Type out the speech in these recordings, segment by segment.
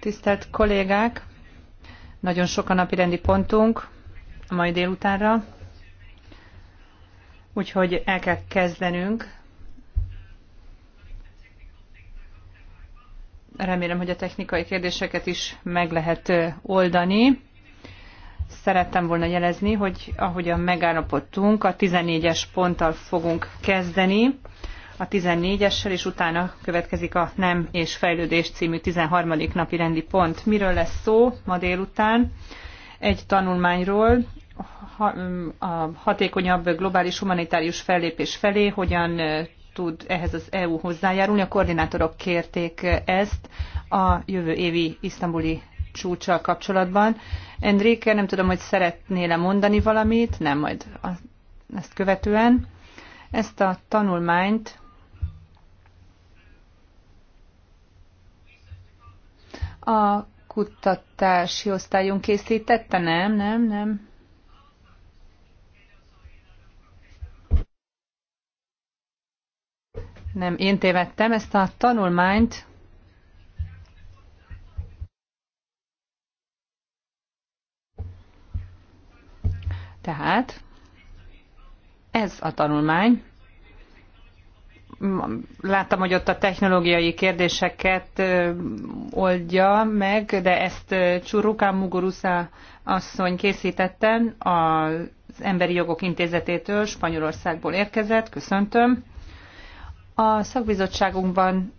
Tisztelt kollégák, nagyon sok a napi rendi pontunk a mai délutánra, úgyhogy el kell kezdenünk. Remélem, hogy a technikai kérdéseket is meg lehet oldani szerettem volna jelezni, hogy ahogyan megállapodtunk, a 14-es ponttal fogunk kezdeni, a 14-essel, és utána következik a Nem és Fejlődés című 13. napi rendi pont. Miről lesz szó ma délután? Egy tanulmányról, a hatékonyabb globális humanitárius fellépés felé, hogyan tud ehhez az EU hozzájárulni. A koordinátorok kérték ezt a jövő évi isztambuli csúcsal kapcsolatban. Enrique, nem tudom, hogy szeretnél-e mondani valamit, nem, majd a, ezt követően. Ezt a tanulmányt A kutatási osztályunk készítette? Nem, nem, nem. Nem, én tévedtem ezt a tanulmányt. Tehát ez a tanulmány láttam, hogy ott a technológiai kérdéseket oldja meg, de ezt Csurukán Muguruza asszony készítette az Emberi Jogok Intézetétől, Spanyolországból érkezett, köszöntöm. A szakbizottságunkban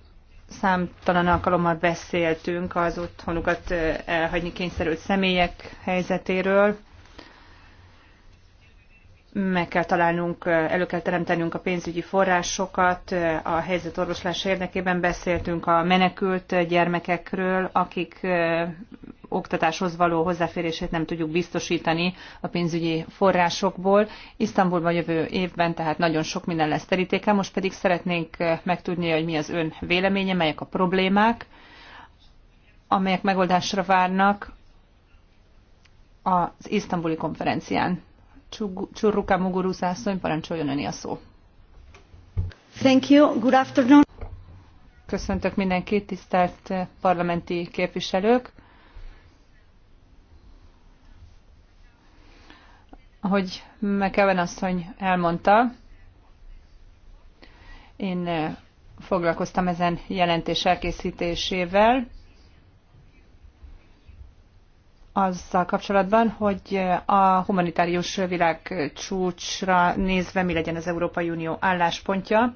számtalan alkalommal beszéltünk az otthonukat elhagyni kényszerült személyek helyzetéről, meg kell találnunk, elő kell teremtenünk a pénzügyi forrásokat, a helyzet orvoslása érdekében beszéltünk a menekült gyermekekről, akik oktatáshoz való hozzáférését nem tudjuk biztosítani a pénzügyi forrásokból. Isztambulban jövő évben tehát nagyon sok minden lesz terítéken, most pedig szeretnénk megtudni, hogy mi az ön véleménye, melyek a problémák, amelyek megoldásra várnak az isztambuli konferencián. Csurruka Muguru szászony, parancsoljon öné a szó. Thank you. Good afternoon. Köszöntök mindenkit, tisztelt parlamenti képviselők. Ahogy McEwen asszony elmondta, én foglalkoztam ezen jelentés elkészítésével, azzal kapcsolatban, hogy a humanitárius világcsúcsra nézve mi legyen az Európai Unió álláspontja.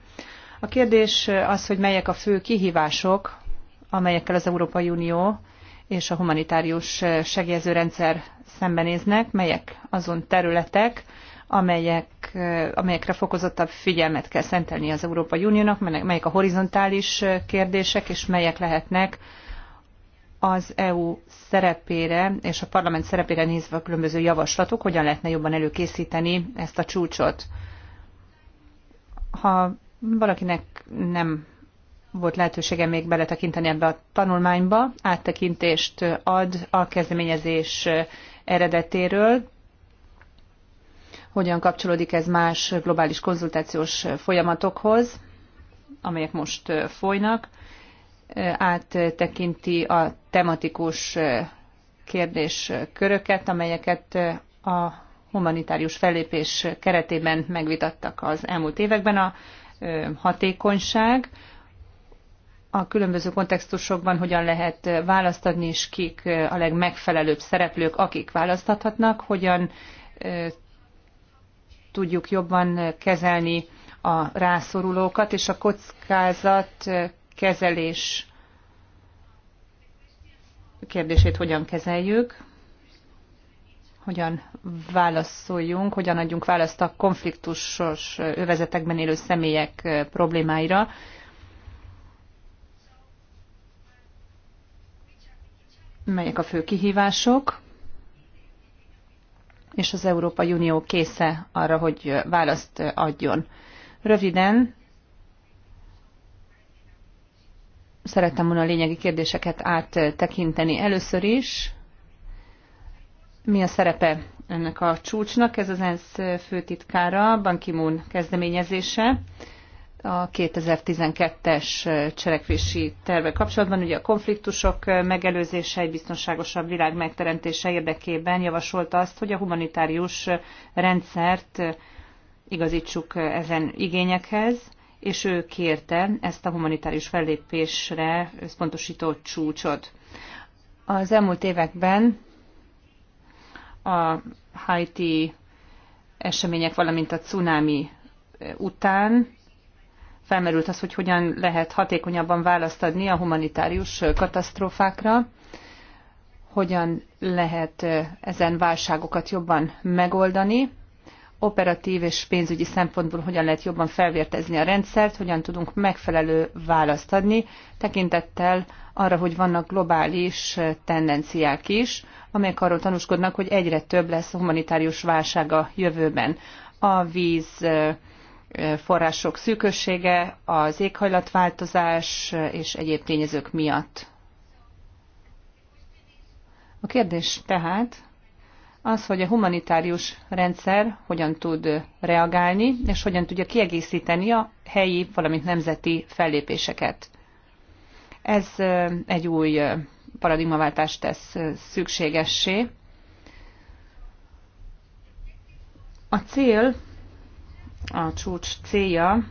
A kérdés az, hogy melyek a fő kihívások, amelyekkel az Európai Unió és a humanitárius segélyezőrendszer szembenéznek, melyek azon területek, amelyek, amelyekre fokozottabb figyelmet kell szentelni az Európai Uniónak, melyek a horizontális kérdések, és melyek lehetnek az EU szerepére és a parlament szerepére nézve a különböző javaslatok, hogyan lehetne jobban előkészíteni ezt a csúcsot. Ha valakinek nem volt lehetősége még beletekinteni ebbe a tanulmányba, áttekintést ad a kezdeményezés eredetéről, hogyan kapcsolódik ez más globális konzultációs folyamatokhoz, amelyek most folynak áttekinti a tematikus kérdésköröket, amelyeket a humanitárius fellépés keretében megvitattak az elmúlt években. A hatékonyság a különböző kontextusokban hogyan lehet választani és kik a legmegfelelőbb szereplők, akik választathatnak, hogyan tudjuk jobban kezelni a rászorulókat, és a kockázat kezelés kérdését hogyan kezeljük, hogyan válaszoljunk, hogyan adjunk választ a konfliktusos övezetekben élő személyek problémáira. Melyek a fő kihívások? És az Európai Unió késze arra, hogy választ adjon. Röviden szerettem volna a lényegi kérdéseket áttekinteni. Először is, mi a szerepe ennek a csúcsnak? Ez az ENSZ főtitkára, Ban Ki-moon kezdeményezése a 2012-es cselekvési terve kapcsolatban. Ugye a konfliktusok megelőzése egy biztonságosabb világ megteremtése érdekében javasolta azt, hogy a humanitárius rendszert igazítsuk ezen igényekhez és ő kérte ezt a humanitárius fellépésre összpontosító csúcsot. Az elmúlt években a Haiti események, valamint a cunami után felmerült az, hogy hogyan lehet hatékonyabban választ adni a humanitárius katasztrófákra, hogyan lehet ezen válságokat jobban megoldani, operatív és pénzügyi szempontból hogyan lehet jobban felvértezni a rendszert, hogyan tudunk megfelelő választ adni, tekintettel arra, hogy vannak globális tendenciák is, amelyek arról tanúskodnak, hogy egyre több lesz a humanitárius válság a jövőben. A víz források szűkössége, az éghajlatváltozás és egyéb tényezők miatt. A kérdés tehát, az, hogy a humanitárius rendszer hogyan tud reagálni, és hogyan tudja kiegészíteni a helyi, valamint nemzeti fellépéseket. Ez egy új paradigmaváltást tesz szükségessé. A cél, a csúcs célja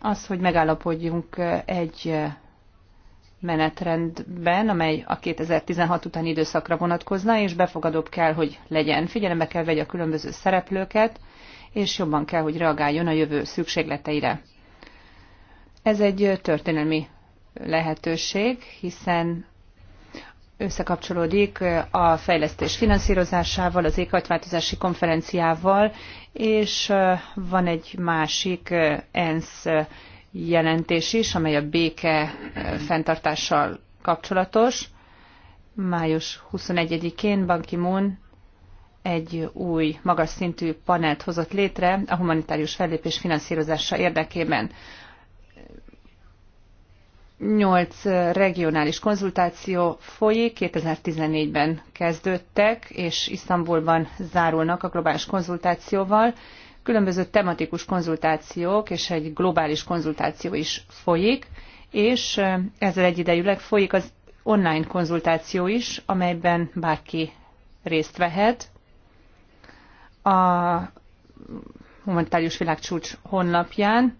az, hogy megállapodjunk egy menetrendben, amely a 2016 utáni időszakra vonatkozna, és befogadóbb kell, hogy legyen. Figyelembe kell vegye a különböző szereplőket, és jobban kell, hogy reagáljon a jövő szükségleteire. Ez egy történelmi lehetőség, hiszen összekapcsolódik a fejlesztés finanszírozásával, az éghajtváltozási konferenciával, és van egy másik ENSZ jelentés is, amely a béke eh, fenntartással kapcsolatos. Május 21-én Ban Ki-moon egy új magas szintű panelt hozott létre a humanitárius fellépés finanszírozása érdekében. Nyolc regionális konzultáció folyik, 2014-ben kezdődtek, és Isztambulban zárulnak a globális konzultációval, Különböző tematikus konzultációk és egy globális konzultáció is folyik, és eh, ezzel egyidejűleg folyik az online konzultáció is, amelyben bárki részt vehet. A humanitárius világcsúcs honlapján,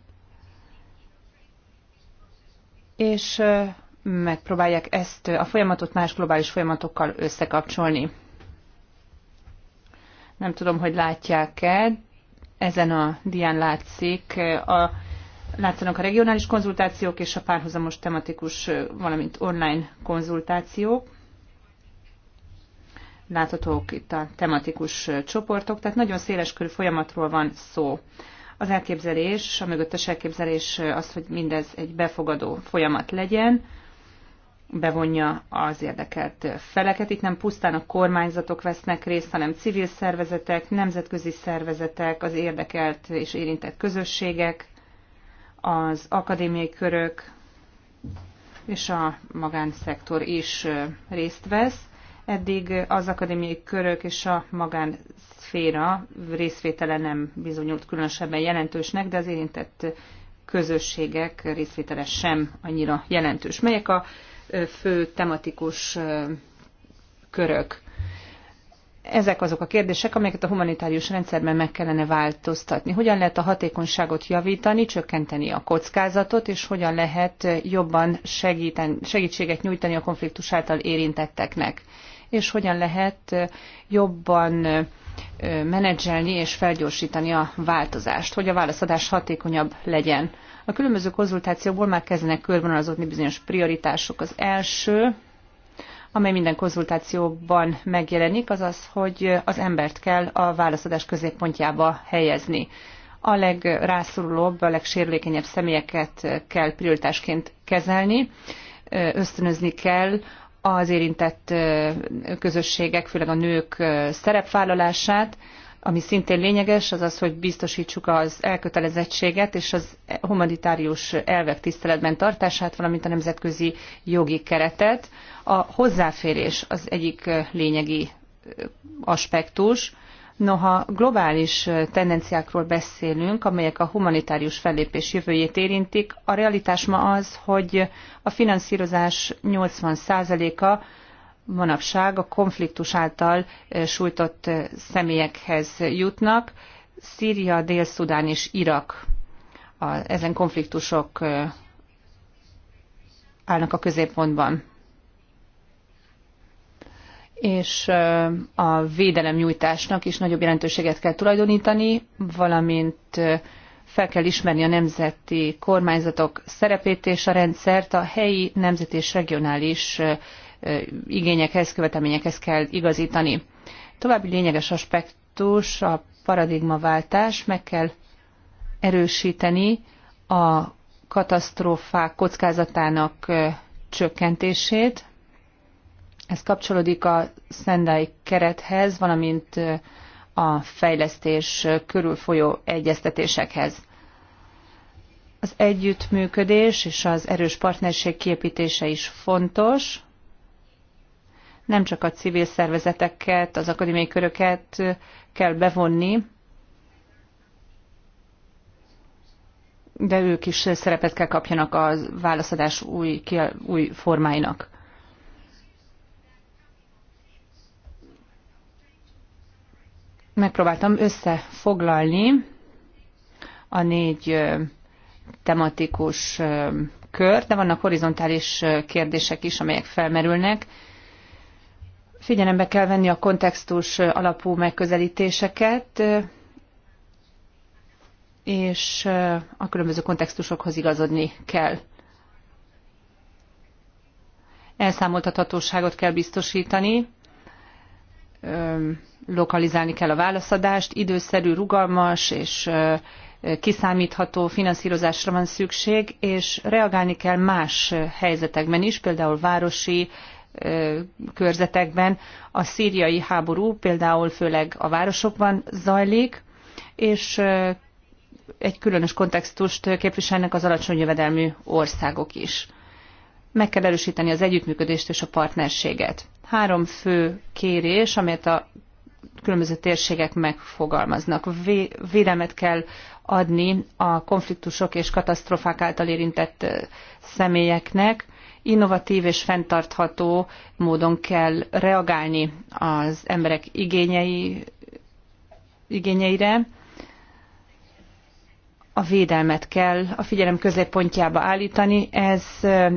és eh, megpróbálják ezt eh, a folyamatot más globális folyamatokkal összekapcsolni. Nem tudom, hogy látják-e, ezen a dián látszik a látszanak a regionális konzultációk és a párhuzamos tematikus, valamint online konzultációk. Láthatók itt a tematikus csoportok, tehát nagyon széles körű folyamatról van szó. Az elképzelés, a mögöttes elképzelés az, hogy mindez egy befogadó folyamat legyen, bevonja az érdekelt feleket. Itt nem pusztán a kormányzatok vesznek részt, hanem civil szervezetek, nemzetközi szervezetek, az érdekelt és érintett közösségek, az akadémiai körök és a magánszektor is részt vesz. Eddig az akadémiai körök és a magánszféra részvétele nem bizonyult különösebben jelentősnek, de az érintett közösségek részvétele sem annyira jelentős. Melyek a fő tematikus körök. Ezek azok a kérdések, amelyeket a humanitárius rendszerben meg kellene változtatni. Hogyan lehet a hatékonyságot javítani, csökkenteni a kockázatot, és hogyan lehet jobban segíten, segítséget nyújtani a konfliktus által érintetteknek. És hogyan lehet jobban menedzselni és felgyorsítani a változást, hogy a válaszadás hatékonyabb legyen. A különböző konzultációból már kezdenek körvonalazódni bizonyos prioritások. Az első, amely minden konzultációban megjelenik, az az, hogy az embert kell a válaszadás középpontjába helyezni. A legrászorulóbb, a legsérülékenyebb személyeket kell prioritásként kezelni, ösztönözni kell az érintett közösségek, főleg a nők szerepvállalását, ami szintén lényeges, az az, hogy biztosítsuk az elkötelezettséget és az humanitárius elvek tiszteletben tartását, valamint a nemzetközi jogi keretet. A hozzáférés az egyik lényegi aspektus. Noha globális tendenciákról beszélünk, amelyek a humanitárius fellépés jövőjét érintik, a realitás ma az, hogy a finanszírozás 80%-a manapság a konfliktus által eh, sújtott eh, személyekhez jutnak. Szíria, Dél-Szudán és Irak a, ezen konfliktusok eh, állnak a középpontban. És a védelemnyújtásnak is nagyobb jelentőséget kell tulajdonítani, valamint fel kell ismerni a nemzeti kormányzatok szerepét és a rendszert a helyi, nemzeti és regionális igényekhez, követelményekhez kell igazítani. További lényeges aspektus a paradigmaváltás, meg kell erősíteni a katasztrófák kockázatának csökkentését. Ez kapcsolódik a szendai kerethez, valamint a fejlesztés körül folyó egyeztetésekhez. Az együttműködés és az erős partnerség kiépítése is fontos, nem csak a civil szervezeteket, az akadémiai köröket kell bevonni, de ők is szerepet kell kapjanak a válaszadás új, új formáinak. Megpróbáltam összefoglalni a négy tematikus kör, de vannak horizontális kérdések is, amelyek felmerülnek Figyelembe kell venni a kontextus alapú megközelítéseket, és a különböző kontextusokhoz igazodni kell. Elszámoltathatóságot kell biztosítani, lokalizálni kell a válaszadást, időszerű, rugalmas és kiszámítható finanszírozásra van szükség, és reagálni kell más helyzetekben is, például városi körzetekben. A szíriai háború például főleg a városokban zajlik, és egy különös kontextust képviselnek az alacsony jövedelmű országok is. Meg kell erősíteni az együttműködést és a partnerséget. Három fő kérés, amelyet a különböző térségek megfogalmaznak. Vélemet kell adni a konfliktusok és katasztrofák által érintett személyeknek, innovatív és fenntartható módon kell reagálni az emberek igényei, igényeire. A védelmet kell a figyelem középpontjába állítani. Ez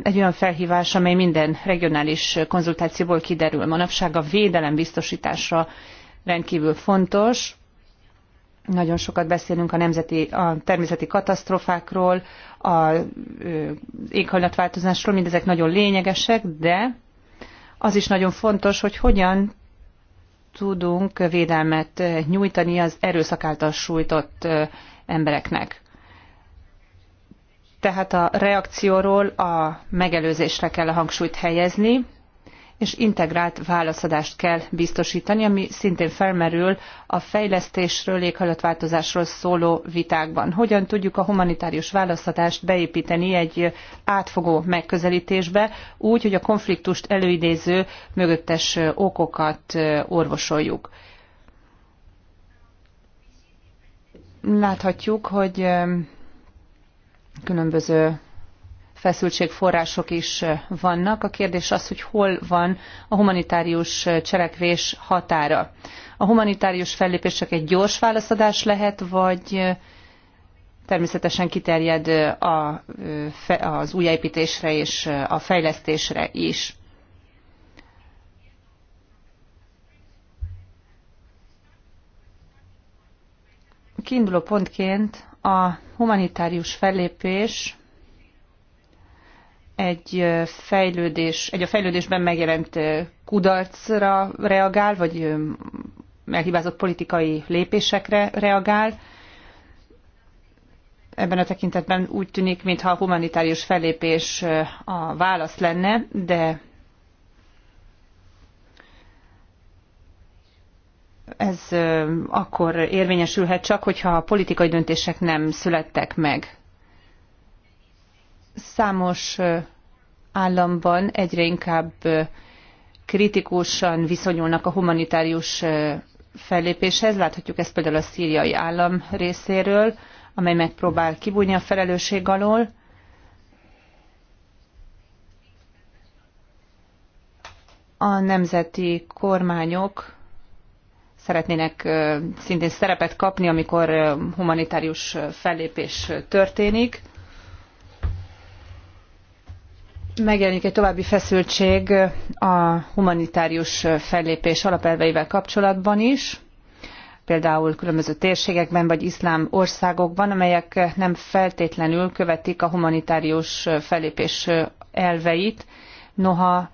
egy olyan felhívás, amely minden regionális konzultációból kiderül. Manapság a védelem biztosítása rendkívül fontos. Nagyon sokat beszélünk a, nemzeti, a természeti katasztrofákról, az éghajlatváltozásról, mindezek nagyon lényegesek, de az is nagyon fontos, hogy hogyan tudunk védelmet nyújtani az erőszak által sújtott embereknek. Tehát a reakcióról a megelőzésre kell a hangsúlyt helyezni, és integrált válaszadást kell biztosítani, ami szintén felmerül a fejlesztésről, éghajlatváltozásról szóló vitákban. Hogyan tudjuk a humanitárius válaszadást beépíteni egy átfogó megközelítésbe, úgy, hogy a konfliktust előidéző mögöttes okokat orvosoljuk. Láthatjuk, hogy um, különböző feszültségforrások is vannak. A kérdés az, hogy hol van a humanitárius cselekvés határa. A humanitárius fellépés csak egy gyors válaszadás lehet, vagy természetesen kiterjed a, az újjáépítésre és a fejlesztésre is. Kiinduló pontként a humanitárius fellépés egy fejlődés, egy a fejlődésben megjelent kudarcra reagál, vagy elhibázott politikai lépésekre reagál. Ebben a tekintetben úgy tűnik, mintha a humanitárius fellépés a válasz lenne, de ez akkor érvényesülhet csak, hogyha a politikai döntések nem születtek meg. Számos államban egyre inkább kritikusan viszonyulnak a humanitárius fellépéshez. Láthatjuk ezt például a szíriai állam részéről, amely megpróbál kibújni a felelősség alól. A nemzeti kormányok szeretnének szintén szerepet kapni, amikor humanitárius fellépés történik megjelenik egy további feszültség a humanitárius fellépés alapelveivel kapcsolatban is, például különböző térségekben vagy iszlám országokban, amelyek nem feltétlenül követik a humanitárius fellépés elveit, noha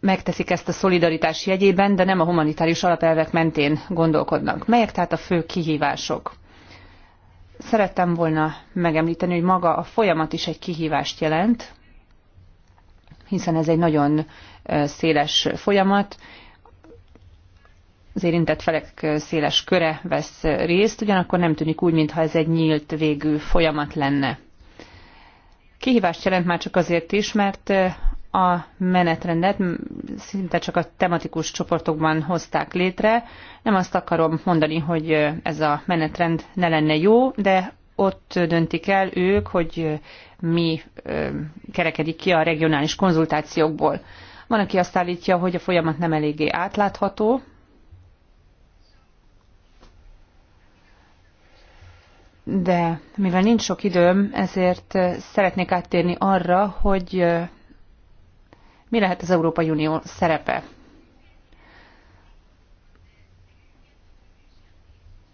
megteszik ezt a szolidaritás jegyében, de nem a humanitárius alapelvek mentén gondolkodnak. Melyek tehát a fő kihívások? Szerettem volna megemlíteni, hogy maga a folyamat is egy kihívást jelent, hiszen ez egy nagyon széles folyamat, az érintett felek széles köre vesz részt, ugyanakkor nem tűnik úgy, mintha ez egy nyílt végű folyamat lenne. Kihívást jelent már csak azért is, mert a menetrendet szinte csak a tematikus csoportokban hozták létre. Nem azt akarom mondani, hogy ez a menetrend ne lenne jó, de ott döntik el ők, hogy mi kerekedik ki a regionális konzultációkból. Van, aki azt állítja, hogy a folyamat nem eléggé átlátható. De mivel nincs sok időm, ezért szeretnék áttérni arra, hogy mi lehet az Európai Unió szerepe?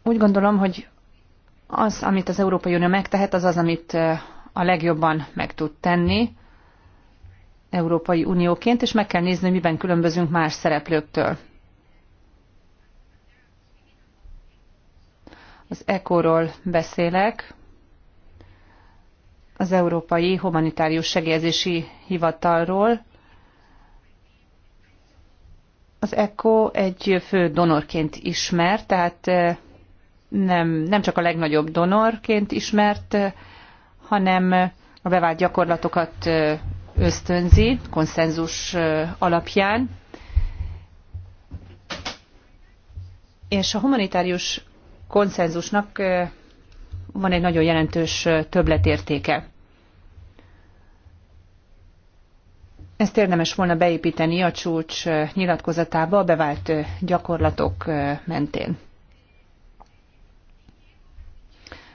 Úgy gondolom, hogy az, amit az Európai Unió megtehet, az az, amit a legjobban meg tud tenni Európai Unióként, és meg kell nézni, miben különbözünk más szereplőktől. Az ECO-ról beszélek, az Európai Humanitárius Segélyezési Hivatalról, az ECO egy fő donorként ismert, tehát eh, nem, nem csak a legnagyobb donorként ismert, eh, hanem eh, a bevált gyakorlatokat ösztönzi konszenzus alapján. És a humanitárius konszenzusnak van egy nagyon jelentős többletértéke. Ezt érdemes volna beépíteni a csúcs nyilatkozatába a bevált gyakorlatok mentén.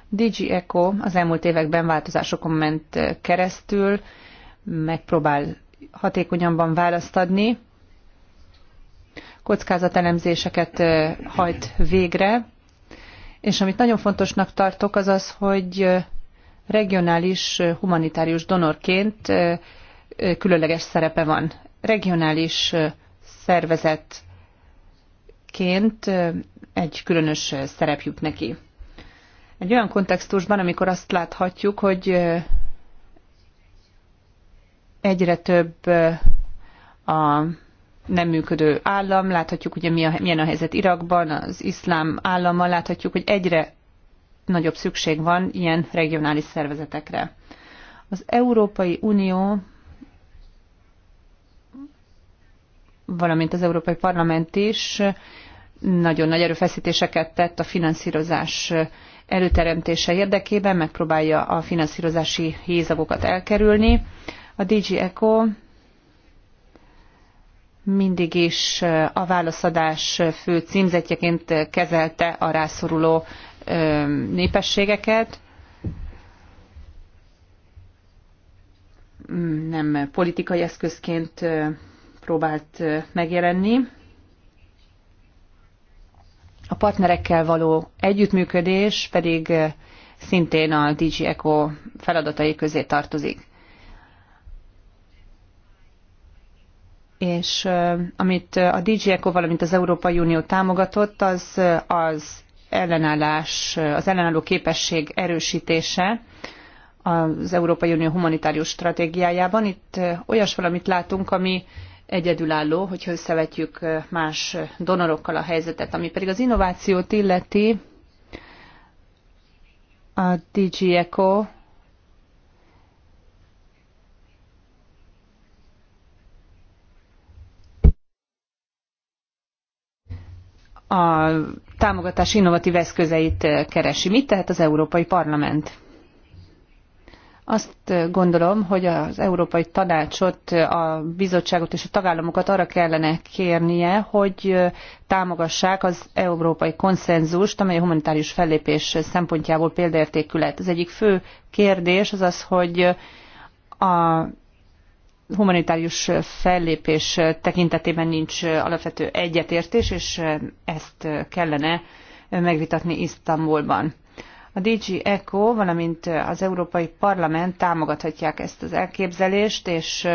DG Eco az elmúlt években változásokon ment keresztül, megpróbál hatékonyabban választ adni, kockázatelemzéseket hajt végre, és amit nagyon fontosnak tartok, az az, hogy regionális humanitárius donorként különleges szerepe van. Regionális szervezetként egy különös szerep jut neki. Egy olyan kontextusban, amikor azt láthatjuk, hogy egyre több a nem működő állam, láthatjuk ugye mi a, milyen a helyzet Irakban, az iszlám állammal, láthatjuk, hogy egyre nagyobb szükség van ilyen regionális szervezetekre. Az Európai Unió valamint az Európai Parlament is nagyon nagy erőfeszítéseket tett a finanszírozás előteremtése érdekében, megpróbálja a finanszírozási hézagokat elkerülni. A DG Eco mindig is a válaszadás fő címzetjeként kezelte a rászoruló népességeket. Nem politikai eszközként próbált megjelenni. A partnerekkel való együttműködés pedig szintén a DG Eco feladatai közé tartozik. És amit a DG Eco, valamint az Európai Unió támogatott, az az ellenállás, az ellenálló képesség erősítése, az Európai Unió humanitárius stratégiájában. Itt olyas valamit látunk, ami egyedülálló, hogyha összevetjük más donorokkal a helyzetet. Ami pedig az innovációt illeti, a DG Eco a támogatás innovatív eszközeit keresi. Mit tehet az Európai Parlament? Azt gondolom, hogy az Európai Tanácsot, a bizottságot és a tagállamokat arra kellene kérnie, hogy támogassák az európai konszenzust, amely a humanitárius fellépés szempontjából példaértékű lett. Az egyik fő kérdés az az, hogy a humanitárius fellépés tekintetében nincs alapvető egyetértés, és ezt kellene megvitatni Isztambulban. A DG ECO, valamint az Európai Parlament támogathatják ezt az elképzelést, és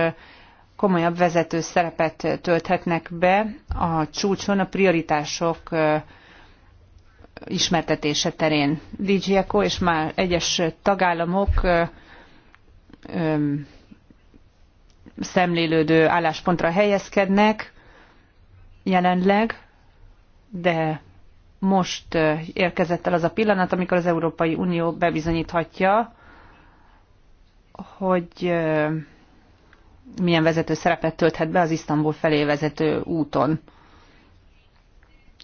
komolyabb vezető szerepet tölthetnek be a csúcson a prioritások ismertetése terén. DG ECO és már egyes tagállamok szemlélődő álláspontra helyezkednek jelenleg, de most érkezett el az a pillanat, amikor az Európai Unió bebizonyíthatja, hogy milyen vezető szerepet tölthet be az Isztambul felé vezető úton.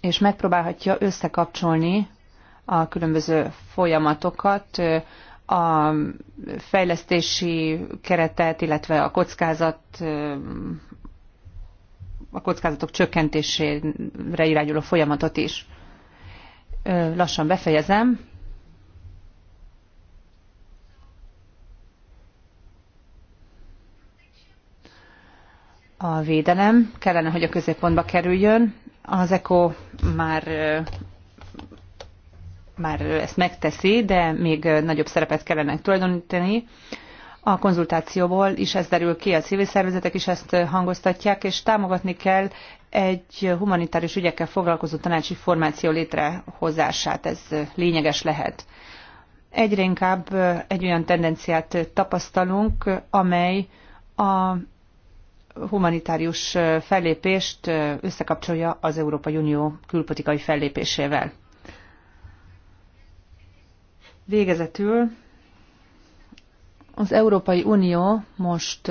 És megpróbálhatja összekapcsolni a különböző folyamatokat, a fejlesztési keretet, illetve a kockázat a kockázatok csökkentésére irányuló folyamatot is lassan befejezem. A védelem kellene, hogy a középpontba kerüljön. Az ECO már már ezt megteszi, de még nagyobb szerepet kellene tulajdonítani a konzultációból is ez derül ki, a civil szervezetek is ezt hangoztatják, és támogatni kell egy humanitárius ügyekkel foglalkozó tanácsi formáció létrehozását. Ez lényeges lehet. Egyre inkább egy olyan tendenciát tapasztalunk, amely a humanitárius fellépést összekapcsolja az Európai Unió külpolitikai fellépésével. Végezetül az Európai Unió most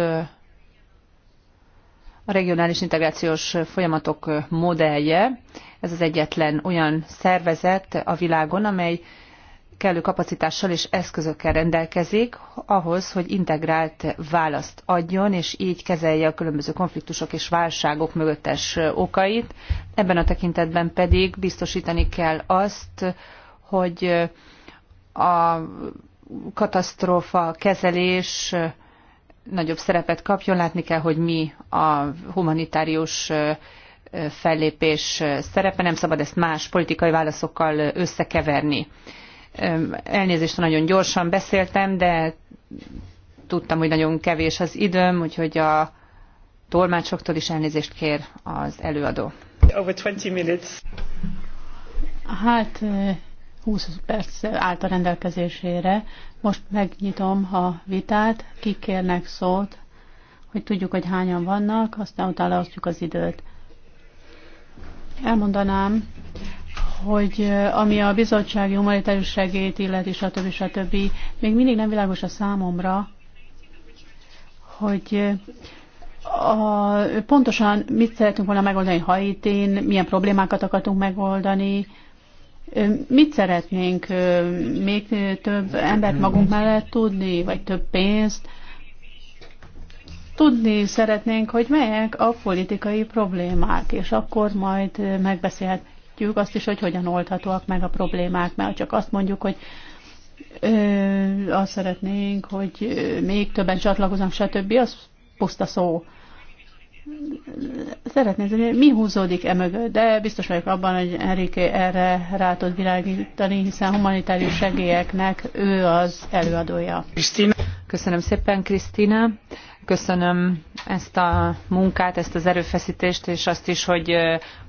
a regionális integrációs folyamatok modellje. Ez az egyetlen olyan szervezet a világon, amely kellő kapacitással és eszközökkel rendelkezik ahhoz, hogy integrált választ adjon, és így kezelje a különböző konfliktusok és válságok mögöttes okait. Ebben a tekintetben pedig biztosítani kell azt, hogy a katasztrófa kezelés nagyobb szerepet kapjon. Látni kell, hogy mi a humanitárius fellépés szerepe, nem szabad ezt más politikai válaszokkal összekeverni. Elnézést, nagyon gyorsan beszéltem, de tudtam, hogy nagyon kevés az időm, úgyhogy a tolmácsoktól is elnézést kér az előadó. Over 20 minutes. Hát 20 perc állt a rendelkezésére. Most megnyitom a vitát, kik kérnek szót, hogy tudjuk, hogy hányan vannak, aztán utána osztjuk az időt. Elmondanám, hogy eh, ami a bizottsági humanitárius segélyt illeti, stb. stb. még mindig nem világos a számomra, hogy eh, a, pontosan mit szeretünk volna megoldani Haitin, milyen problémákat akartunk megoldani, Mit szeretnénk? Még több embert magunk mellett tudni, vagy több pénzt? Tudni szeretnénk, hogy melyek a politikai problémák, és akkor majd megbeszélhetjük azt is, hogy hogyan oldhatóak meg a problémák, mert csak azt mondjuk, hogy ö, azt szeretnénk, hogy még többen csatlakoznak, stb. az puszta szó szeretném tudni, mi húzódik e mögött, de biztos vagyok abban, hogy Enrique erre rá tud világítani, hiszen humanitárius segélyeknek ő az előadója. Krisztina. Köszönöm szépen, Krisztina. Köszönöm ezt a munkát, ezt az erőfeszítést, és azt is, hogy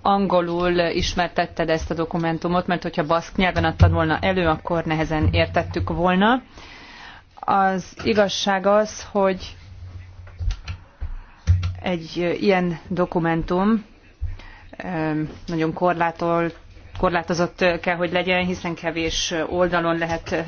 angolul ismertetted ezt a dokumentumot, mert hogyha baszk nyelven adtad volna elő, akkor nehezen értettük volna. Az igazság az, hogy egy ilyen dokumentum nagyon korlátolt korlátozott kell, hogy legyen, hiszen kevés oldalon lehet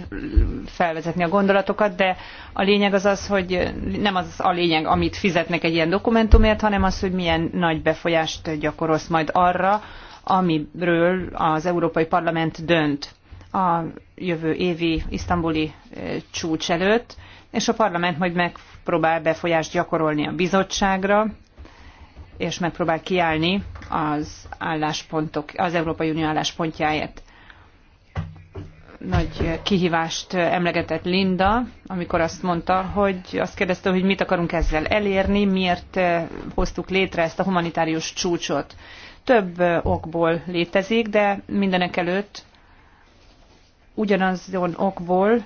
felvezetni a gondolatokat, de a lényeg az az, hogy nem az a lényeg, amit fizetnek egy ilyen dokumentumért, hanem az, hogy milyen nagy befolyást gyakorolsz majd arra, amiről az Európai Parlament dönt a jövő évi isztambuli csúcs előtt, és a parlament majd megpróbál befolyást gyakorolni a bizottságra, és megpróbál kiállni az álláspontok, az Európai Unió álláspontjáért. Nagy kihívást emlegetett Linda, amikor azt mondta, hogy azt kérdezte, hogy mit akarunk ezzel elérni, miért eh, hoztuk létre ezt a humanitárius csúcsot. Több eh, okból létezik, de mindenek előtt ugyanazon okból,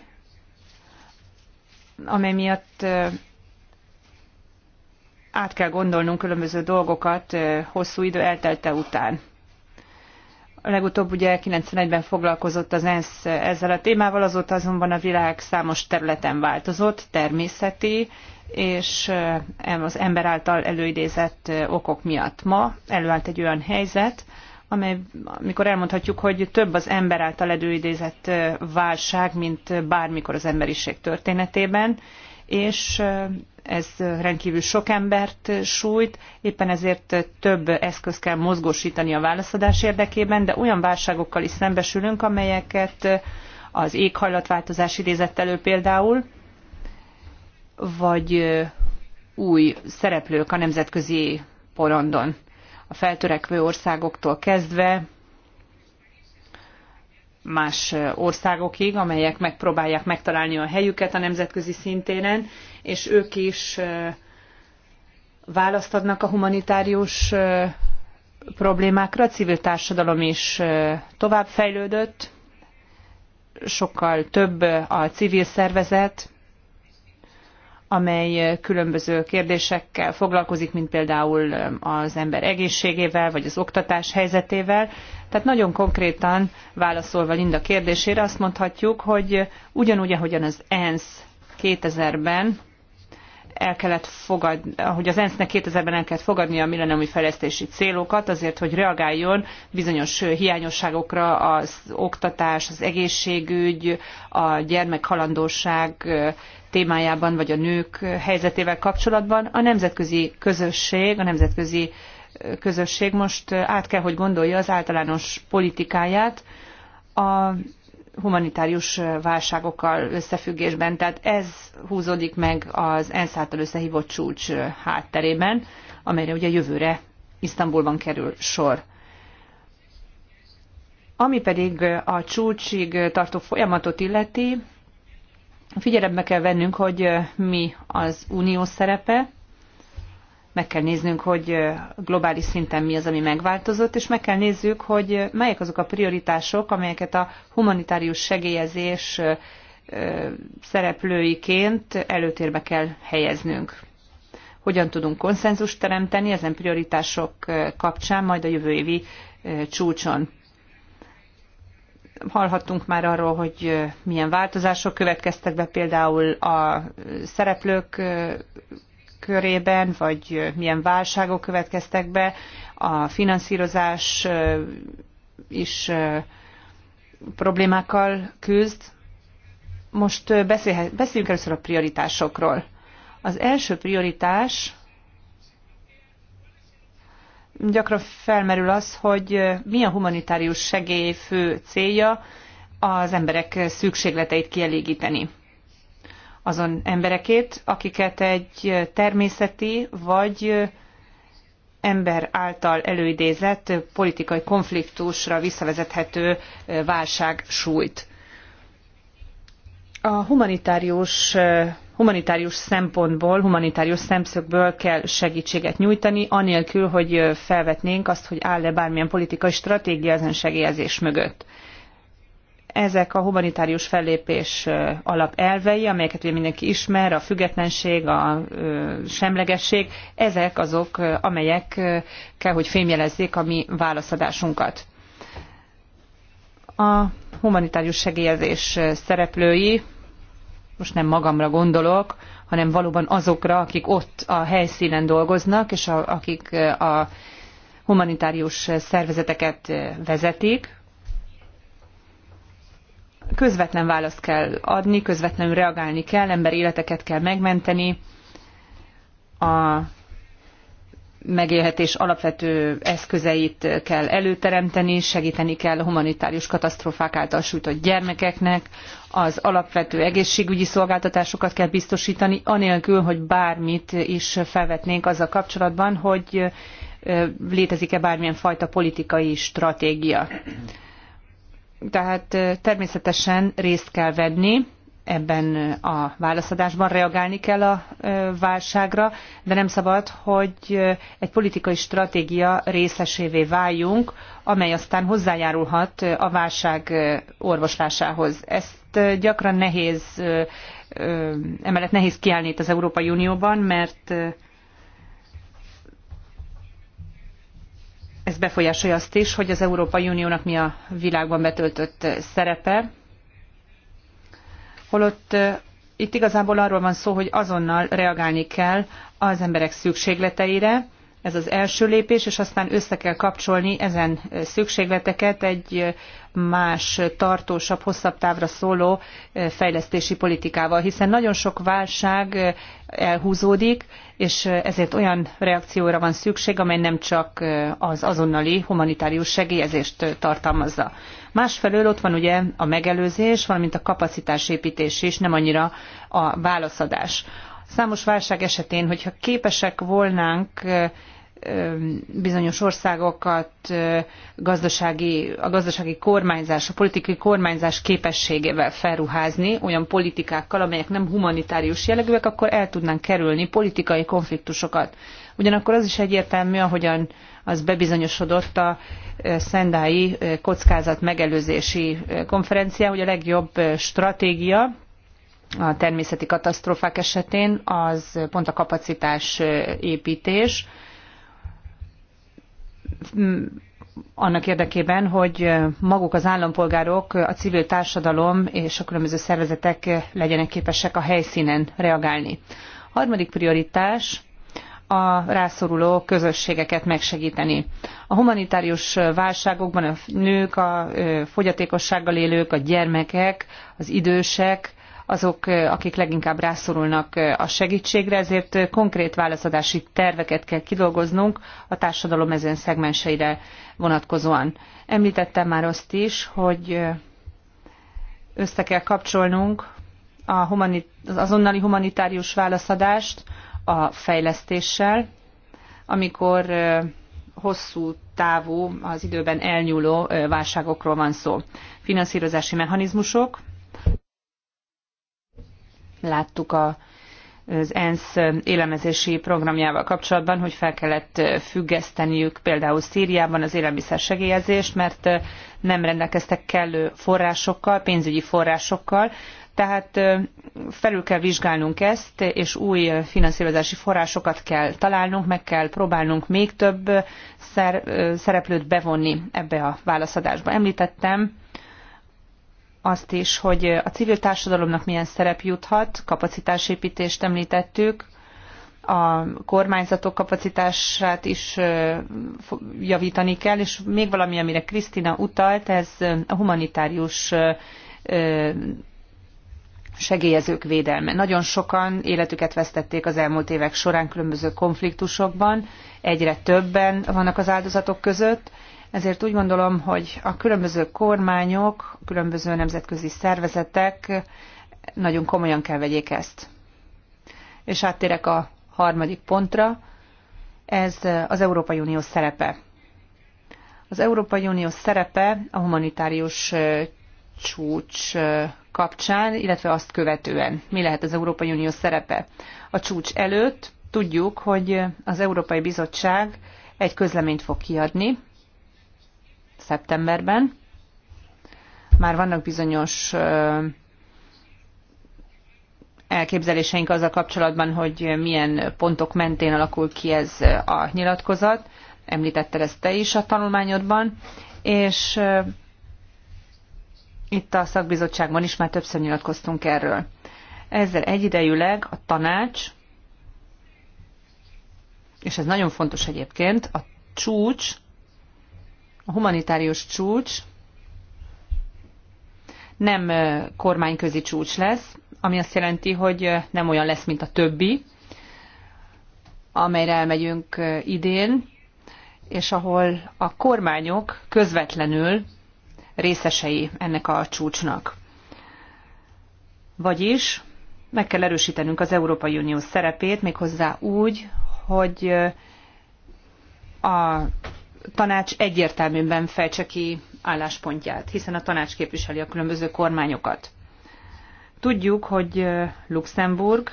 amely miatt át kell gondolnunk különböző dolgokat hosszú idő eltelte után. A legutóbb ugye 91-ben foglalkozott az ENSZ ezzel a témával, azóta azonban a világ számos területen változott, természeti és az ember által előidézett okok miatt. Ma előállt egy olyan helyzet, amely, amikor elmondhatjuk, hogy több az ember által előidézett válság, mint bármikor az emberiség történetében, és ez rendkívül sok embert sújt, éppen ezért több eszköz kell mozgósítani a válaszadás érdekében, de olyan válságokkal is szembesülünk, amelyeket az éghajlatváltozás idézett elő például, vagy új szereplők a nemzetközi porondon a feltörekvő országoktól kezdve más országokig, amelyek megpróbálják megtalálni a helyüket a nemzetközi szintéren, és ők is választ adnak a humanitárius problémákra. A civil társadalom is továbbfejlődött, sokkal több a civil szervezet, amely különböző kérdésekkel foglalkozik, mint például az ember egészségével, vagy az oktatás helyzetével. Tehát nagyon konkrétan válaszolva Linda kérdésére azt mondhatjuk, hogy ugyanúgy, ahogyan az ENSZ 2000-ben el kellett fogad, hogy az ENSZ-nek 2000-ben el kellett fogadnia a millenniumi fejlesztési célokat, azért, hogy reagáljon bizonyos hiányosságokra az oktatás, az egészségügy, a gyermekhalandóság témájában, vagy a nők helyzetével kapcsolatban. A nemzetközi közösség, a nemzetközi közösség most át kell, hogy gondolja az általános politikáját, a humanitárius válságokkal összefüggésben, tehát ez húzódik meg az ENSZ által összehívott csúcs hátterében, amelyre ugye jövőre Isztambulban kerül sor. Ami pedig a csúcsig tartó folyamatot illeti, figyelembe kell vennünk, hogy mi az unió szerepe, meg kell néznünk, hogy globális szinten mi az, ami megváltozott, és meg kell nézzük, hogy melyek azok a prioritások, amelyeket a humanitárius segélyezés szereplőiként előtérbe kell helyeznünk. Hogyan tudunk konszenzust teremteni ezen prioritások kapcsán, majd a jövő évi csúcson. Hallhattunk már arról, hogy milyen változások következtek be például a szereplők körében, vagy milyen válságok következtek be, a finanszírozás is problémákkal küzd. Most beszéljünk először a prioritásokról. Az első prioritás gyakran felmerül az, hogy mi a humanitárius segély fő célja az emberek szükségleteit kielégíteni azon emberekét, akiket egy természeti vagy ember által előidézett politikai konfliktusra visszavezethető válság sújt. A humanitárius humanitárius szempontból, humanitárius szemszögből kell segítséget nyújtani, anélkül, hogy felvetnénk azt, hogy áll-e bármilyen politikai stratégia ezen segélyezés mögött. Ezek a humanitárius fellépés alapelvei, amelyeket ugye mindenki ismer, a függetlenség, a semlegesség, ezek azok, amelyek kell, hogy fémjelezzék a mi válaszadásunkat. A humanitárius segélyezés szereplői, most nem magamra gondolok, hanem valóban azokra, akik ott a helyszínen dolgoznak, és a, akik a humanitárius szervezeteket vezetik, közvetlen választ kell adni, közvetlenül reagálni kell, ember életeket kell megmenteni, a megélhetés alapvető eszközeit kell előteremteni, segíteni kell humanitárius katasztrófák által sújtott gyermekeknek, az alapvető egészségügyi szolgáltatásokat kell biztosítani, anélkül, hogy bármit is felvetnénk azzal kapcsolatban, hogy létezik-e bármilyen fajta politikai stratégia tehát természetesen részt kell venni ebben a válaszadásban, reagálni kell a válságra, de nem szabad, hogy egy politikai stratégia részesévé váljunk, amely aztán hozzájárulhat a válság orvoslásához. Ezt gyakran nehéz, emellett nehéz kiállni itt az Európai Unióban, mert ez befolyásolja azt is, hogy az Európai Uniónak mi a világban betöltött szerepe, holott itt igazából arról van szó, hogy azonnal reagálni kell az emberek szükségleteire, ez az első lépés, és aztán össze kell kapcsolni ezen szükségleteket egy más, tartósabb, hosszabb távra szóló fejlesztési politikával, hiszen nagyon sok válság elhúzódik, és ezért olyan reakcióra van szükség, amely nem csak az azonnali humanitárius segélyezést tartalmazza. Másfelől ott van ugye a megelőzés, valamint a kapacitásépítés is, nem annyira a válaszadás. Számos válság esetén, hogyha képesek volnánk bizonyos országokat gazdasági, a gazdasági kormányzás, a politikai kormányzás képességével felruházni, olyan politikákkal, amelyek nem humanitárius jellegűek, akkor el tudnánk kerülni politikai konfliktusokat. Ugyanakkor az is egyértelmű, ahogyan az bebizonyosodott a szendái kockázat megelőzési konferencián, hogy a legjobb stratégia, a természeti katasztrófák esetén az pont a kapacitás építés, Mm, annak érdekében, hogy maguk az állampolgárok, a civil társadalom és a különböző szervezetek legyenek képesek a helyszínen reagálni. A harmadik prioritás a rászoruló közösségeket megsegíteni. A humanitárius válságokban a nők, a fogyatékossággal élők, a gyermekek, az idősek, azok, akik leginkább rászorulnak a segítségre, ezért konkrét válaszadási terveket kell kidolgoznunk a társadalom ezen szegmenseire vonatkozóan. Említettem már azt is, hogy össze kell kapcsolnunk a humanit- az azonnali humanitárius válaszadást a fejlesztéssel, amikor hosszú távú, az időben elnyúló válságokról van szó. Finanszírozási mechanizmusok, Láttuk a az ENSZ élelmezési programjával kapcsolatban, hogy fel kellett függeszteniük például Szíriában az élelmiszer segélyezést, mert nem rendelkeztek kellő forrásokkal, pénzügyi forrásokkal, tehát felül kell vizsgálnunk ezt, és új finanszírozási forrásokat kell találnunk, meg kell próbálnunk még több szereplőt bevonni ebbe a válaszadásba. Említettem azt is, hogy a civil társadalomnak milyen szerep juthat, kapacitásépítést említettük, a kormányzatok kapacitását is javítani kell, és még valami, amire Krisztina utalt, ez a humanitárius segélyezők védelme. Nagyon sokan életüket vesztették az elmúlt évek során különböző konfliktusokban, egyre többen vannak az áldozatok között, ezért úgy gondolom, hogy a különböző kormányok, a különböző nemzetközi szervezetek nagyon komolyan kell vegyék ezt. És áttérek a harmadik pontra, ez az Európai Unió szerepe. Az Európai Unió szerepe a humanitárius csúcs kapcsán, illetve azt követően. Mi lehet az Európai Unió szerepe? A csúcs előtt tudjuk, hogy az Európai Bizottság egy közleményt fog kiadni, szeptemberben. Már vannak bizonyos elképzeléseink azzal kapcsolatban, hogy milyen pontok mentén alakul ki ez a nyilatkozat. Említetted ezt te is a tanulmányodban, és itt a szakbizottságban is már többször nyilatkoztunk erről. Ezzel egyidejűleg a tanács, és ez nagyon fontos egyébként, a csúcs a humanitárius csúcs nem kormányközi csúcs lesz, ami azt jelenti, hogy nem olyan lesz, mint a többi, amelyre elmegyünk idén, és ahol a kormányok közvetlenül részesei ennek a csúcsnak. Vagyis meg kell erősítenünk az Európai Unió szerepét, méghozzá úgy, hogy a tanács egyértelműen fejtse ki álláspontját, hiszen a tanács képviseli a különböző kormányokat. Tudjuk, hogy Luxemburg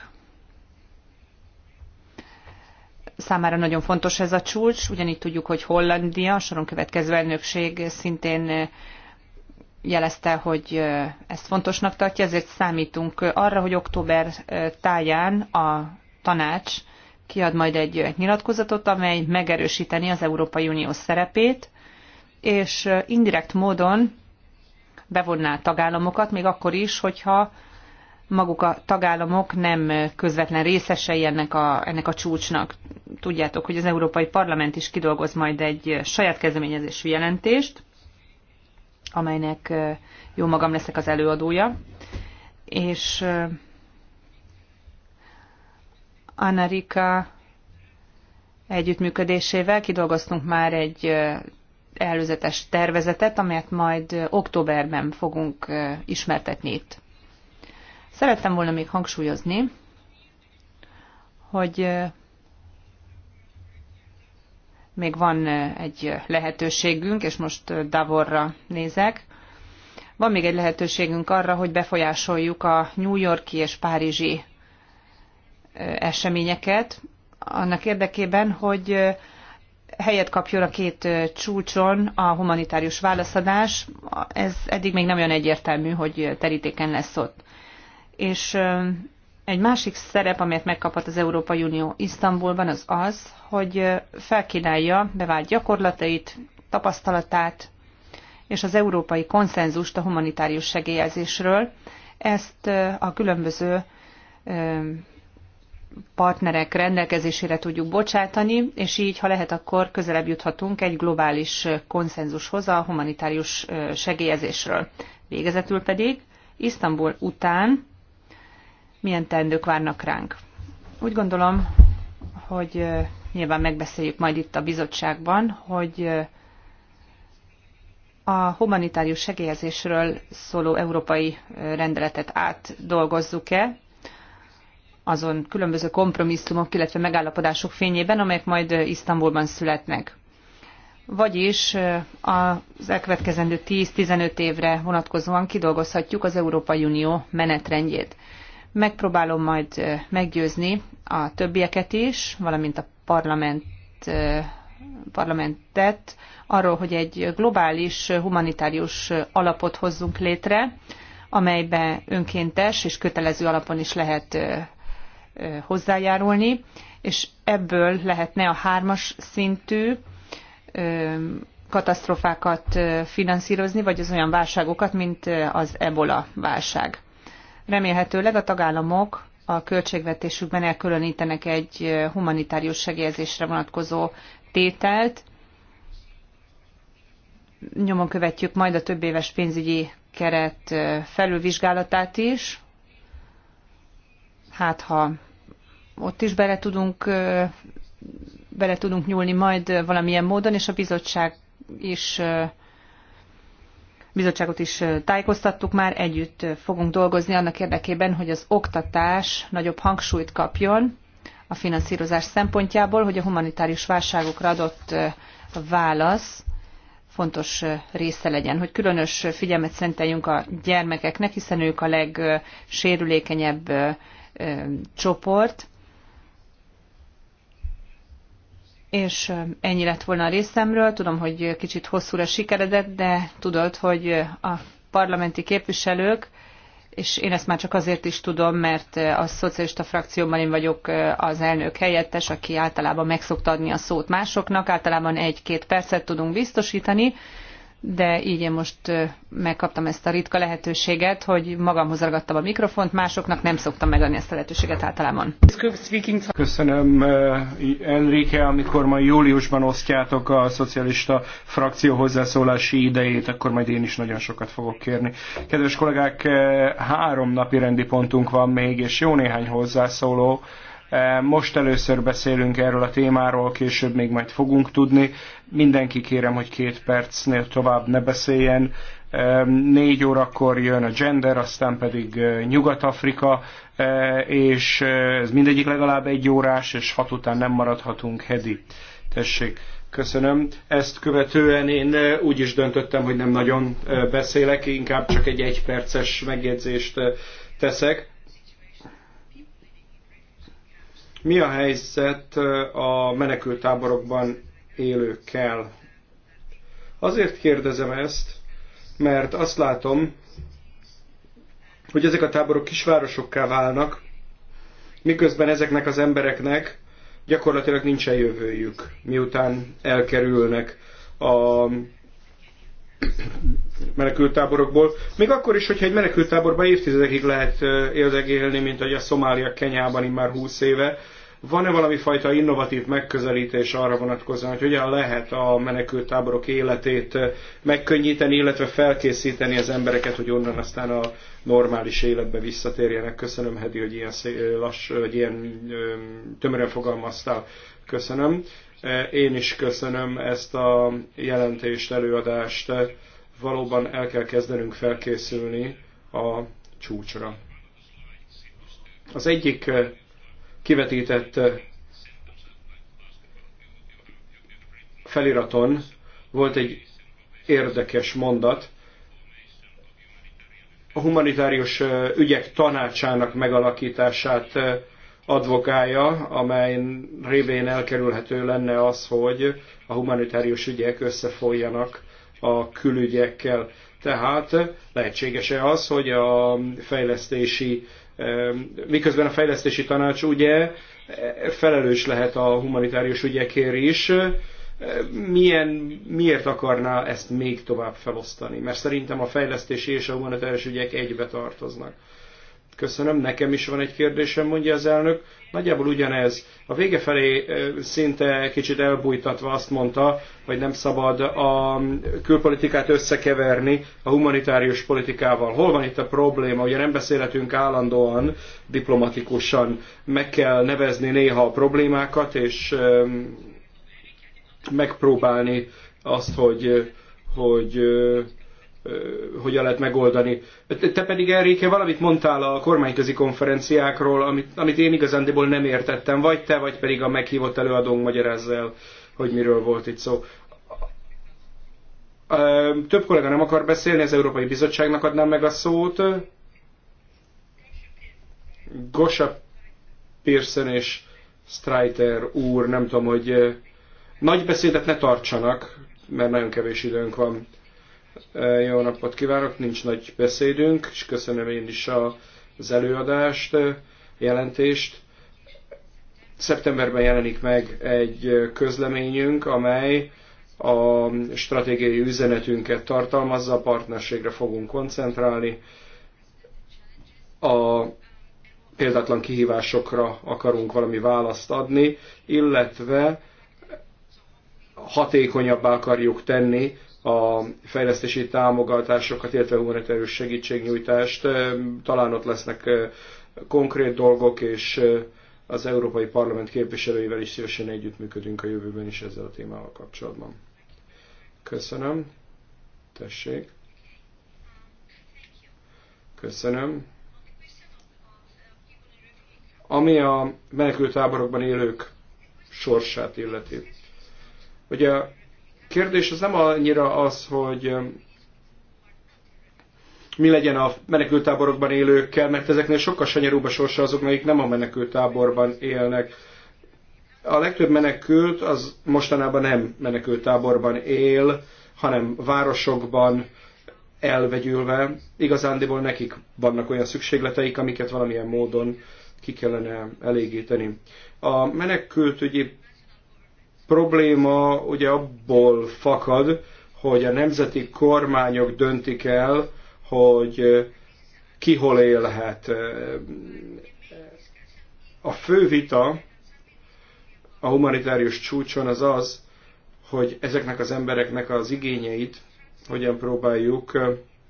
számára nagyon fontos ez a csúcs, ugyanígy tudjuk, hogy Hollandia, a soron következő elnökség szintén jelezte, hogy ezt fontosnak tartja, ezért számítunk arra, hogy október táján a tanács kiad majd egy nyilatkozatot, amely megerősíteni az Európai Unió szerepét, és indirekt módon bevonná a tagállamokat, még akkor is, hogyha maguk a tagállamok nem közvetlen részesei ennek a, ennek a csúcsnak. Tudjátok, hogy az Európai Parlament is kidolgoz majd egy saját kezdeményezésű jelentést, amelynek jó magam leszek az előadója, és Anarika együttműködésével kidolgoztunk már egy előzetes tervezetet, amelyet majd októberben fogunk ismertetni itt. Szerettem volna még hangsúlyozni, hogy még van egy lehetőségünk, és most Davorra nézek. Van még egy lehetőségünk arra, hogy befolyásoljuk a New Yorki és Párizsi eseményeket, annak érdekében, hogy helyet kapjon a két csúcson a humanitárius válaszadás. Ez eddig még nem olyan egyértelmű, hogy terítéken lesz ott. És egy másik szerep, amelyet megkapott az Európai Unió Isztambulban, az az, hogy felkínálja bevált gyakorlatait, tapasztalatát és az európai konszenzust a humanitárius segélyezésről. Ezt a különböző partnerek rendelkezésére tudjuk bocsátani, és így, ha lehet, akkor közelebb juthatunk egy globális konszenzushoz a humanitárius segélyezésről. Végezetül pedig Isztambul után milyen tendők várnak ránk. Úgy gondolom, hogy nyilván megbeszéljük majd itt a bizottságban, hogy a humanitárius segélyezésről szóló európai rendeletet átdolgozzuk-e, azon különböző kompromisszumok, illetve megállapodások fényében, amelyek majd Isztambulban születnek. Vagyis az elkövetkezendő 10-15 évre vonatkozóan kidolgozhatjuk az Európai Unió menetrendjét. Megpróbálom majd meggyőzni a többieket is, valamint a parlament, parlamentet arról, hogy egy globális humanitárius alapot hozzunk létre, amelybe önkéntes és kötelező alapon is lehet hozzájárulni, és ebből lehetne a hármas szintű katasztrofákat finanszírozni, vagy az olyan válságokat, mint az ebola válság. Remélhetőleg a tagállamok a költségvetésükben elkülönítenek egy humanitárius segélyezésre vonatkozó tételt. Nyomon követjük majd a több éves pénzügyi keret felülvizsgálatát is, hát ha ott is bele tudunk, bele tudunk nyúlni majd valamilyen módon, és a bizottság is bizottságot is tájékoztattuk már, együtt fogunk dolgozni annak érdekében, hogy az oktatás nagyobb hangsúlyt kapjon a finanszírozás szempontjából, hogy a humanitárius válságokra adott válasz fontos része legyen, hogy különös figyelmet szenteljünk a gyermekeknek, hiszen ők a legsérülékenyebb csoport. És ennyi lett volna a részemről. Tudom, hogy kicsit hosszúra sikeredett, de tudod, hogy a parlamenti képviselők, és én ezt már csak azért is tudom, mert a szocialista frakcióban én vagyok az elnök helyettes, aki általában megszokta adni a szót másoknak, általában egy-két percet tudunk biztosítani, de így én most megkaptam ezt a ritka lehetőséget, hogy magamhoz ragadtam a mikrofont, másoknak nem szoktam megadni ezt a lehetőséget általában. Köszönöm, Enrique, amikor majd júliusban osztjátok a szocialista frakció hozzászólási idejét, akkor majd én is nagyon sokat fogok kérni. Kedves kollégák, három napi rendi pontunk van még, és jó néhány hozzászóló Eh, most először beszélünk erről a témáról, később még majd fogunk tudni. Mindenki kérem, hogy két percnél tovább ne beszéljen. Eh, négy órakor jön a gender, aztán pedig eh, Nyugat-Afrika, és ez mindegyik legalább egy órás, és hat után nem maradhatunk hedi. Tessék. Köszönöm. Ezt követően én úgy is döntöttem, hogy nem nagyon beszélek, inkább csak egy egyperces megjegyzést teszek. Mi a helyzet a menekültáborokban élőkkel? Azért kérdezem ezt, mert azt látom, hogy ezek a táborok kisvárosokká válnak, miközben ezeknek az embereknek gyakorlatilag nincsen jövőjük, miután elkerülnek a menekültáborokból, még akkor is, hogyha egy menekültáborban évtizedekig lehet érdegélni, mint ahogy a Szomália Kenyában immár 20 éve, van-e valami fajta innovatív megközelítés arra vonatkozóan, hogy hogyan lehet a menekültáborok életét megkönnyíteni, illetve felkészíteni az embereket, hogy onnan aztán a normális életbe visszatérjenek. Köszönöm, Hedi, hogy ilyen, lass, hogy ilyen tömören fogalmaztál. Köszönöm. Én is köszönöm ezt a jelentést, előadást valóban el kell kezdenünk felkészülni a csúcsra. Az egyik eh, kivetített eh, feliraton volt egy érdekes mondat. A humanitárius eh, ügyek tanácsának megalakítását advokálja, amely révén elkerülhető lenne az, hogy a humanitárius ügyek összefolyjanak a külügyekkel. Tehát lehetséges-e az, hogy a fejlesztési, miközben a fejlesztési tanács ugye eh, felelős lehet a humanitárius ügyekért is, eh, milyen, miért akarná ezt még tovább felosztani? Mert szerintem a fejlesztési és a humanitárius ügyek egybe tartoznak. Köszönöm, nekem is van egy kérdésem, mondja az elnök. Nagyjából ugyanez. A vége felé szinte kicsit elbújtatva azt mondta, hogy nem szabad a külpolitikát összekeverni a humanitárius politikával. Hol van itt a probléma? Ugye nem beszélhetünk állandóan, diplomatikusan. Meg kell nevezni néha a problémákat, és megpróbálni azt, hogy, hogy hogyan lehet megoldani. Te pedig, Enrique, valamit mondtál a kormányközi konferenciákról, amit, amit én igazándiból nem értettem, vagy te, vagy pedig a meghívott előadónk magyarázza el, hogy miről volt itt szó. Több kollega nem akar beszélni, az Európai Bizottságnak adnám meg a szót. Gosa Pearson és Streiter úr, nem tudom, hogy nagy beszédet ne tartsanak, mert nagyon kevés időnk van. Jó napot kívánok, nincs nagy beszédünk, és köszönöm én is az előadást, jelentést. Szeptemberben jelenik meg egy közleményünk, amely a stratégiai üzenetünket tartalmazza, a partnerségre fogunk koncentrálni, a példátlan kihívásokra akarunk valami választ adni, illetve hatékonyabbá akarjuk tenni a fejlesztési támogatásokat, illetve humanitárius segítségnyújtást. Talán ott lesznek konkrét dolgok, és az Európai Parlament képviselőivel is szívesen együttműködünk a jövőben is ezzel a témával kapcsolatban. Köszönöm. Tessék. Köszönöm. Ami a menekültáborokban élők sorsát illeti. Ugye kérdés az nem annyira az, hogy mi legyen a menekültáborokban élőkkel, mert ezeknél sokkal sanyarúbb a sorsa azoknak, akik nem a menekültáborban élnek. A legtöbb menekült az mostanában nem menekültáborban él, hanem városokban elvegyülve. Igazándiból nekik vannak olyan szükségleteik, amiket valamilyen módon ki kellene elégíteni. A menekültügyi probléma ugye abból fakad, hogy a nemzeti kormányok döntik el, hogy ki hol élhet. A fő vita a humanitárius csúcson az az, hogy ezeknek az embereknek az igényeit hogyan próbáljuk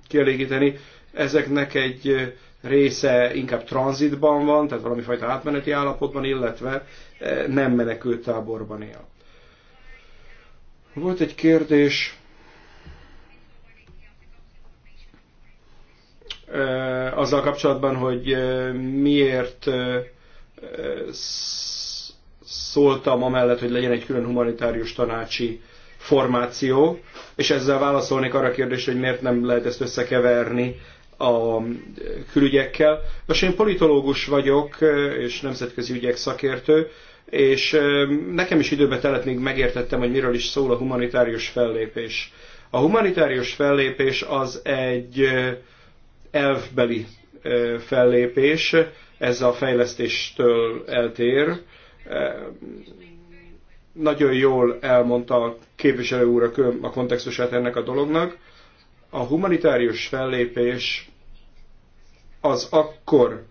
kielégíteni. Ezeknek egy része inkább tranzitban van, tehát valami fajta átmeneti állapotban, illetve nem menekült táborban él. Volt egy kérdés azzal kapcsolatban, hogy miért szóltam amellett, hogy legyen egy külön humanitárius tanácsi formáció, és ezzel válaszolnék arra a kérdésre, hogy miért nem lehet ezt összekeverni a külügyekkel. Most én politológus vagyok, és nemzetközi ügyek szakértő és nekem is időbe telett, még megértettem, hogy miről is szól a humanitárius fellépés. A humanitárius fellépés az egy elfbeli fellépés, ez a fejlesztéstől eltér. Nagyon jól elmondta a képviselő úr a kontextusát ennek a dolognak. A humanitárius fellépés az akkor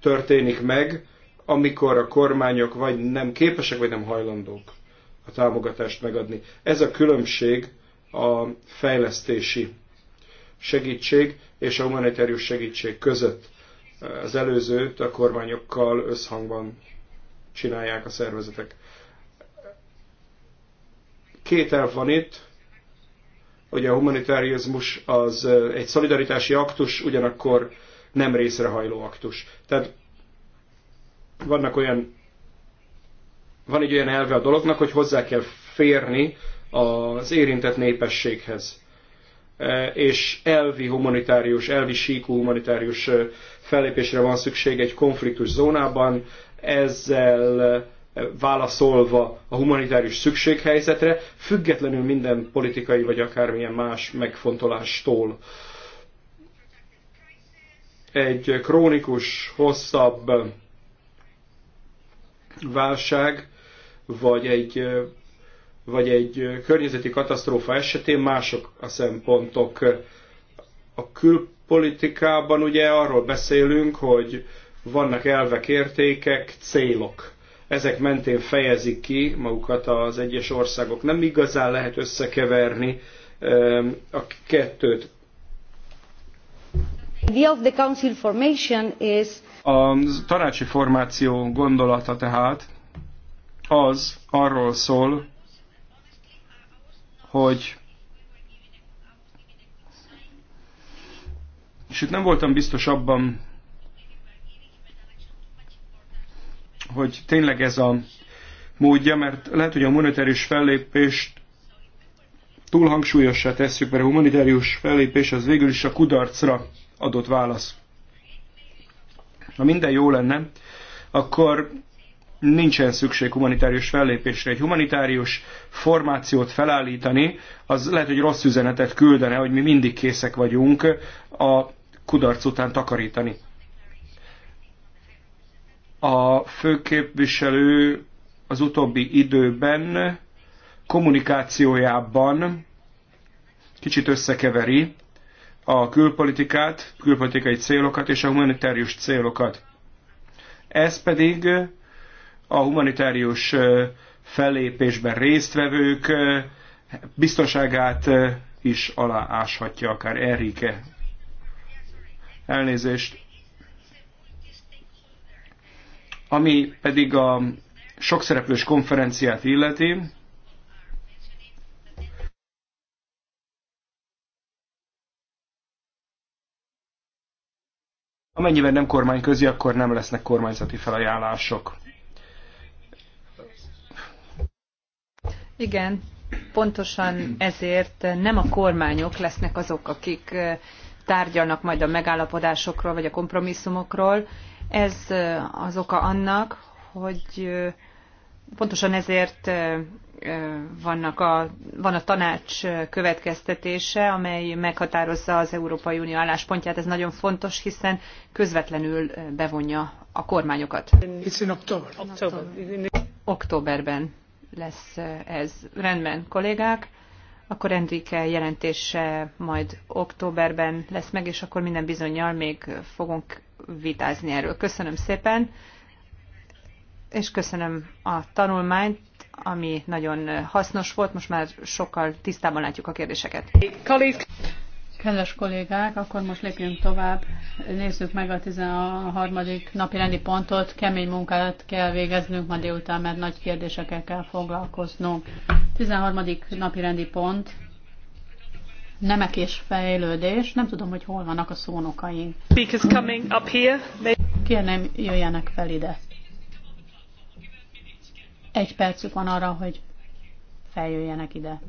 történik meg, amikor a kormányok vagy nem képesek, vagy nem hajlandók a támogatást megadni. Ez a különbség a fejlesztési segítség és a humanitárius segítség között. Az előzőt a kormányokkal összhangban csinálják a szervezetek. Két elv van itt, hogy a humanitáriuzmus az egy szolidaritási aktus, ugyanakkor nem részrehajló aktus. Tehát vannak olyan, van egy olyan elve a dolognak, hogy hozzá kell férni az érintett népességhez. E, és elvi humanitárius, elvi síkú humanitárius e, fellépésre van szükség egy konfliktus zónában, ezzel e, válaszolva a humanitárius szükséghelyzetre, függetlenül minden politikai vagy akármilyen más megfontolástól. Egy krónikus, hosszabb válság, vagy egy, vagy egy környezeti katasztrófa esetén mások a szempontok. A külpolitikában ugye arról beszélünk, hogy vannak elvek, értékek, célok. Ezek mentén fejezik ki magukat az egyes országok. Nem igazán lehet összekeverni a kettőt. A tanácsi formáció gondolata tehát az arról szól, hogy és itt nem voltam biztos abban, hogy tényleg ez a módja, mert lehet, hogy a monetáris fellépést túl hangsúlyossá tesszük, mert a humanitárius fellépés az végül is a kudarcra adott válasz. Ha minden jó lenne, akkor nincsen szükség humanitárius fellépésre. Egy humanitárius formációt felállítani, az lehet, hogy rossz üzenetet küldene, hogy mi mindig készek vagyunk a kudarc után takarítani. A főképviselő az utóbbi időben kommunikációjában kicsit összekeveri a külpolitikát, külpolitikai célokat és a humanitárius célokat. Ez pedig a humanitárius fellépésben résztvevők biztonságát is alááshatja, akár Enrique. Elnézést. Ami pedig a sokszereplős konferenciát illeti, Amennyiben nem kormányközi, akkor nem lesznek kormányzati felajánlások. Igen, pontosan ezért nem a kormányok lesznek azok, akik tárgyalnak majd a megállapodásokról vagy a kompromisszumokról. Ez az oka annak, hogy pontosan ezért vannak a, van a tanács következtetése, amely meghatározza az Európai Unió álláspontját. Ez nagyon fontos, hiszen közvetlenül bevonja a kormányokat. It's in October. October. Októberben lesz ez. Rendben, kollégák. Akkor Enrique jelentése majd októberben lesz meg, és akkor minden bizonyal még fogunk vitázni erről. Köszönöm szépen, és köszönöm a tanulmányt ami nagyon hasznos volt. Most már sokkal tisztában látjuk a kérdéseket. Kedves kollégák, akkor most lépjünk tovább. Nézzük meg a 13. napi rendi pontot. Kemény munkát kell végeznünk ma délután, mert nagy kérdésekkel kell foglalkoznunk. 13. napi rendi pont. Nemek és fejlődés. Nem tudom, hogy hol vannak a szónokaink. Kérném, jöjjenek fel ide. Egy percük van arra, hogy feljöjjenek ide.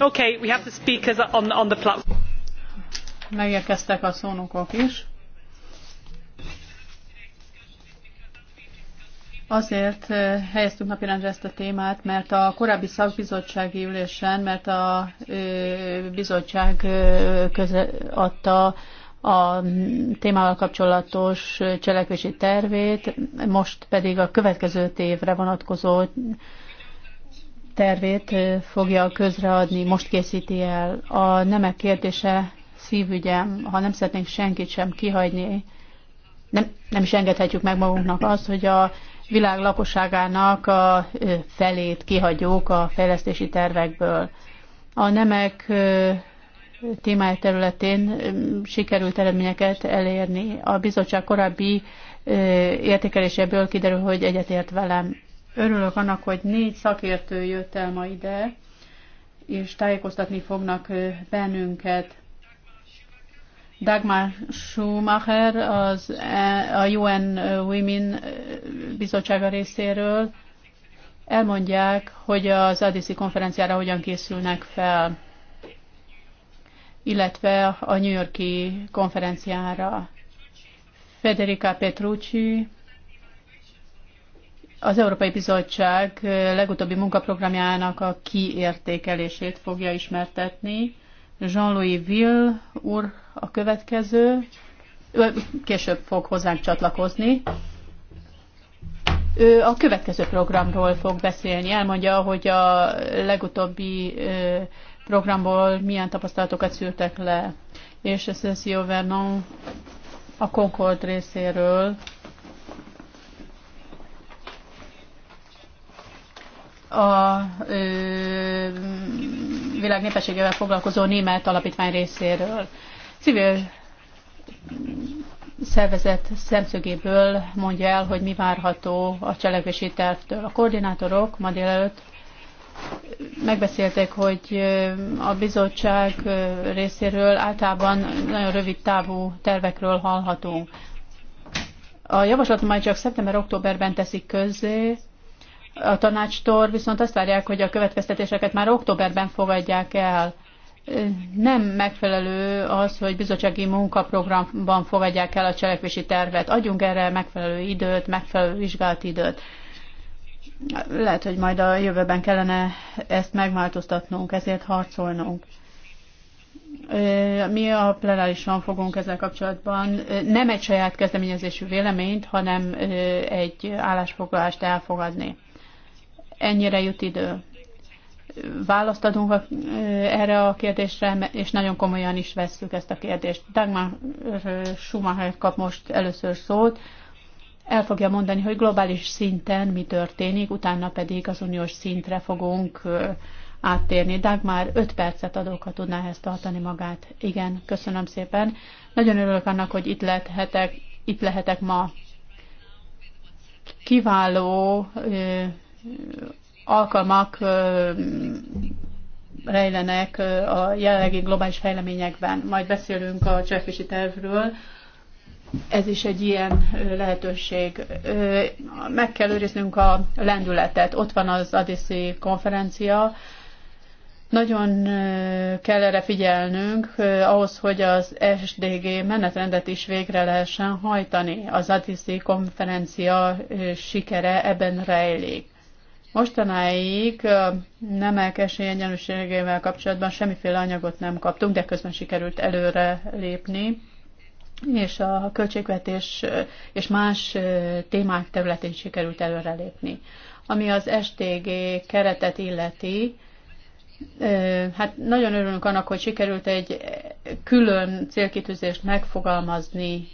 Okay, we have the speakers on, on the platform. Megérkeztek a szónokok is. Azért eh, helyeztük napirendre ezt a témát, mert a korábbi szakbizottsági ülésen, mert a eh, bizottság eh, köze adta a mm, témával kapcsolatos cselekvési tervét, most pedig a következő évre vonatkozó tervét fogja közreadni, most készíti el. A nemek kérdése szívügyem, ha nem szeretnénk senkit sem kihagyni, nem, nem is engedhetjük meg magunknak azt, hogy a világ lakosságának a felét kihagyjuk a fejlesztési tervekből. A nemek témája területén sikerült eredményeket elérni. A bizottság korábbi értékeléséből kiderül, hogy egyetért velem. Örülök annak, hogy négy szakértő jött el ma ide, és tájékoztatni fognak bennünket. Dagmar Schumacher az, e, a UN Women bizottsága részéről elmondják, hogy az Addiszi konferenciára hogyan készülnek fel, illetve a New Yorki konferenciára. Federica Petrucci, az Európai Bizottság legutóbbi munkaprogramjának a kiértékelését fogja ismertetni. Jean-Louis Ville úr a következő, később fog hozzánk csatlakozni. Ő a következő programról fog beszélni, elmondja, hogy a legutóbbi programból milyen tapasztalatokat szűrtek le, és Cecilio Vernon a Concord részéről a ö, világ népességével foglalkozó német alapítvány részéről. Civil szervezet szemszögéből mondja el, hogy mi várható a cselekvési tervtől. A koordinátorok ma délelőtt megbeszélték, hogy a bizottság részéről általában nagyon rövid távú tervekről hallhatunk. A javaslat majd csak szeptember-októberben teszik közzé, a tanácstól viszont azt várják, hogy a következtetéseket már októberben fogadják el. Nem megfelelő az, hogy bizottsági munkaprogramban fogadják el a cselekvési tervet. Adjunk erre megfelelő időt, megfelelő vizsgált időt lehet, hogy majd a jövőben kellene ezt megváltoztatnunk, ezért harcolnunk. Mi a plenárisan fogunk ezzel kapcsolatban nem egy saját kezdeményezésű véleményt, hanem egy állásfoglalást elfogadni ennyire jut idő. Választ adunk a, erre a kérdésre, és nagyon komolyan is vesszük ezt a kérdést. Dagmar Schumacher kap most először szót, el fogja mondani, hogy globális szinten mi történik, utána pedig az uniós szintre fogunk áttérni. Dagmar, 5 percet adok, ha tudná ezt tartani magát. Igen, köszönöm szépen. Nagyon örülök annak, hogy itt lehetek, itt lehetek ma. Kiváló alkalmak rejlenek a jelenlegi globális fejleményekben. Majd beszélünk a cselekvési tervről. Ez is egy ilyen lehetőség. Meg kell őriznünk a lendületet. Ott van az ADC konferencia. Nagyon kell erre figyelnünk ahhoz, hogy az SDG menetrendet is végre lehessen hajtani. Az ADC konferencia sikere ebben rejlik Mostanáig nemek egyenlőségével kapcsolatban semmiféle anyagot nem kaptunk, de közben sikerült előre lépni, és a költségvetés és más témák területén sikerült előre lépni. Ami az STG keretet illeti, hát nagyon örülünk annak, hogy sikerült egy külön célkitűzést megfogalmazni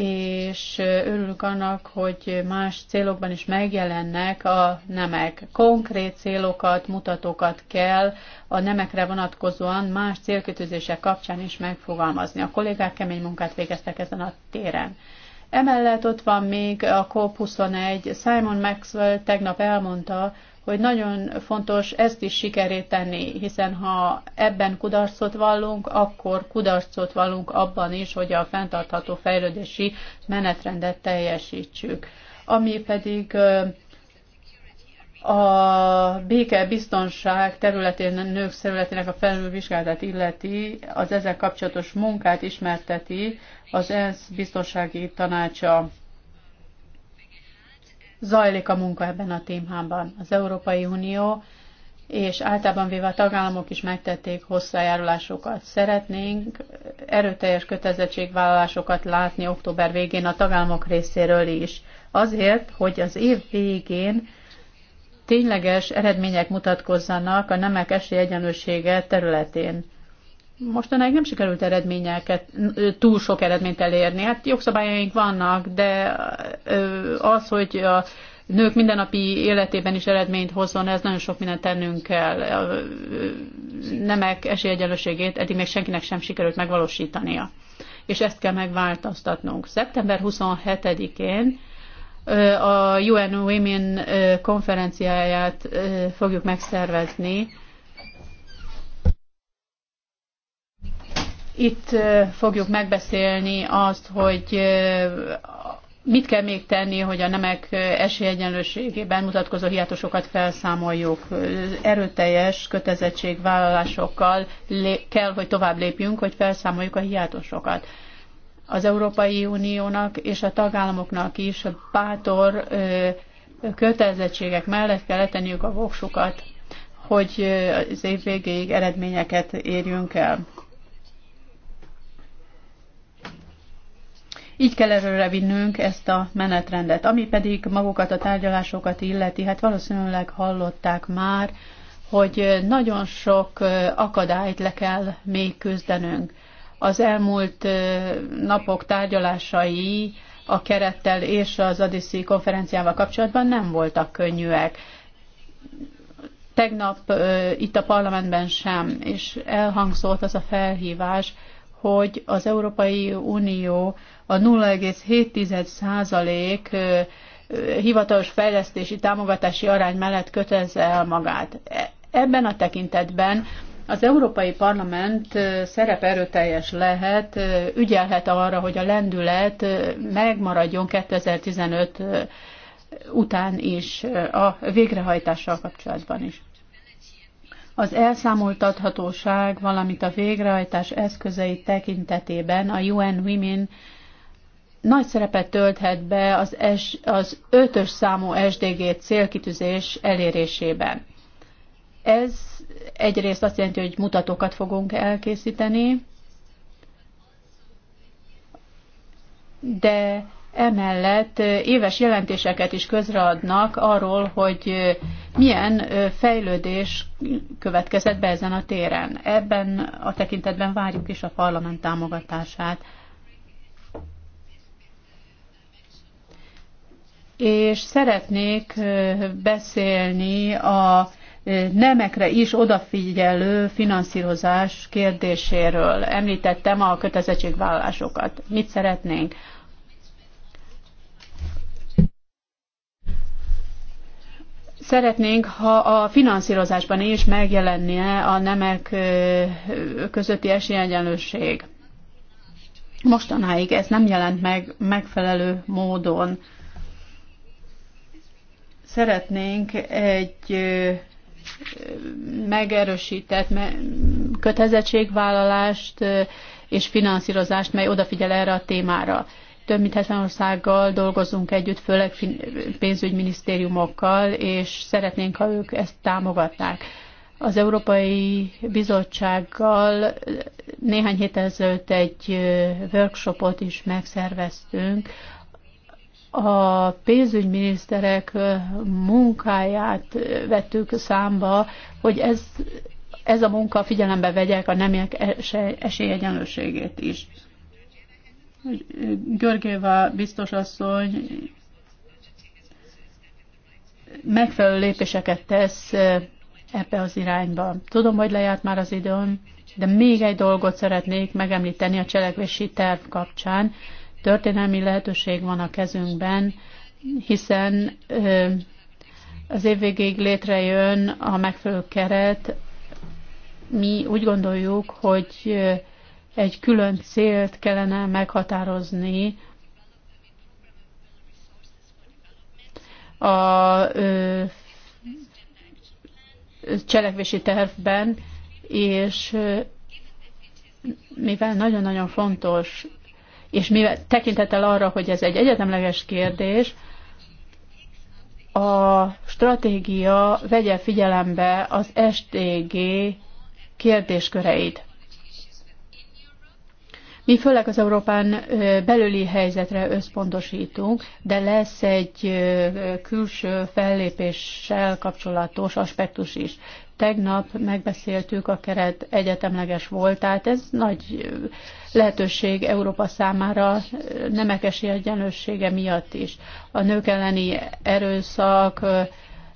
és örülök annak, hogy más célokban is megjelennek a nemek. Konkrét célokat, mutatókat kell a nemekre vonatkozóan más célkötőzések kapcsán is megfogalmazni. A kollégák kemény munkát végeztek ezen a téren. Emellett ott van még a COP21. Simon Maxwell tegnap elmondta, hogy nagyon fontos ezt is sikeré tenni, hiszen ha ebben kudarcot vallunk, akkor kudarcot vallunk abban is, hogy a fenntartható fejlődési menetrendet teljesítsük. Ami pedig a béke biztonság területén, a nők területének a felülvizsgálatát illeti, az ezzel kapcsolatos munkát ismerteti az ENSZ biztonsági tanácsa zajlik a munka ebben a témában. Az Európai Unió és általában véve a tagállamok is megtették hozzájárulásokat. Szeretnénk erőteljes kötelezettségvállalásokat látni október végén a tagállamok részéről is. Azért, hogy az év végén tényleges eredmények mutatkozzanak a nemek esélyegyenlősége területén mostanáig nem sikerült eredményeket, túl sok eredményt elérni. Hát jogszabályaink vannak, de az, hogy a nők mindennapi életében is eredményt hozzon, ez nagyon sok mindent tennünk kell. A nemek esélyegyenlőségét eddig még senkinek sem sikerült megvalósítania. És ezt kell megváltoztatnunk. Szeptember 27-én a UN Women konferenciáját fogjuk megszervezni, Itt fogjuk megbeszélni azt, hogy mit kell még tenni, hogy a nemek esélyegyenlőségében mutatkozó hiátusokat felszámoljuk. Erőteljes kötelezettségvállalásokkal kell, hogy tovább lépjünk, hogy felszámoljuk a hiátusokat. Az Európai Uniónak és a tagállamoknak is bátor kötelezettségek mellett kell letenniük a voksukat, hogy az év végéig eredményeket érjünk el. Így kell erőre vinnünk ezt a menetrendet. Ami pedig magukat a tárgyalásokat illeti, hát valószínűleg hallották már, hogy nagyon sok akadályt le kell még küzdenünk. Az elmúlt napok tárgyalásai a kerettel és az Adiszi konferenciával kapcsolatban nem voltak könnyűek. Tegnap itt a parlamentben sem, és elhangzott az a felhívás, hogy az Európai Unió a 0,7% hivatalos fejlesztési támogatási arány mellett kötelezze el magát. E, ebben a tekintetben az Európai Parlament szerep erőteljes lehet, ügyelhet arra, hogy a lendület megmaradjon 2015 után is, a végrehajtással kapcsolatban is. Az elszámoltathatóság, valamint a végrehajtás eszközei tekintetében a UN Women nagy szerepet tölthet be az, es, az ötös számú SDG célkitűzés elérésében. Ez egyrészt azt jelenti, hogy mutatókat fogunk elkészíteni, de Emellett éves jelentéseket is közreadnak arról, hogy milyen fejlődés következett be ezen a téren. Ebben a tekintetben várjuk is a parlament támogatását. És szeretnék beszélni a nemekre is odafigyelő finanszírozás kérdéséről. Említettem a kötelezettségvállalásokat. Mit szeretnénk? Szeretnénk, ha a finanszírozásban is megjelennie a nemek közötti esélyegyenlőség. Mostanáig ez nem jelent meg megfelelő módon. Szeretnénk egy megerősített kötelezettségvállalást és finanszírozást, mely odafigyel erre a témára. Több mint 70 országgal dolgozunk együtt, főleg pénzügyminisztériumokkal, és szeretnénk, ha ők ezt támogatnák. Az Európai Bizottsággal néhány hét ezelőtt egy workshopot is megszerveztünk, a pénzügyminiszterek munkáját vettük számba, hogy ez, ez a munka figyelembe vegyek a nemek esélyegyenlőségét is. Görgéva asszony megfelelő lépéseket tesz eh, ebbe az irányba. Tudom, hogy lejárt már az időm, de még egy dolgot szeretnék megemlíteni a cselekvési terv kapcsán. Történelmi lehetőség van a kezünkben, hiszen eh, az év végéig létrejön a megfelelő keret. Mi úgy gondoljuk, hogy eh, egy külön célt kellene meghatározni a cselekvési tervben, és mivel nagyon-nagyon fontos, és mivel tekintettel arra, hogy ez egy egyetemleges kérdés, a stratégia vegye figyelembe az STG kérdésköreit. Mi főleg az Európán belüli helyzetre összpontosítunk, de lesz egy külső fellépéssel kapcsolatos aspektus is. Tegnap megbeszéltük a keret egyetemleges voltát, ez nagy lehetőség Európa számára nemekesi egyenlőssége miatt is. A nők elleni erőszak,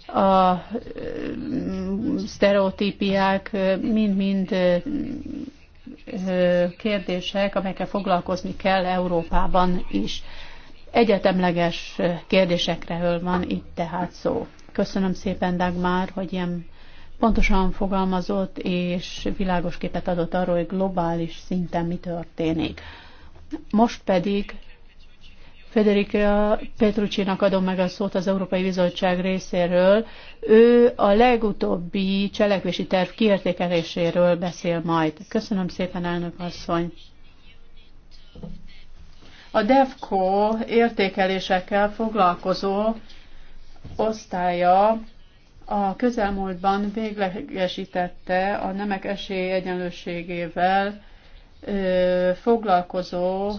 a sztereotípiák mind-mind kérdések, amelyekkel foglalkozni kell Európában is. Egyetemleges kérdésekről van itt tehát szó. Köszönöm szépen, Dagmar, hogy ilyen pontosan fogalmazott és világos képet adott arról, hogy globális szinten mi történik. Most pedig Federica Petrucsinak adom meg a szót az Európai Bizottság részéről. Ő a legutóbbi cselekvési terv kiértékeléséről beszél majd. Köszönöm szépen, elnök asszony. A DEFCO értékelésekkel foglalkozó osztálya a közelmúltban véglegesítette a nemek esélyegyenlőségével foglalkozó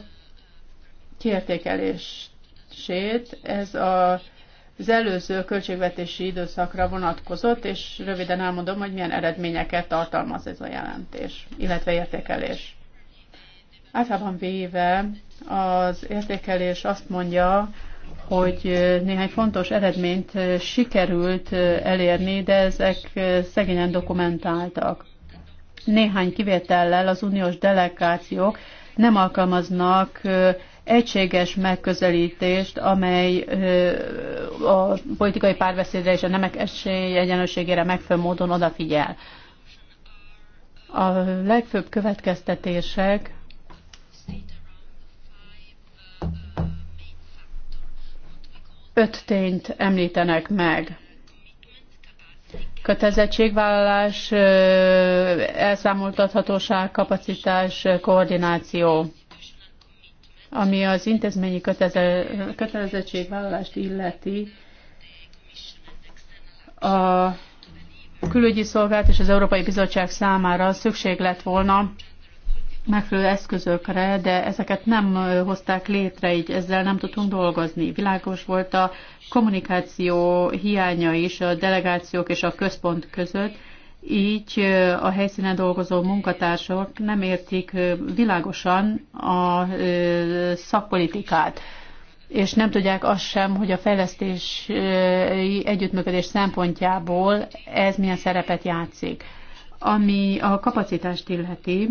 kiértékelését. Ez a, az előző költségvetési időszakra vonatkozott, és röviden elmondom, hogy milyen eredményeket tartalmaz ez a jelentés, illetve értékelés. Általában véve az értékelés azt mondja, hogy néhány fontos eredményt sikerült elérni, de ezek szegényen dokumentáltak. Néhány kivétellel az uniós delegációk nem alkalmaznak egységes megközelítést, amely a politikai párbeszédre és a nemek esély egyenlőségére megfelelő módon odafigyel. A legfőbb következtetések öt tényt említenek meg. Kötelezettségvállalás, elszámoltathatóság, kapacitás, koordináció. Ami az intézményi kötelezettségvállalást illeti, a külügyi szolgált és az Európai Bizottság számára szükség lett volna megfelelő eszközökre, de ezeket nem hozták létre, így ezzel nem tudtunk dolgozni. Világos volt a kommunikáció hiánya is a delegációk és a központ között, így a helyszínen dolgozó munkatársak nem értik világosan a szakpolitikát, és nem tudják azt sem, hogy a fejlesztési együttműködés szempontjából ez milyen szerepet játszik. Ami a kapacitást illeti,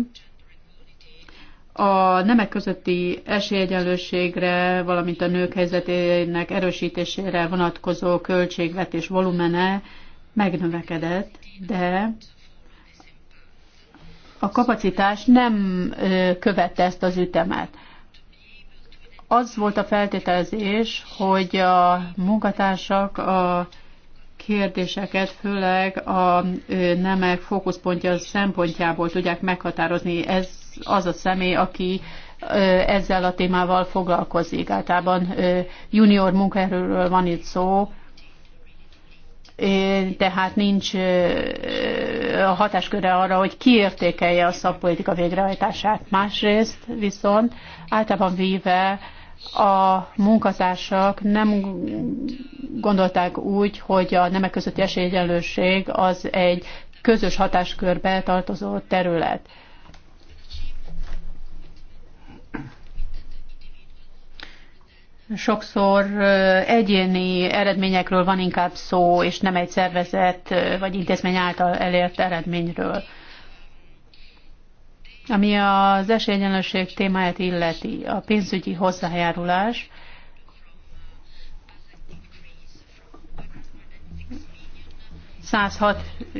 a nemek közötti esélyegyenlőségre, valamint a nők helyzetének erősítésére vonatkozó költségvetés volumene megnövekedett, de a kapacitás nem követte ezt az ütemet. Az volt a feltételezés, hogy a munkatársak a kérdéseket főleg a nemek fókuszpontja szempontjából tudják meghatározni. Ez az a személy, aki ezzel a témával foglalkozik. Általában junior munkaerőről van itt szó, tehát nincs a hatásköre arra, hogy kiértékelje a szakpolitika végrehajtását. Másrészt viszont általában véve a munkatársak nem gondolták úgy, hogy a nemek közötti esélyegyenlőség az egy közös hatáskörbe tartozó terület. sokszor egyéni eredményekről van inkább szó, és nem egy szervezet vagy intézmény által elért eredményről. Ami az esélyegyenlőség témáját illeti, a pénzügyi hozzájárulás, ...106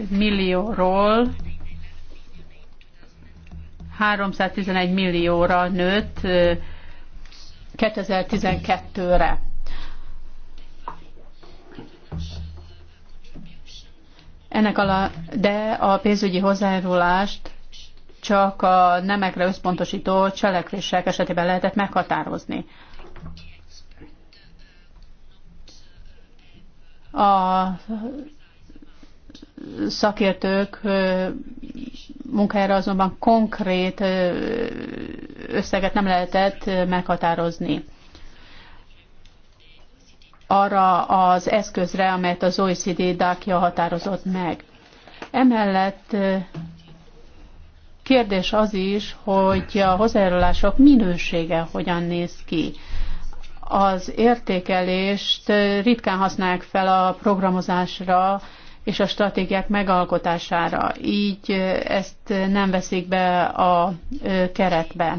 millióról 311 millióra nőtt 2012-re. Ennek ala, de a pénzügyi hozzájárulást csak a nemekre összpontosító cselekvések esetében lehetett meghatározni. A szakértők munkájára azonban konkrét összeget nem lehetett meghatározni. Arra az eszközre, amelyet az OECD dákja határozott meg. Emellett kérdés az is, hogy a hozzájárulások minősége hogyan néz ki. Az értékelést ritkán használják fel a programozásra, és a stratégiák megalkotására. Így ezt nem veszik be a keretbe.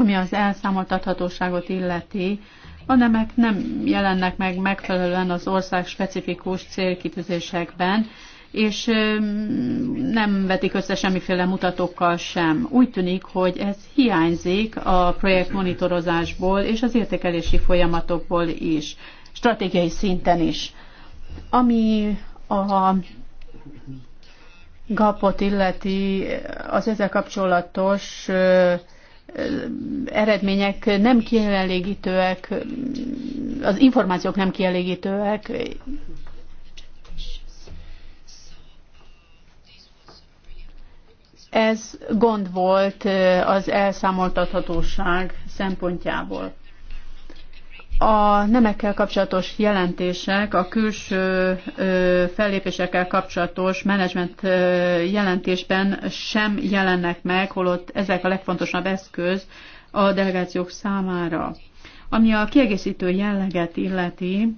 Ami az elszámoltathatóságot illeti, a nemek nem jelennek meg megfelelően az ország specifikus célkitűzésekben, és nem vetik össze semmiféle mutatókkal sem. Úgy tűnik, hogy ez hiányzik a projekt monitorozásból és az értékelési folyamatokból is, stratégiai szinten is. Ami a GAPot illeti, az ezzel kapcsolatos eredmények nem kielégítőek, az információk nem kielégítőek. Ez gond volt eh, az elszámoltathatóság szempontjából. A nemekkel kapcsolatos jelentések, a külső fellépésekkel kapcsolatos menedzsment jelentésben sem jelennek meg, holott ezek a legfontosabb eszköz a delegációk számára. Ami a kiegészítő jelleget illeti,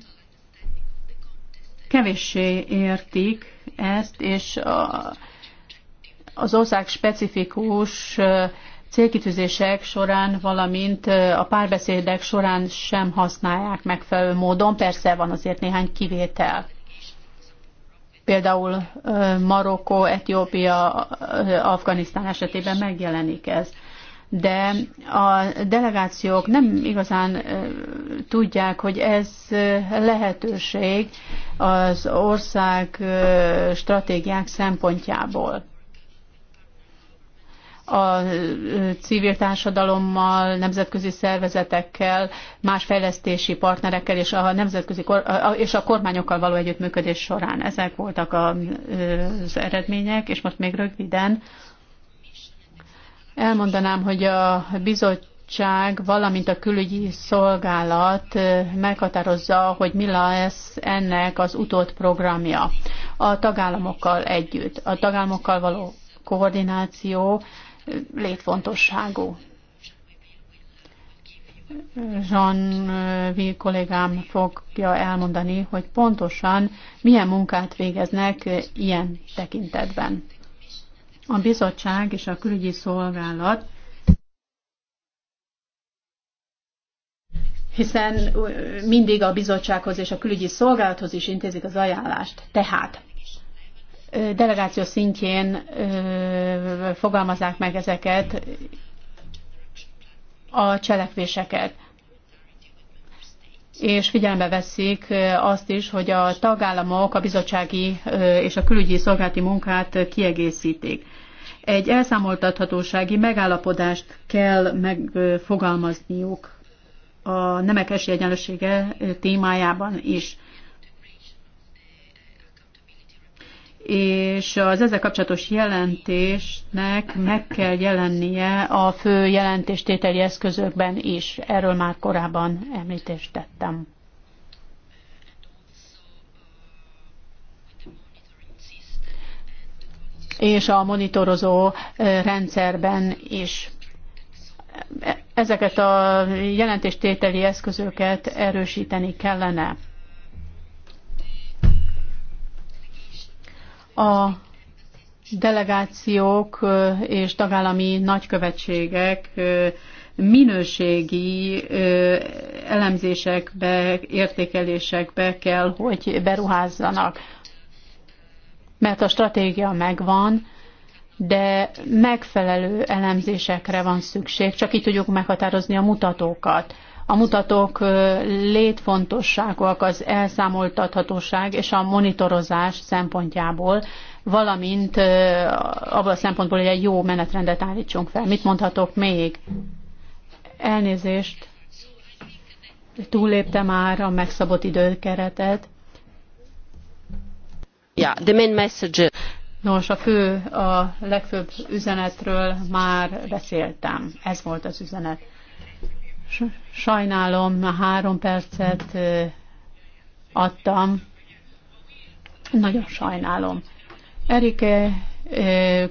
kevéssé értik ezt, és a, az ország specifikus célkitűzések során, valamint a párbeszédek során sem használják megfelelő módon. Persze van azért néhány kivétel. Például Marokkó, Etiópia, Afganisztán esetében megjelenik ez de a delegációk nem igazán tudják, hogy ez lehetőség az ország stratégiák szempontjából a civil társadalommal, nemzetközi szervezetekkel, más fejlesztési partnerekkel és a, nemzetközi, és a kormányokkal való együttműködés során. Ezek voltak az eredmények, és most még röviden elmondanám, hogy a bizottság valamint a külügyi szolgálat meghatározza, hogy mi lesz ennek az utód programja a tagállamokkal együtt. A tagállamokkal való koordináció létfontosságú. Jean-Vi kollégám fogja elmondani, hogy pontosan milyen munkát végeznek ilyen tekintetben. A bizottság és a külügyi szolgálat hiszen mindig a bizottsághoz és a külügyi szolgálathoz is intézik az ajánlást. Tehát delegáció szintjén fogalmazzák meg ezeket a cselekvéseket. És figyelembe veszik azt is, hogy a tagállamok a bizottsági és a külügyi szolgálati munkát kiegészítik. Egy elszámoltathatósági megállapodást kell megfogalmazniuk a nemek esélyegyenlősége témájában is. és az ezzel kapcsolatos jelentésnek meg kell jelennie a fő jelentéstételi eszközökben is. Erről már korábban említést tettem. és a monitorozó rendszerben is. E, ezeket a jelentéstételi eszközöket erősíteni kellene. A delegációk és tagállami nagykövetségek minőségi elemzésekbe, értékelésekbe kell, hogy beruházzanak. Mert a stratégia megvan, de megfelelő elemzésekre van szükség, csak így tudjuk meghatározni a mutatókat. A mutatók létfontosságúak az elszámoltathatóság és a monitorozás szempontjából, valamint abban a szempontból, hogy egy jó menetrendet állítsunk fel. Mit mondhatok még? Elnézést, túllépte már a megszabott időkeretet. Yeah, the main message. Nos, a fő, a legfőbb üzenetről már beszéltem. Ez volt az üzenet. Sajnálom, három percet adtam. Nagyon sajnálom. Erik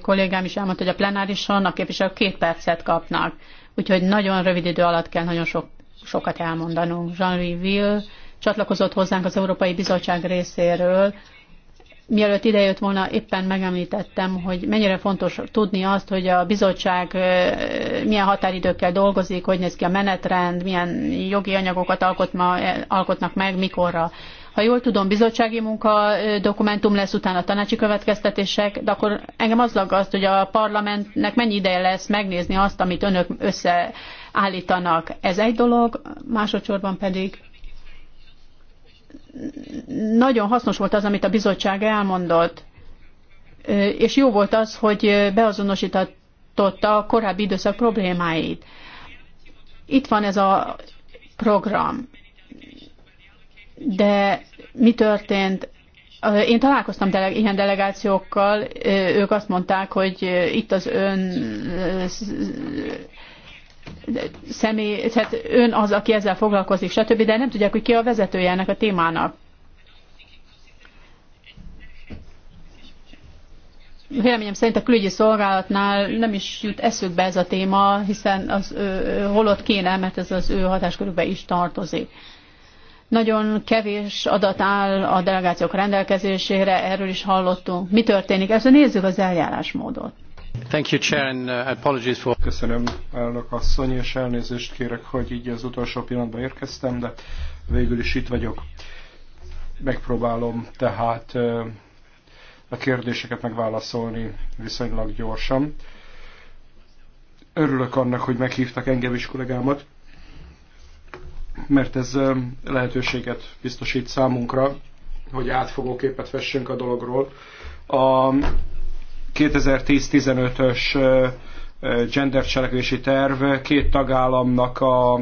kollégám is elmondta, hogy a plenárison a képviselők két percet kapnak. Úgyhogy nagyon rövid idő alatt kell nagyon sok, sokat elmondanunk. Jean-Louis Ville csatlakozott hozzánk az Európai Bizottság részéről mielőtt idejött volna, éppen megemlítettem, hogy mennyire fontos tudni azt, hogy a bizottság milyen határidőkkel dolgozik, hogy néz ki a menetrend, milyen jogi anyagokat alkot ma, alkotnak meg, mikorra. Ha jól tudom, bizottsági munka dokumentum lesz utána tanácsi következtetések, de akkor engem az aggaszt, hogy a parlamentnek mennyi ideje lesz megnézni azt, amit önök összeállítanak. Ez egy dolog, másodszorban pedig nagyon hasznos volt az, amit a bizottság elmondott, és jó volt az, hogy beazonosította a korábbi időszak problémáit. Itt van ez a program. De mi történt? Én találkoztam dele- ilyen delegációkkal, ők azt mondták, hogy itt az ön személy, tehát ön az, aki ezzel foglalkozik, stb., de nem tudják, hogy ki a vezetője ennek a témának. Véleményem szerint a külügyi szolgálatnál nem is jut eszükbe ez a téma, hiszen az ő, holott kéne, mert ez az ő hatáskörükbe is tartozik. Nagyon kevés adat áll a delegációk rendelkezésére, erről is hallottunk. Mi történik? Ezt nézzük az eljárásmódot. Uh, Köszönöm, elnök asszony, és elnézést kérek, hogy így az utolsó pillanatban érkeztem, de végül is itt vagyok. Megpróbálom tehát a kérdéseket megválaszolni viszonylag gyorsan. Örülök annak, hogy meghívtak engem is kollégámat, mert ez lehetőséget biztosít számunkra, hogy átfogó képet vessünk a dologról. A 2010-15-ös gendercselekvési terv két tagállamnak a,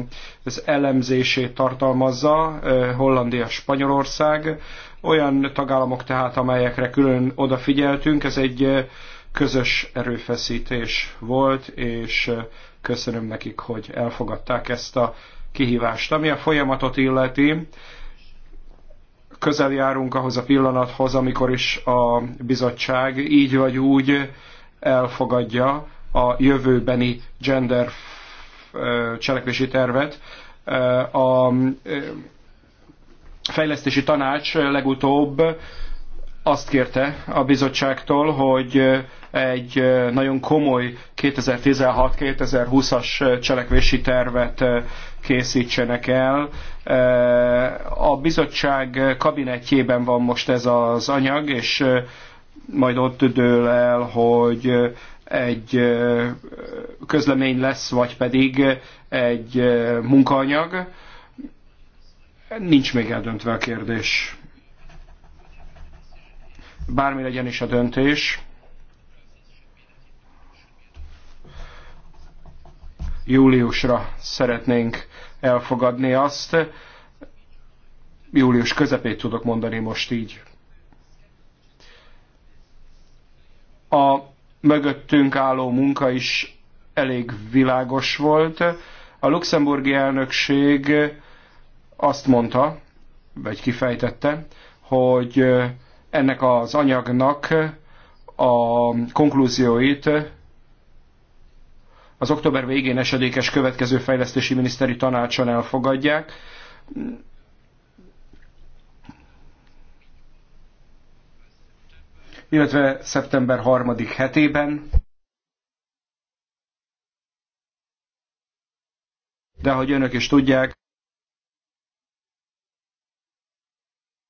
az elemzését tartalmazza, Hollandia, Spanyolország. Olyan tagállamok tehát, amelyekre külön odafigyeltünk, ez egy közös erőfeszítés volt, és köszönöm nekik, hogy elfogadták ezt a kihívást. Ami a folyamatot illeti, közel járunk ahhoz a pillanathoz, amikor is a bizottság így vagy úgy elfogadja a jövőbeni gender cselekvési tervet. A fejlesztési tanács legutóbb azt kérte a bizottságtól, hogy egy nagyon komoly 2016-2020-as cselekvési tervet készítsenek el, a bizottság kabinetjében van most ez az anyag, és majd ott dől el, hogy egy közlemény lesz, vagy pedig egy munkaanyag. Nincs még eldöntve a kérdés. Bármi legyen is a döntés, júliusra szeretnénk elfogadni azt. Július közepét tudok mondani most így. A mögöttünk álló munka is elég világos volt. A luxemburgi elnökség azt mondta, vagy kifejtette, hogy ennek az anyagnak a konklúzióit az október végén esedékes következő fejlesztési miniszteri tanácson elfogadják. illetve szeptember harmadik hetében. De ahogy önök is tudják,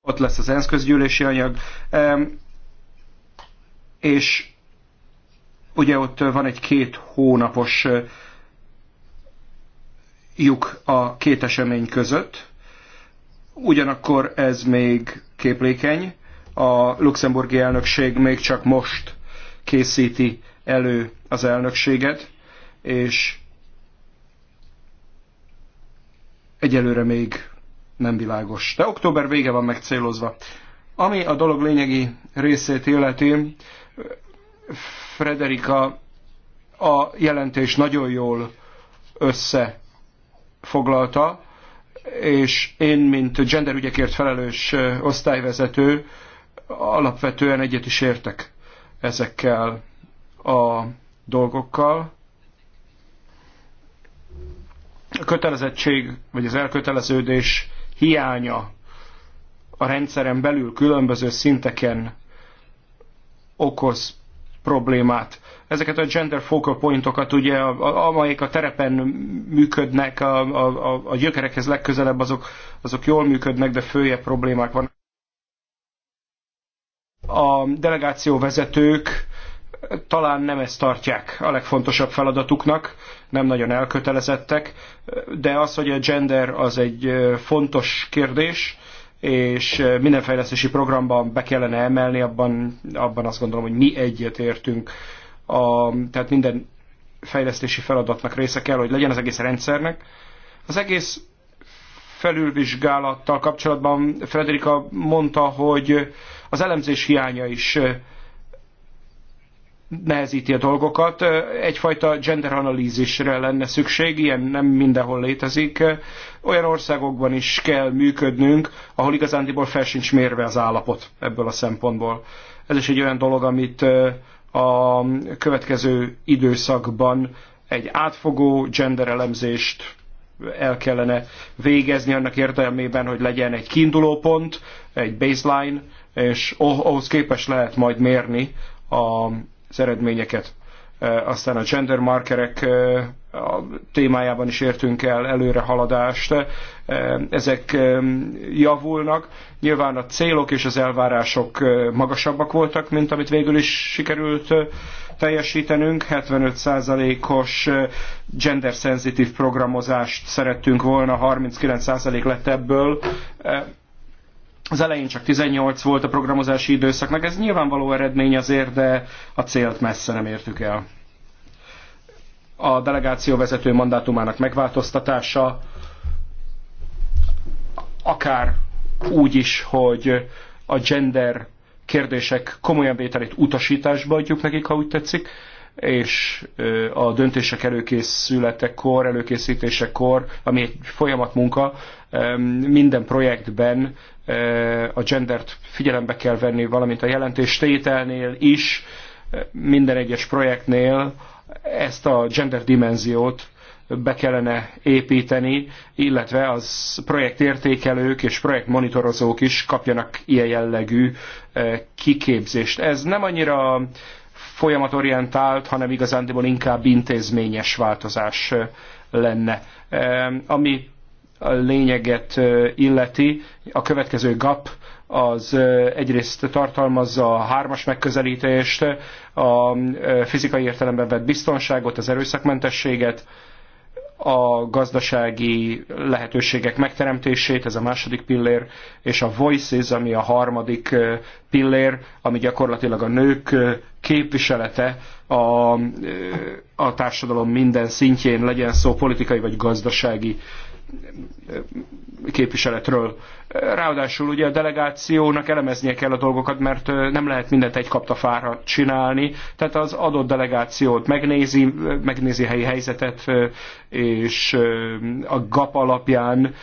ott lesz az ENSZ közgyűlési anyag, és ugye ott van egy két hónapos lyuk a két esemény között, ugyanakkor ez még képlékeny, a luxemburgi elnökség még csak most készíti elő az elnökséget, és egyelőre még nem világos. De október vége van megcélozva. Ami a dolog lényegi részét illeti, Frederika a jelentés nagyon jól összefoglalta, és én, mint genderügyekért felelős osztályvezető, alapvetően egyet is értek ezekkel a dolgokkal. A kötelezettség, vagy az elköteleződés hiánya a rendszeren belül különböző szinteken okoz problémát. Ezeket a gender focal pointokat, ugye, amelyek a terepen működnek, a, a, a gyökerekhez legközelebb, azok, azok jól működnek, de fője problémák vannak. A delegáció vezetők talán nem ezt tartják a legfontosabb feladatuknak, nem nagyon elkötelezettek, de az, hogy a gender az egy fontos kérdés, és minden fejlesztési programban be kellene emelni, abban, abban azt gondolom, hogy mi egyetértünk. A, tehát minden fejlesztési feladatnak része kell, hogy legyen az egész rendszernek. Az egész felülvizsgálattal kapcsolatban Frederika mondta, hogy az elemzés hiánya is nehezíti a dolgokat. Egyfajta genderanalízisre lenne szükség, ilyen nem mindenhol létezik. Olyan országokban is kell működnünk, ahol igazándiból fel sincs mérve az állapot ebből a szempontból. Ez is egy olyan dolog, amit a következő időszakban egy átfogó genderelemzést el kellene végezni annak értelmében, hogy legyen egy kiindulópont, egy baseline, és oh, ahhoz képes lehet majd mérni a az eredményeket. Aztán a gender markerek témájában is értünk el előre haladást. Ezek javulnak. Nyilván a célok és az elvárások magasabbak voltak, mint amit végül is sikerült teljesítenünk. 75%-os gender-szenzitív programozást szerettünk volna, 39% lett ebből. Az elején csak 18 volt a programozási időszaknak, ez nyilvánvaló eredmény azért, de a célt messze nem értük el. A delegáció vezető mandátumának megváltoztatása, akár úgy is, hogy a gender kérdések komolyan vételét utasításba adjuk nekik, ha úgy tetszik, és a döntések előkészületekor, előkészítésekor, ami egy folyamatmunka, minden projektben a gendert figyelembe kell venni, valamint a jelentéstételnél is, minden egyes projektnél ezt a gender dimenziót be kellene építeni, illetve az projektértékelők és projektmonitorozók is kapjanak ilyen jellegű eh, kiképzést. Ez nem annyira folyamatorientált, hanem igazándiból inkább intézményes változás eh, lenne. Eh, ami lényeget illeti, a következő GAP az egyrészt tartalmazza a hármas megközelítést, a fizikai értelemben vett biztonságot, az erőszakmentességet, a gazdasági lehetőségek megteremtését, ez a második pillér, és a Voices, ami a harmadik pillér, ami gyakorlatilag a nők képviselete a, a társadalom minden szintjén, legyen szó politikai vagy gazdasági képviseletről. Ráadásul ugye a delegációnak elemeznie kell a dolgokat, mert nem lehet mindent egy kaptafára csinálni, tehát az adott delegációt megnézi, megnézi helyi helyzetet, és a GAP alapján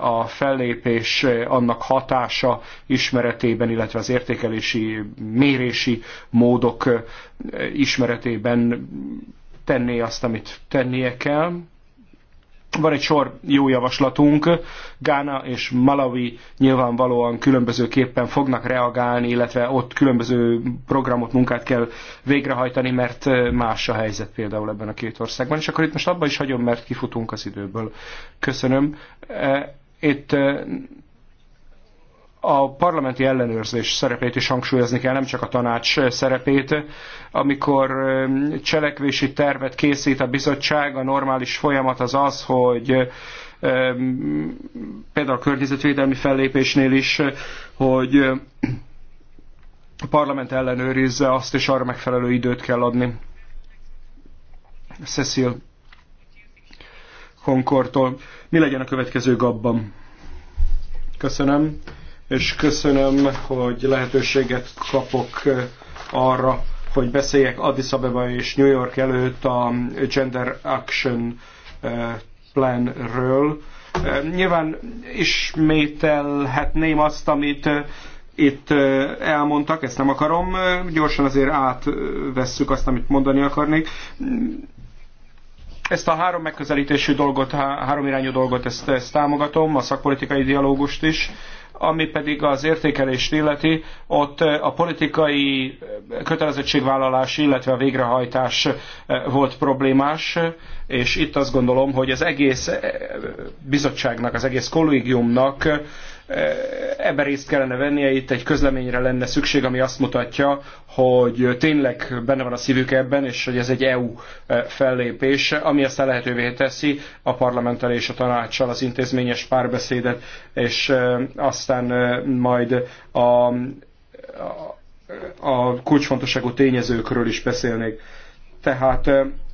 a fellépés annak hatása ismeretében, illetve az értékelési, mérési módok ismeretében tenné azt, amit tennie kell van egy sor jó javaslatunk, Gána és Malawi nyilvánvalóan különbözőképpen fognak reagálni, illetve ott különböző programot, munkát kell végrehajtani, mert más a helyzet például ebben a két országban. És akkor itt most abba is hagyom, mert kifutunk az időből. Köszönöm. Itt a parlamenti ellenőrzés szerepét is hangsúlyozni kell, nem csak a tanács szerepét. Amikor um, cselekvési tervet készít a bizottság, a normális folyamat az az, hogy um, például a környezetvédelmi fellépésnél is, hogy um, a parlament ellenőrizze azt, és arra megfelelő időt kell adni. Cecil Honkortól. Mi legyen a következő gabban? Köszönöm és köszönöm, hogy lehetőséget kapok eh, arra, hogy beszéljek Addis Abeba és New York előtt a Gender Action eh, Planről. Eh, nyilván ismételhetném azt, amit itt elmondtak, ezt nem akarom, gyorsan azért átvesszük azt, amit mondani akarnék. Ezt a három megközelítésű dolgot, három irányú dolgot, ezt, ezt támogatom, a szakpolitikai dialógust is, ami pedig az értékelést illeti, ott a politikai kötelezettségvállalás, illetve a végrehajtás volt problémás, és itt azt gondolom, hogy az egész bizottságnak, az egész kollégiumnak Eh, ebben részt kellene vennie, itt egy közleményre lenne szükség, ami azt mutatja, hogy tényleg benne van a szívük ebben, és hogy ez egy EU eh, fellépés, ami aztán lehetővé teszi a parlamenttel és a tanácssal az intézményes párbeszédet, és eh, aztán majd a, a, a kulcsfontosságú tényezőkről is beszélnék. Tehát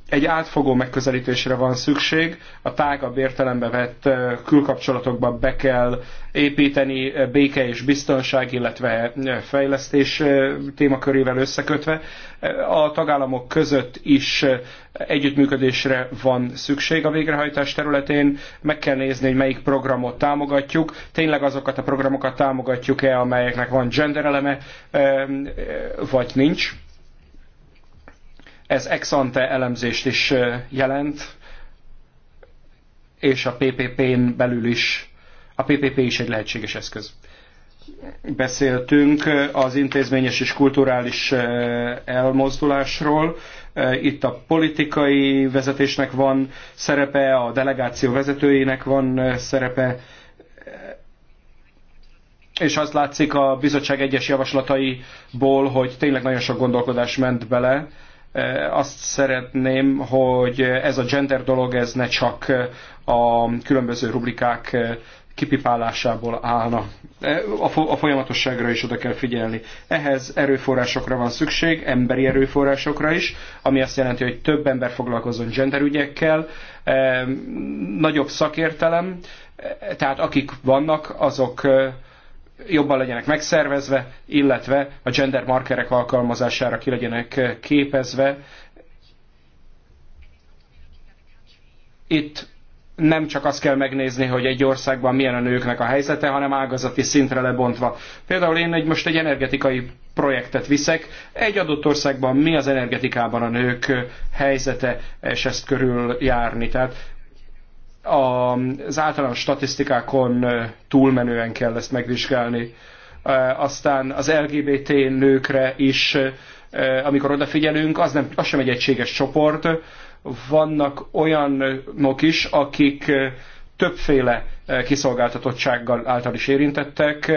egy átfogó megközelítésre van szükség, a tágabb értelembe vett külkapcsolatokba be kell építeni béke és biztonság, illetve fejlesztés témakörével összekötve. A tagállamok között is együttműködésre van szükség a végrehajtás területén, meg kell nézni, hogy melyik programot támogatjuk, tényleg azokat a programokat támogatjuk-e, amelyeknek van gender eleme, vagy nincs ez ex ante elemzést is jelent, és a PPP-n belül is, a PPP is egy lehetséges eszköz. Beszéltünk az intézményes és kulturális elmozdulásról. Itt a politikai vezetésnek van szerepe, a delegáció vezetőjének van szerepe, és azt látszik a bizottság egyes javaslataiból, hogy tényleg nagyon sok gondolkodás ment bele azt szeretném, hogy ez a gender dolog, ez ne csak a különböző rubrikák kipipálásából állna. A folyamatosságra is oda kell figyelni. Ehhez erőforrásokra van szükség, emberi erőforrásokra is, ami azt jelenti, hogy több ember foglalkozzon genderügyekkel, nagyobb szakértelem, tehát akik vannak, azok jobban legyenek megszervezve, illetve a gender markerek alkalmazására ki legyenek eh, képezve. Itt nem csak azt kell megnézni, hogy egy országban milyen a nőknek a helyzete, hanem ágazati szintre lebontva. Például én egy, most egy energetikai projektet viszek, egy adott országban mi az energetikában a nők eh, helyzete, és ezt körül járni. Tehát az általános statisztikákon túlmenően kell ezt megvizsgálni. Aztán az LGBT nőkre is, amikor odafigyelünk, az, nem, az sem egy egységes csoport. Vannak olyanok is, akik többféle kiszolgáltatottsággal által is érintettek,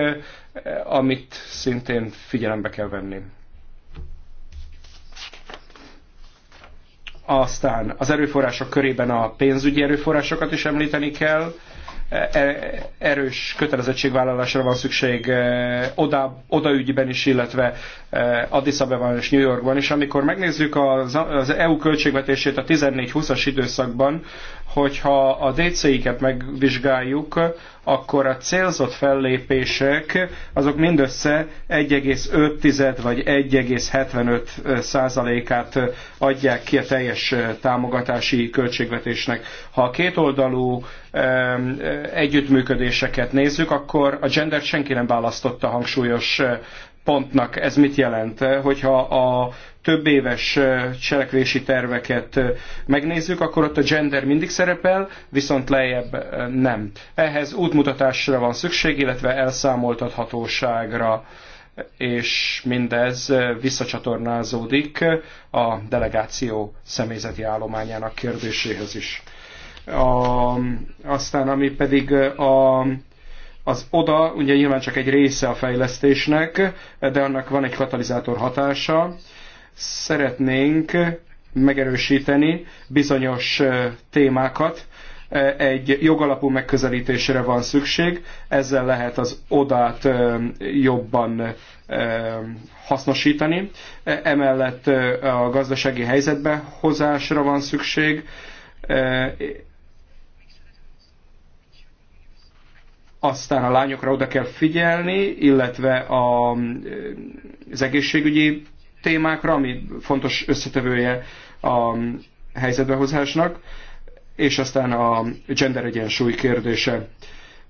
amit szintén figyelembe kell venni. Aztán az erőforrások körében a pénzügyi erőforrásokat is említeni kell. E, e, erős kötelezettségvállalásra van szükség e, oda, odaügyben is, illetve Addis Abebában és New Yorkban is. Amikor megnézzük az, az EU költségvetését a 14-20-as időszakban, hogyha a DC-iket megvizsgáljuk, akkor a célzott fellépések azok mindössze 1,5 vagy 1,75 százalékát adják ki a teljes támogatási költségvetésnek. Ha a kétoldalú együttműködéseket nézzük, akkor a gender senki nem választotta hangsúlyos pontnak ez mit jelent? Hogyha a több éves cselekvési terveket megnézzük, akkor ott a gender mindig szerepel, viszont lejjebb nem. Ehhez útmutatásra van szükség, illetve elszámoltathatóságra és mindez visszacsatornázódik a delegáció személyzeti állományának kérdéséhez is. A, aztán ami pedig a, az oda, ugye nyilván csak egy része a fejlesztésnek, de annak van egy katalizátor hatása, szeretnénk megerősíteni bizonyos témákat, egy jogalapú megközelítésre van szükség, ezzel lehet az odát jobban hasznosítani. Emellett a gazdasági helyzetbe hozásra van szükség. Aztán a lányokra oda kell figyelni, illetve a, az egészségügyi témákra, ami fontos összetevője a helyzetbehozásnak, és aztán a gender egyensúly kérdése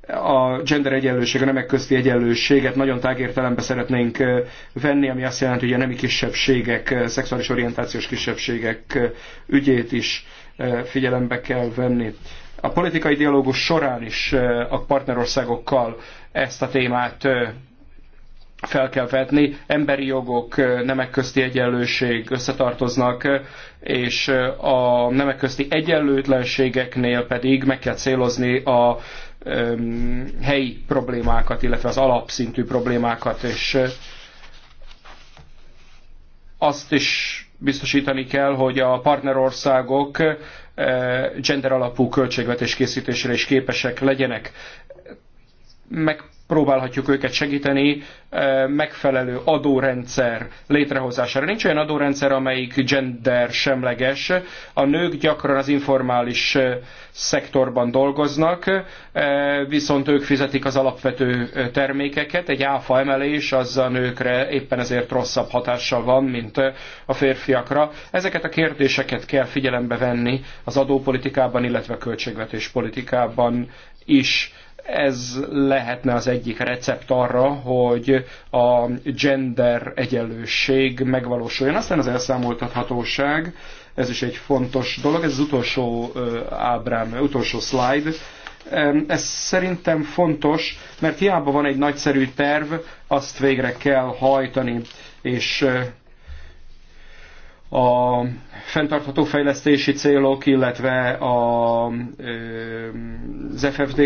a gender egyenlőség, a nemek közti egyenlőséget nagyon tágértelembe szeretnénk eh, venni, ami azt jelenti, hogy a nemi kisebbségek, eh, szexuális orientációs kisebbségek eh, ügyét is figyelembe kell venni. A politikai dialógus során is a partnerországokkal ezt a témát fel kell vetni. Emberi jogok, nemek közti egyenlőség összetartoznak, és a nemek közti egyenlőtlenségeknél pedig meg kell célozni a helyi problémákat, illetve az alapszintű problémákat, és azt is biztosítani kell, hogy a partnerországok gender alapú költségvetés készítésére is képesek legyenek. Meg próbálhatjuk őket segíteni eh, megfelelő adórendszer létrehozására. Nincs olyan adórendszer, amelyik gender semleges. A nők gyakran az informális eh, szektorban dolgoznak, eh, viszont ők fizetik az alapvető termékeket. Egy áfa emelés az a nőkre éppen ezért rosszabb hatással van, mint a férfiakra. Ezeket a kérdéseket kell figyelembe venni az adópolitikában, illetve a költségvetés politikában is ez lehetne az egyik recept arra, hogy a gender egyenlőség megvalósuljon. Aztán az elszámoltathatóság, ez is egy fontos dolog, ez az utolsó ábrám, utolsó slide. Ez szerintem fontos, mert hiába van egy nagyszerű terv, azt végre kell hajtani, és a fenntartható fejlesztési célok, illetve a, az FFD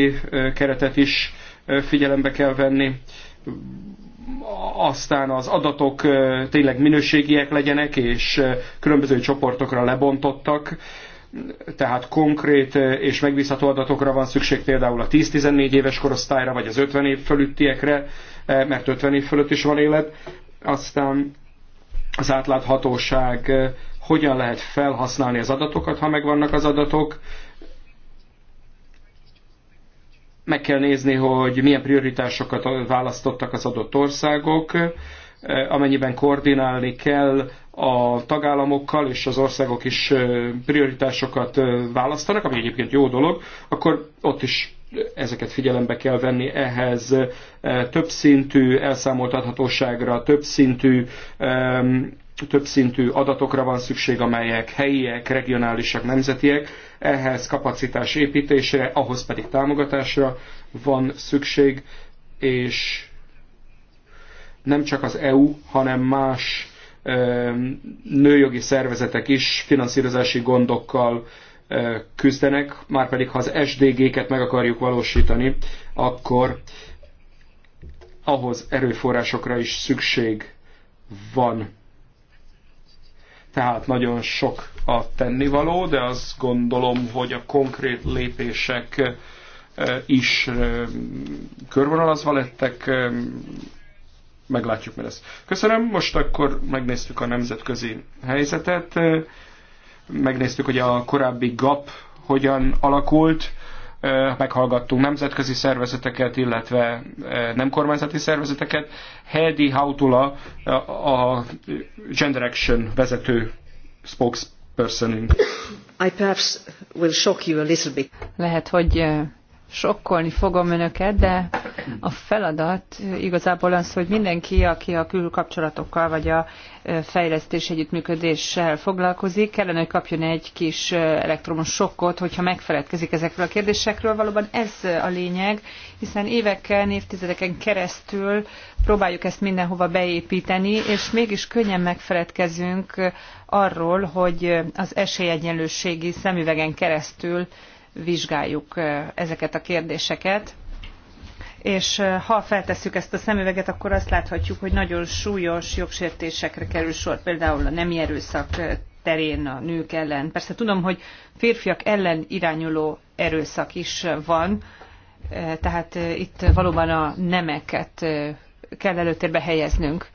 keretet is figyelembe kell venni. Aztán az adatok tényleg minőségiek legyenek, és különböző csoportokra lebontottak tehát konkrét és megbízható adatokra van szükség például a 10-14 éves korosztályra, vagy az 50 év fölöttiekre, mert 50 év fölött is van élet. Aztán az átláthatóság, eh, hogyan lehet felhasználni az adatokat, ha megvannak az adatok. Meg kell nézni, hogy milyen prioritásokat választottak az adott országok, eh, amennyiben koordinálni kell a tagállamokkal és az országok is prioritásokat választanak, ami egyébként jó dolog, akkor ott is ezeket figyelembe kell venni ehhez többszintű elszámoltathatóságra, többszintű szintű adatokra van szükség, amelyek helyiek, regionálisak, nemzetiek, ehhez kapacitás építésre, ahhoz pedig támogatásra van szükség, és nem csak az EU, hanem más nőjogi szervezetek is finanszírozási gondokkal küzdenek, márpedig ha az SDG-ket meg akarjuk valósítani, akkor ahhoz erőforrásokra is szükség van. Tehát nagyon sok a tennivaló, de azt gondolom, hogy a konkrét lépések is körvonalazva lettek, meglátjuk, mi lesz. Köszönöm, most akkor megnéztük a nemzetközi helyzetet, megnéztük, hogy a korábbi GAP hogyan alakult, meghallgattunk nemzetközi szervezeteket, illetve nem kormányzati szervezeteket. Heidi Hautula, a Gender Action vezető spokespersonünk. I perhaps will shock you a little bit. Lehet, hogy sokkolni fogom önöket, de a feladat igazából az, hogy mindenki, aki a külkapcsolatokkal vagy a fejlesztés együttműködéssel foglalkozik, kellene, hogy kapjon egy kis elektromos sokkot, hogyha megfeledkezik ezekről a kérdésekről. Valóban ez a lényeg, hiszen évekkel, évtizedeken keresztül próbáljuk ezt mindenhova beépíteni, és mégis könnyen megfeledkezünk arról, hogy az esélyegyenlőségi szemüvegen keresztül vizsgáljuk ezeket a kérdéseket. És ha feltesszük ezt a szemüveget, akkor azt láthatjuk, hogy nagyon súlyos jogsértésekre kerül sor, például a nemi erőszak terén a nők ellen. Persze tudom, hogy férfiak ellen irányuló erőszak is van, tehát itt valóban a nemeket kell előtérbe helyeznünk.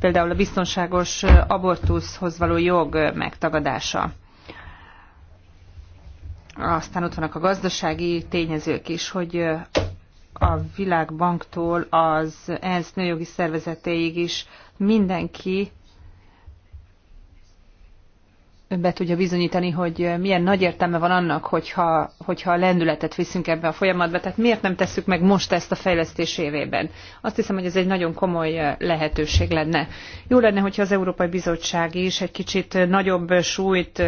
Például a biztonságos abortuszhoz való jog megtagadása. Aztán ott vannak a gazdasági tényezők is, hogy a Világbanktól az ENSZ nőjogi szervezetéig is mindenki be tudja bizonyítani, hogy milyen nagy értelme van annak, hogyha, hogyha a lendületet viszünk ebbe a folyamatba. Tehát miért nem tesszük meg most ezt a fejlesztés évében? Azt hiszem, hogy ez egy nagyon komoly lehetőség lenne. Jó lenne, hogyha az Európai Bizottság is egy kicsit nagyobb súlyt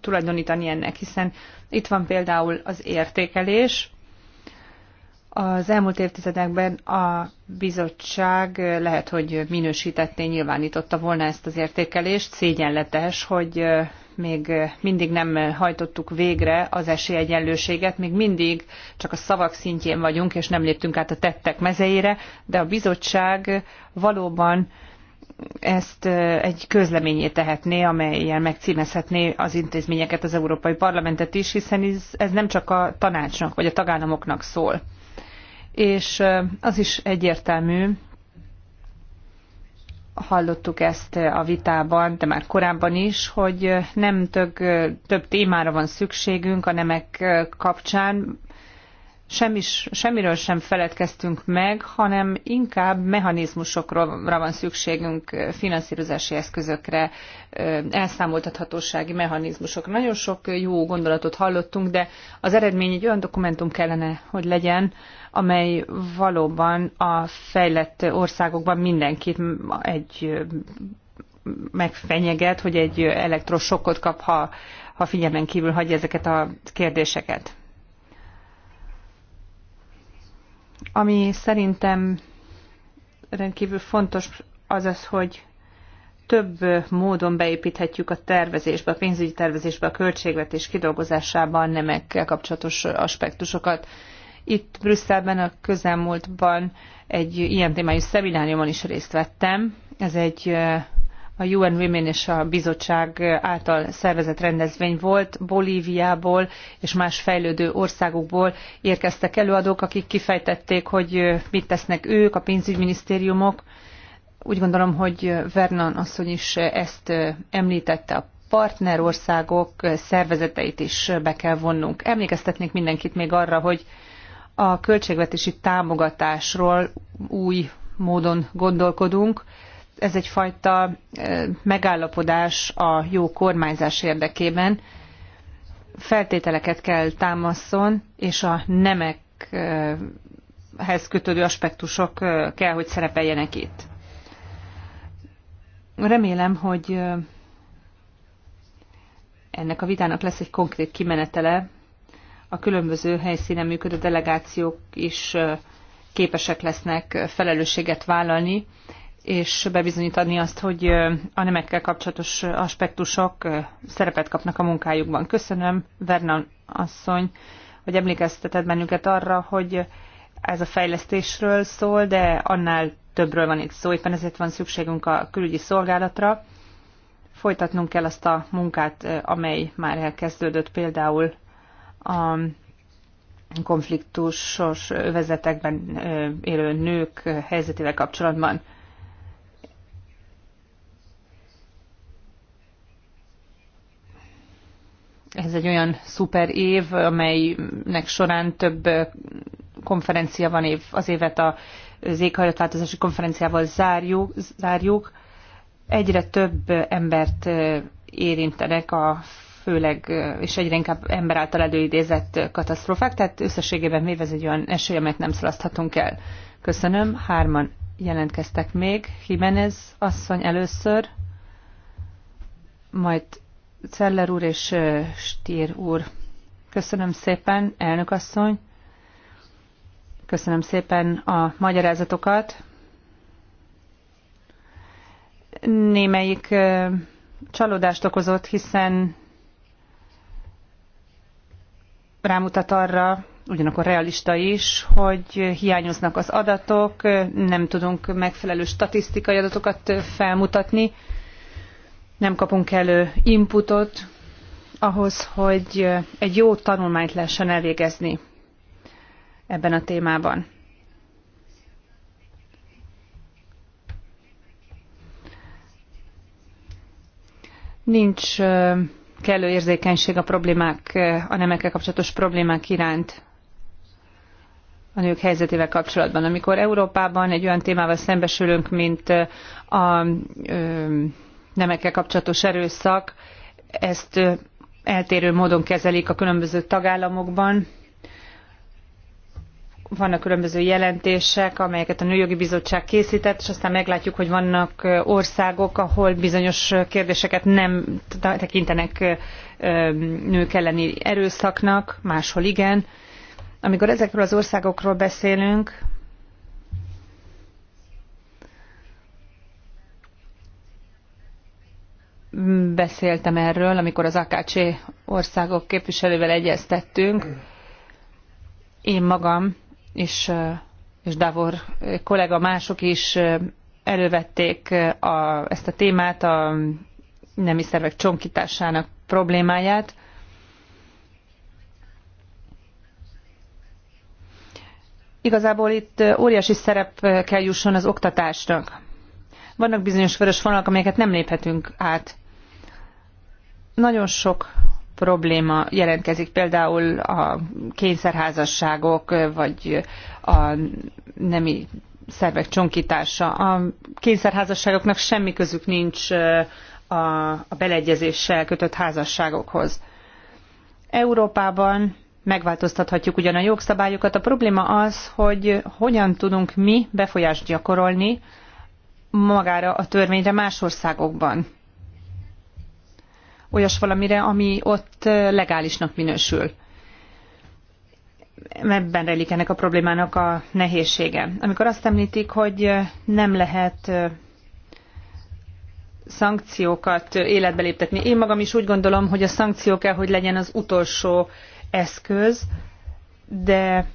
tulajdonítani ennek, hiszen itt van például az értékelés. Az elmúlt évtizedekben a bizottság lehet, hogy minősítetté nyilvánította volna ezt az értékelést. Szégyenletes, hogy még mindig nem hajtottuk végre az esélyegyenlőséget, még mindig csak a szavak szintjén vagyunk, és nem léptünk át a tettek mezeire, de a bizottság valóban ezt egy közleményé tehetné, amelyen megcímezhetné az intézményeket, az Európai Parlamentet is, hiszen ez, ez nem csak a tanácsnak vagy a tagállamoknak szól. És az is egyértelmű, hallottuk ezt a vitában, de már korábban is, hogy nem több, több témára van szükségünk a nemek kapcsán, semmis, semmiről sem feledkeztünk meg, hanem inkább mechanizmusokra van szükségünk, eh, finanszírozási eszközökre, eh, elszámoltathatósági mechanizmusokra. Nagyon sok eh, jó gondolatot hallottunk, de az eredmény egy olyan dokumentum kellene, hogy legyen, amely valóban a fejlett országokban mindenkit egy megfenyeget, hogy egy elektrosokkot kap, ha, ha figyelmen kívül hagyja ezeket a kérdéseket. Ami szerintem rendkívül fontos az az, hogy több módon beépíthetjük a tervezésbe, a pénzügyi tervezésbe, a költségvetés kidolgozásában nemekkel kapcsolatos aspektusokat. Itt Brüsszelben a közelmúltban egy ilyen témájú szemináriumon is részt vettem. Ez egy a UN Women és a bizottság által szervezett rendezvény volt. Bolíviából és más fejlődő országokból érkeztek előadók, akik kifejtették, hogy mit tesznek ők, a pénzügyminisztériumok. Úgy gondolom, hogy Vernon asszony is ezt említette a partnerországok szervezeteit is be kell vonnunk. Emlékeztetnék mindenkit még arra, hogy a költségvetési támogatásról új módon gondolkodunk, ez egyfajta megállapodás a jó kormányzás érdekében. Feltételeket kell támaszon, és a nemekhez kötődő aspektusok kell, hogy szerepeljenek itt. Remélem, hogy ennek a vitának lesz egy konkrét kimenetele. A különböző helyszínen működő delegációk is képesek lesznek felelősséget vállalni, és bebizonyítani azt, hogy a nemekkel kapcsolatos aspektusok szerepet kapnak a munkájukban. Köszönöm, Vernon asszony, hogy emlékezteted bennünket arra, hogy ez a fejlesztésről szól, de annál többről van itt szó, éppen ezért van szükségünk a külügyi szolgálatra. Folytatnunk kell azt a munkát, amely már elkezdődött például a konfliktusos övezetekben élő nők helyzetével kapcsolatban. ez egy olyan szuper év, amelynek során több konferencia van év, az évet a az éghajlatváltozási konferenciával zárjuk, zárjuk. Egyre több embert érintenek a főleg, és egyre inkább ember által előidézett katasztrófák, tehát összességében még ez egy olyan esély, amelyet nem szalaszthatunk el. Köszönöm. Hárman jelentkeztek még. Jimenez asszony először, majd Celler úr és Stier úr. Köszönöm szépen, elnök asszony. Köszönöm szépen a magyarázatokat. Némelyik csalódást okozott, hiszen rámutat arra, ugyanakkor realista is, hogy hiányoznak az adatok, nem tudunk megfelelő statisztikai adatokat felmutatni, nem kapunk elő inputot ahhoz, hogy egy jó tanulmányt lehessen elvégezni ebben a témában. Nincs kellő érzékenység a problémák, a nemekkel kapcsolatos problémák iránt a nők helyzetével kapcsolatban. Amikor Európában egy olyan témával szembesülünk, mint a nemekkel kapcsolatos erőszak, ezt eltérő módon kezelik a különböző tagállamokban. Vannak különböző jelentések, amelyeket a Nőjogi Bizottság készített, és aztán meglátjuk, hogy vannak országok, ahol bizonyos kérdéseket nem tekintenek nők elleni erőszaknak, máshol igen. Amikor ezekről az országokról beszélünk, beszéltem erről, amikor az AKC országok képviselővel egyeztettünk. Én magam és, és Davor kollega mások is elővették a, ezt a témát, a nemi szervek csonkításának problémáját. Igazából itt óriási szerep kell jusson az oktatásnak. Vannak bizonyos vörös vonalak, amelyeket nem léphetünk át. Nagyon sok probléma jelentkezik, például a kényszerházasságok, vagy a nemi szervek csonkítása. A kényszerházasságoknak semmi közük nincs a, a beleegyezéssel kötött házasságokhoz. Európában megváltoztathatjuk ugyan a jogszabályokat, a probléma az, hogy hogyan tudunk mi befolyást gyakorolni magára a törvényre más országokban olyas valamire, ami ott legálisnak minősül. Ebben rejlik ennek a problémának a nehézsége. Amikor azt említik, hogy nem lehet szankciókat életbe léptetni. Én magam is úgy gondolom, hogy a szankció kell, hogy legyen az utolsó eszköz, de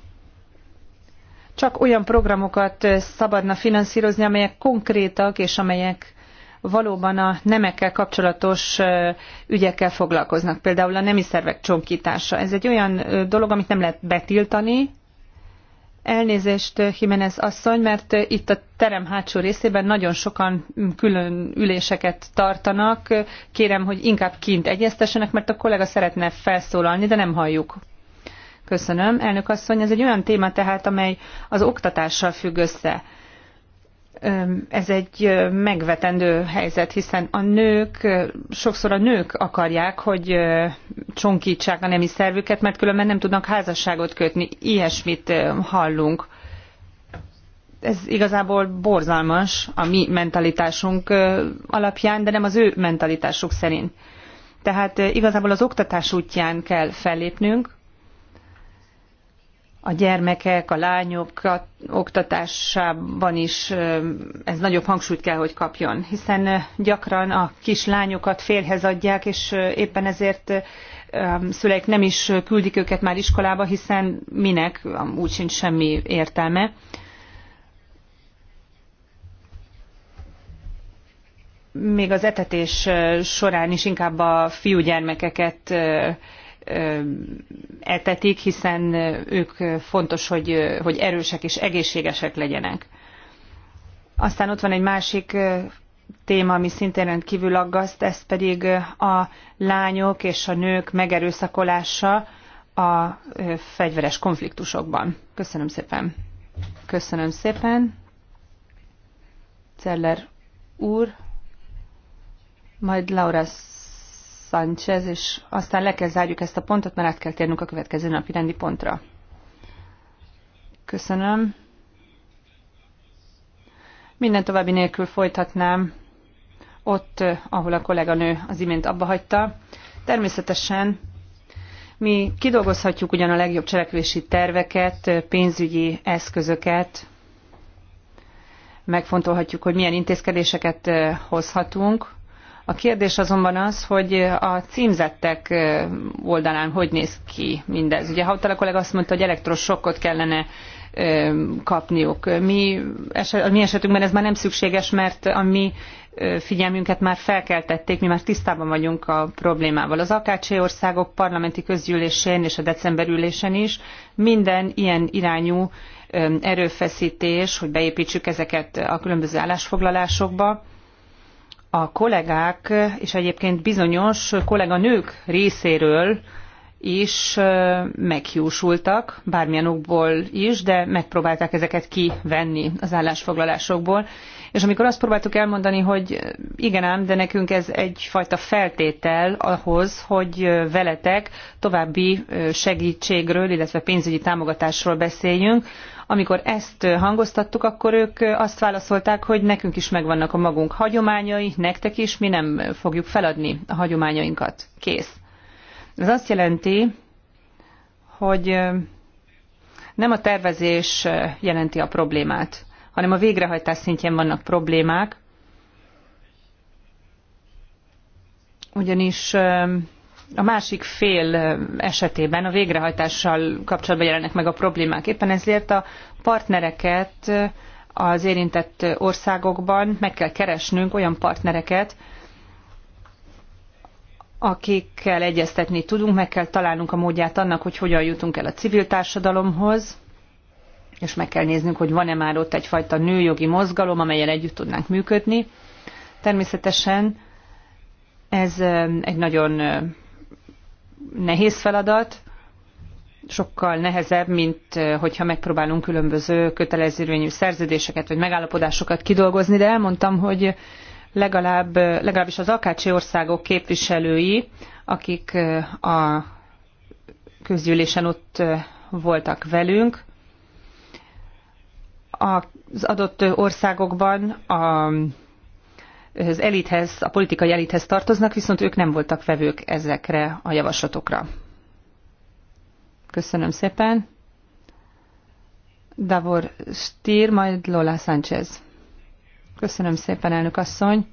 csak olyan programokat szabadna finanszírozni, amelyek konkrétak és amelyek valóban a nemekkel kapcsolatos ügyekkel foglalkoznak. Például a nemi szervek csonkítása. Ez egy olyan dolog, amit nem lehet betiltani. Elnézést, Jimenez asszony, mert itt a terem hátsó részében nagyon sokan külön üléseket tartanak. Kérem, hogy inkább kint egyeztessenek, mert a kollega szeretne felszólalni, de nem halljuk. Köszönöm. Elnök asszony, ez egy olyan téma tehát, amely az oktatással függ össze ez egy megvetendő helyzet, hiszen a nők, sokszor a nők akarják, hogy csonkítsák a nemi szervüket, mert különben nem tudnak házasságot kötni. Ilyesmit hallunk. Ez igazából borzalmas a mi mentalitásunk alapján, de nem az ő mentalitásuk szerint. Tehát igazából az oktatás útján kell fellépnünk, a gyermekek, a lányok oktatásában is ez nagyobb hangsúlyt kell, hogy kapjon, hiszen gyakran a kis lányokat férhez adják, és éppen ezért szüleik nem is küldik őket már iskolába, hiszen minek, úgy sincs semmi értelme. Még az etetés során is inkább a fiúgyermekeket etetik, hiszen ők fontos, hogy, hogy erősek és egészségesek legyenek. Aztán ott van egy másik téma, ami szintén rendkívül aggaszt, ez pedig a lányok és a nők megerőszakolása a fegyveres konfliktusokban. Köszönöm szépen. Köszönöm szépen. Celler úr, majd Laura Sánchez, és aztán le kell zárjuk ezt a pontot, mert át kell térnünk a következő napi rendi pontra. Köszönöm. Minden további nélkül folytatnám ott, ahol a kolléganő az imént abba hagyta. Természetesen mi kidolgozhatjuk ugyan a legjobb cselekvési terveket, pénzügyi eszközöket, megfontolhatjuk, hogy milyen intézkedéseket eh, hozhatunk, a kérdés azonban az, hogy a címzettek oldalán hogy néz ki mindez. Ugye Hautala kollega azt mondta, hogy elektrosokkot kellene kapniuk. Mi, eset, a mi esetünkben ez már nem szükséges, mert a mi figyelmünket már felkeltették, mi már tisztában vagyunk a problémával. Az AKC országok parlamenti közgyűlésén és a decemberülésen is minden ilyen irányú erőfeszítés, hogy beépítsük ezeket a különböző állásfoglalásokba, a kollégák, és egyébként bizonyos kolléganők részéről is meghiúsultak, bármilyen okból is, de megpróbálták ezeket kivenni az állásfoglalásokból. És amikor azt próbáltuk elmondani, hogy igen ám, de nekünk ez egyfajta feltétel ahhoz, hogy veletek további segítségről, illetve pénzügyi támogatásról beszéljünk, amikor ezt hangoztattuk, akkor ők azt válaszolták, hogy nekünk is megvannak a magunk hagyományai, nektek is, mi nem fogjuk feladni a hagyományainkat. Kész. Ez azt jelenti, hogy nem a tervezés jelenti a problémát, hanem a végrehajtás szintjén vannak problémák, ugyanis a másik fél esetében a végrehajtással kapcsolatban jelennek meg a problémák. Éppen ezért a partnereket az érintett országokban meg kell keresnünk olyan partnereket, akikkel egyeztetni tudunk, meg kell találnunk a módját annak, hogy hogyan jutunk el a civil társadalomhoz, és meg kell néznünk, hogy van-e már ott egyfajta nőjogi mozgalom, amelyen együtt tudnánk működni. Természetesen ez egy nagyon nehéz feladat, sokkal nehezebb, mint hogyha megpróbálunk különböző kötelezérvényű szerződéseket vagy megállapodásokat kidolgozni, de elmondtam, hogy legalább, legalábbis az akácsi országok képviselői, akik a közgyűlésen ott voltak velünk, az adott országokban a az elithez, a politikai elithez tartoznak, viszont ők nem voltak vevők ezekre a javaslatokra. Köszönöm szépen. Davor Stier, majd Lola Sánchez. Köszönöm szépen, elnök asszony.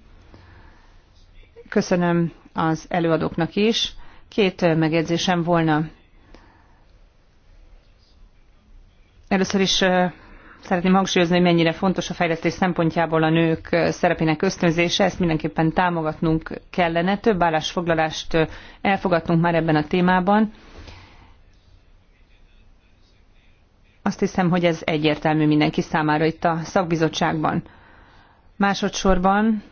Köszönöm az előadóknak is. Két megjegyzésem volna. Először is eh, Szeretném hangsúlyozni, hogy mennyire fontos a fejlesztés szempontjából a nők szerepének ösztönzése, ezt mindenképpen támogatnunk kellene. Több állásfoglalást elfogadtunk már ebben a témában. Azt hiszem, hogy ez egyértelmű mindenki számára itt a szakbizottságban. Másodszorban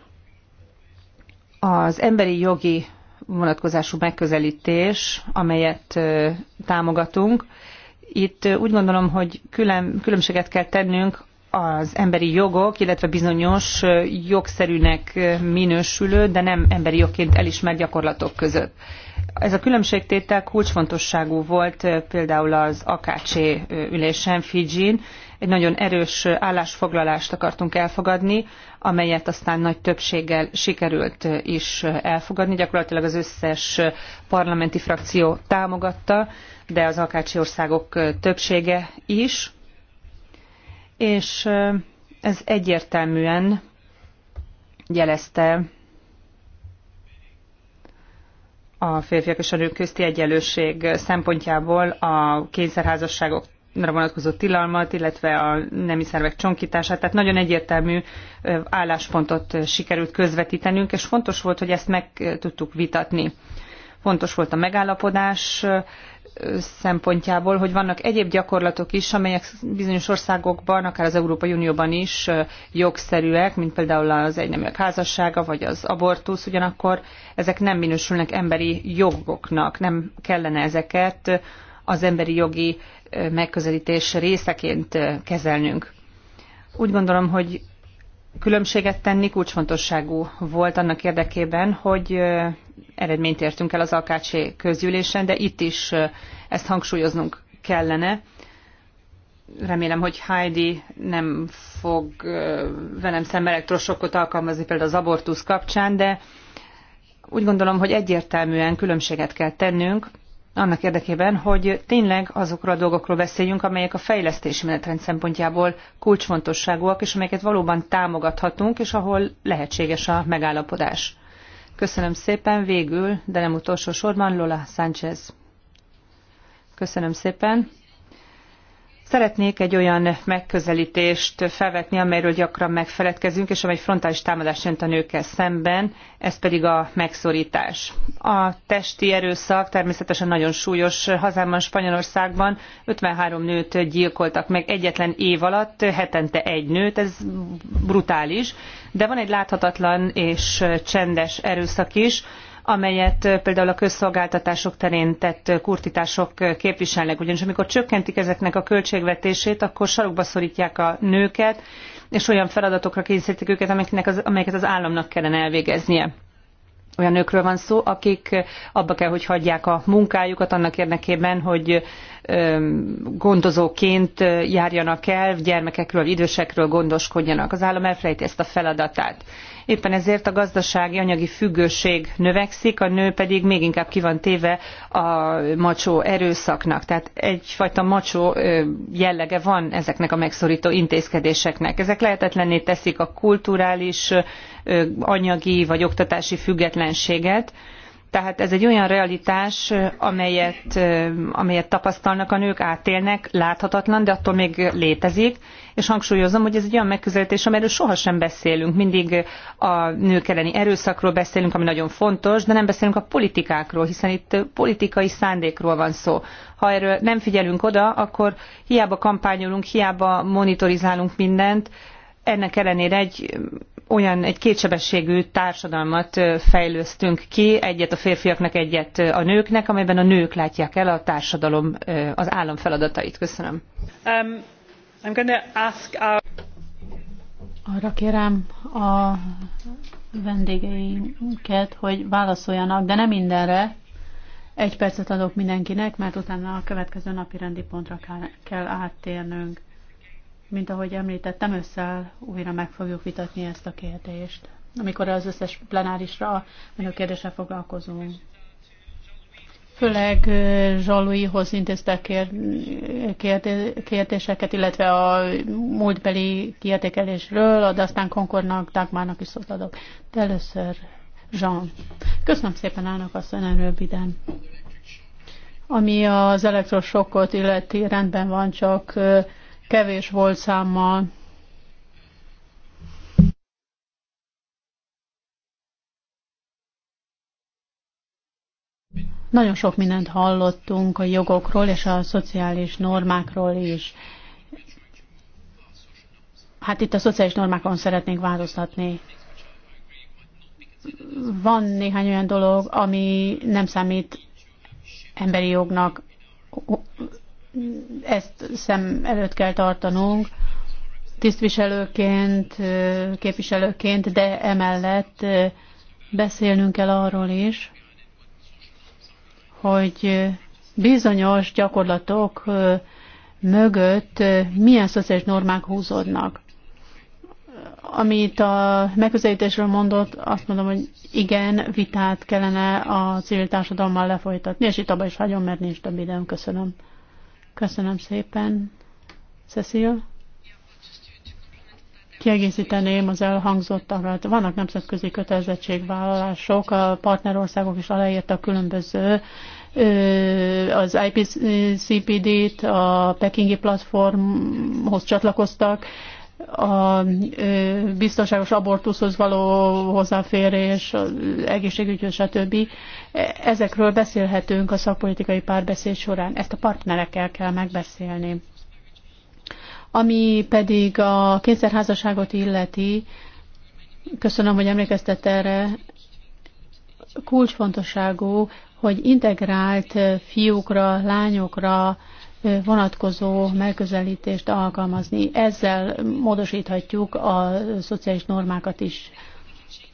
az emberi jogi vonatkozású megközelítés, amelyet támogatunk, itt úgy gondolom, hogy külön, különbséget kell tennünk az emberi jogok, illetve bizonyos jogszerűnek minősülő, de nem emberi jogként elismert gyakorlatok között. Ez a különbségtétel kulcsfontosságú volt például az AKC ülésen, Fidzsin. Egy nagyon erős állásfoglalást akartunk elfogadni, amelyet aztán nagy többséggel sikerült is elfogadni. Gyakorlatilag az összes parlamenti frakció támogatta, de az alkácsi országok többsége is. És ez egyértelműen jelezte a férfiak és a nők közti egyenlőség szempontjából a kényszerházasságok vonatkozó tilalmat, illetve a nemi szervek csonkítását, tehát nagyon egyértelmű álláspontot sikerült közvetítenünk, és fontos volt, hogy ezt meg tudtuk vitatni. Fontos volt a megállapodás szempontjából, hogy vannak egyéb gyakorlatok is, amelyek bizonyos országokban, akár az Európai Unióban is jogszerűek, mint például az egyneműek házassága, vagy az abortusz, ugyanakkor ezek nem minősülnek emberi jogoknak, nem kellene ezeket az emberi jogi megközelítés részeként kezelnünk. Úgy gondolom, hogy különbséget tenni kulcsfontosságú volt annak érdekében, hogy eredményt értünk el az Alkácsi közgyűlésen, de itt is ezt hangsúlyoznunk kellene. Remélem, hogy Heidi nem fog velem szemben elektrosokkot alkalmazni például az abortusz kapcsán, de úgy gondolom, hogy egyértelműen különbséget kell tennünk annak érdekében, hogy tényleg azokról a dolgokról beszéljünk, amelyek a fejlesztési menetrend szempontjából kulcsfontosságúak, és amelyeket valóban támogathatunk, és ahol lehetséges a megállapodás. Köszönöm szépen, végül, de nem utolsó sorban, Lola Sánchez. Köszönöm szépen. Szeretnék egy olyan megközelítést felvetni, amelyről gyakran megfeledkezünk, és amely frontális támadás jelent a nőkkel szemben, ez pedig a megszorítás. A testi erőszak természetesen nagyon súlyos hazámban, Spanyolországban. 53 nőt gyilkoltak meg egyetlen év alatt, hetente egy nőt, ez brutális. De van egy láthatatlan és csendes erőszak is, amelyet például a közszolgáltatások terén tett kurtítások képviselnek. Ugyanis amikor csökkentik ezeknek a költségvetését, akkor sarokba szortják a nőket, és olyan feladatokra kényszerítik őket, amelyeknek az, amelyeket az államnak kellene elvégeznie olyan nőkről van szó, akik abba kell, hogy hagyják a munkájukat annak érdekében, hogy gondozóként járjanak el, gyermekekről, idősekről gondoskodjanak. Az állam elfelejti ezt a feladatát. Éppen ezért a gazdasági anyagi függőség növekszik, a nő pedig még inkább ki van téve a macsó erőszaknak. Tehát egyfajta macsó jellege van ezeknek a megszorító intézkedéseknek. Ezek lehetetlenné teszik a kulturális, anyagi vagy oktatási függetlenséget, tehát ez egy olyan realitás, amelyet, amelyet tapasztalnak a nők, átélnek, láthatatlan, de attól még létezik, és hangsúlyozom, hogy ez egy olyan megközelítés, amelyről sohasem beszélünk. Mindig a nők elleni erőszakról beszélünk, ami nagyon fontos, de nem beszélünk a politikákról, hiszen itt politikai szándékról van szó. Ha erről nem figyelünk oda, akkor hiába kampányolunk, hiába monitorizálunk mindent, ennek ellenére egy olyan egy kétsebességű társadalmat fejlesztünk ki, egyet a férfiaknak, egyet a nőknek, amelyben a nők látják el a társadalom, az állam feladatait. Köszönöm. Um... I'm going to ask our... Arra kérem a vendégeinket, hogy válaszoljanak, de nem mindenre. Egy percet adok mindenkinek, mert utána a következő napi rendi pontra kell áttérnünk. Mint ahogy említettem, összel újra meg fogjuk vitatni ezt a kérdést, amikor az összes plenárisra a kérdéssel foglalkozunk. Főleg Zsaluihoz intézte kér, kérdé, kérdéseket, illetve a múltbeli kiértékelésről, de aztán Konkornak, Dagmának is szót adok. De először Jean. Köszönöm szépen, állnak a röviden. Ami az elektrosokkot illeti, rendben van, csak kevés volt számmal Nagyon sok mindent hallottunk a jogokról és a szociális normákról is. Hát itt a szociális normákon szeretnénk változtatni. Van néhány olyan dolog, ami nem számít emberi jognak. Ezt szem előtt kell tartanunk tisztviselőként, képviselőként, de emellett beszélnünk kell arról is, hogy bizonyos gyakorlatok mögött milyen szociális normák húzódnak. Amit a megközelítésről mondott, azt mondom, hogy igen, vitát kellene a civil társadalommal lefolytatni, és itt abba is hagyom, mert nincs több időm. Köszönöm. Köszönöm szépen. Cecil? kiegészíteném az elhangzottakat. Vannak nemzetközi kötelezettségvállalások, a partnerországok is aláírtak különböző az IPCPD-t, a Pekingi platformhoz csatlakoztak, a biztonságos abortuszhoz való hozzáférés, az egészségügyhöz, stb. Ezekről beszélhetünk a szakpolitikai párbeszéd során. Ezt a partnerekkel kell megbeszélni. Ami pedig a kényszerházasságot illeti, köszönöm, hogy emlékeztet erre, kulcsfontosságú, hogy integrált fiúkra, lányokra vonatkozó megközelítést alkalmazni. Ezzel módosíthatjuk a szociális normákat is.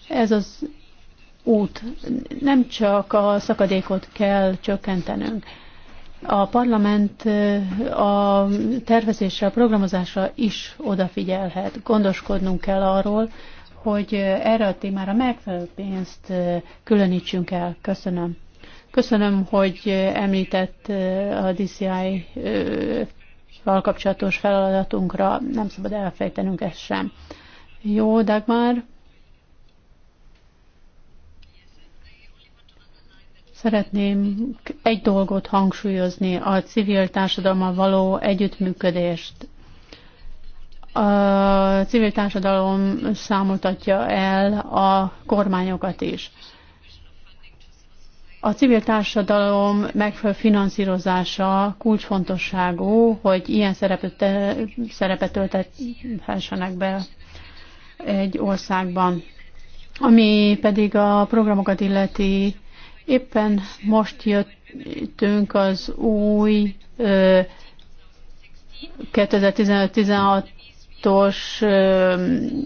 Ez az út. Nem csak a szakadékot kell csökkentenünk a parlament a tervezésre, a programozásra is odafigyelhet. Gondoskodnunk kell arról, hogy erre a témára megfelelő pénzt különítsünk el. Köszönöm. Köszönöm, hogy említett a DCI-val kapcsolatos feladatunkra. Nem szabad elfejtenünk ezt sem. Jó, Dagmar, Szeretném egy dolgot hangsúlyozni, a civil társadalma való együttműködést. A civil társadalom számoltatja el a kormányokat is. A civil társadalom megfelelő finanszírozása kulcsfontosságú, hogy ilyen szerepet, szerepet töltethessenek be egy országban. Ami pedig a programokat illeti, Éppen most jöttünk az új 2015-16-os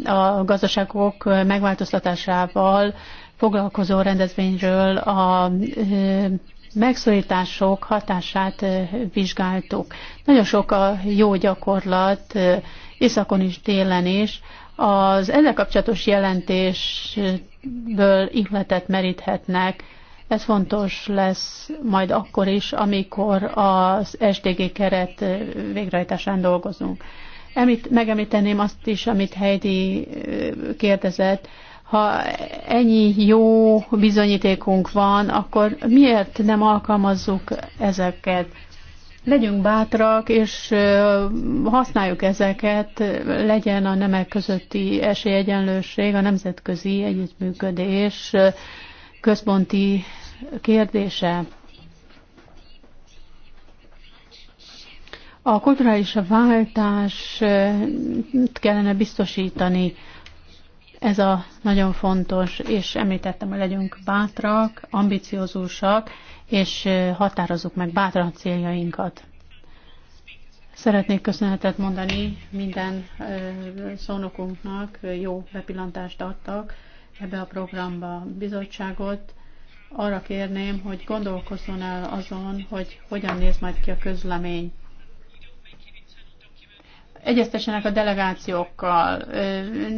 a gazdaságok megváltoztatásával foglalkozó rendezvényről a megszorítások hatását vizsgáltuk. Nagyon sok a jó gyakorlat, északon is, télen is. Az ezzel kapcsolatos jelentésből ihletet meríthetnek. Ez fontos lesz majd akkor is, amikor az SDG keret végrehajtásán dolgozunk. Emit, megemlíteném azt is, amit Heidi kérdezett, ha ennyi jó bizonyítékunk van, akkor miért nem alkalmazzuk ezeket? Legyünk bátrak, és használjuk ezeket, legyen a nemek közötti esélyegyenlőség, a nemzetközi együttműködés központi kérdése. A kulturális váltást kellene biztosítani, ez a nagyon fontos, és említettem, hogy legyünk bátrak, ambiciózusak, és határozzuk meg bátran céljainkat. Szeretnék köszönetet mondani minden szónokunknak, jó bepillantást adtak ebbe a programba. Bizottságot arra kérném, hogy gondolkozzon el azon, hogy hogyan néz majd ki a közlemény. Egyeztessenek a delegációkkal.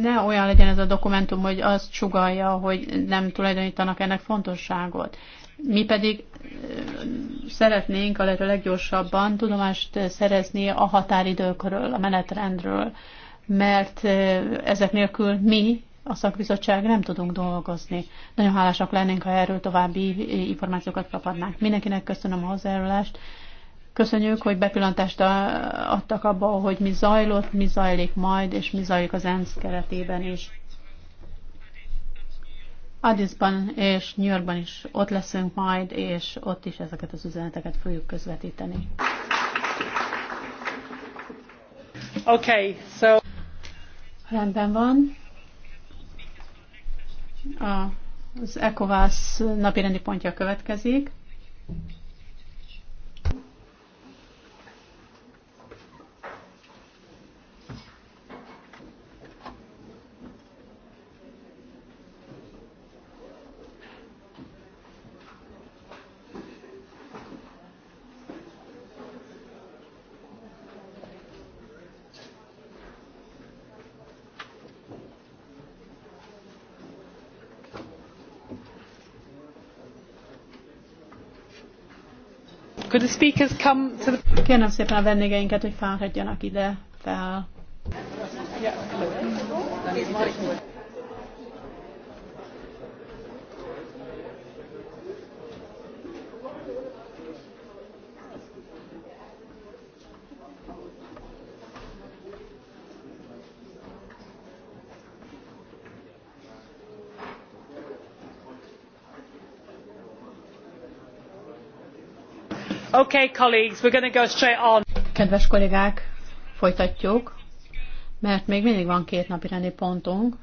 Ne olyan legyen ez a dokumentum, hogy azt sugalja, hogy nem tulajdonítanak ennek fontosságot. Mi pedig szeretnénk a lehető leggyorsabban tudomást szerezni a határidőkről, a menetrendről, mert ezek nélkül mi a szakbizottság nem tudunk dolgozni. Nagyon hálásak lennénk, ha erről további információkat kapadnánk. Mindenkinek köszönöm a hozzájárulást. Köszönjük, hogy bepillantást adtak abba, hogy mi zajlott, mi zajlik majd, és mi zajlik az ENSZ keretében is. Addisban és New Yorkban is ott leszünk majd, és ott is ezeket az üzeneteket fogjuk közvetíteni. Okay, so... Rendben van az ECOWAS napirendi pontja következik. Could the speakers come to the... Kérem szépen a vendégeinket, hogy felhagyjanak ide fel. Yeah. Okay, colleagues, we're going to go straight on. Kedves kollégák, folytatjuk, mert még mindig van két napi rendi pontunk.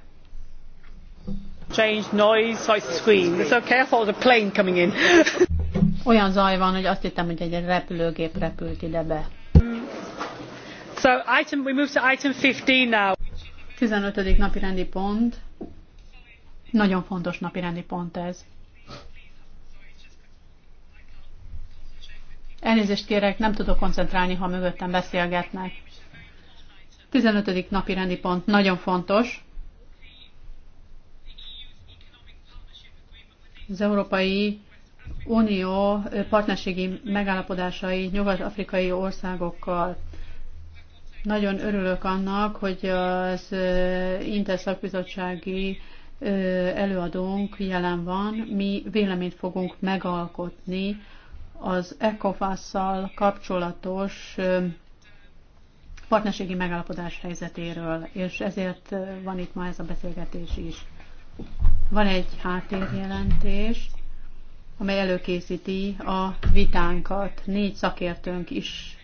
Change noise, so I scream. It's okay, I thought a plane coming in. Olyan zaj van, hogy azt hittem, hogy egy repülőgép repült ide be. So item, we move to item 15 now. 15. napi rendi pont. Nagyon fontos napi rendi pont ez. Elnézést kérek, nem tudok koncentrálni, ha mögöttem beszélgetnek. 15. napi rendi pont nagyon fontos. Az Európai Unió partnerségi megállapodásai nyugat-afrikai országokkal. Nagyon örülök annak, hogy az interszakbizottsági előadónk jelen van. Mi véleményt fogunk megalkotni az ECOFAS-szal kapcsolatos partnerségi megállapodás helyzetéről, és ezért van itt ma ez a beszélgetés is. Van egy háttérjelentés, amely előkészíti a vitánkat. Négy szakértőnk is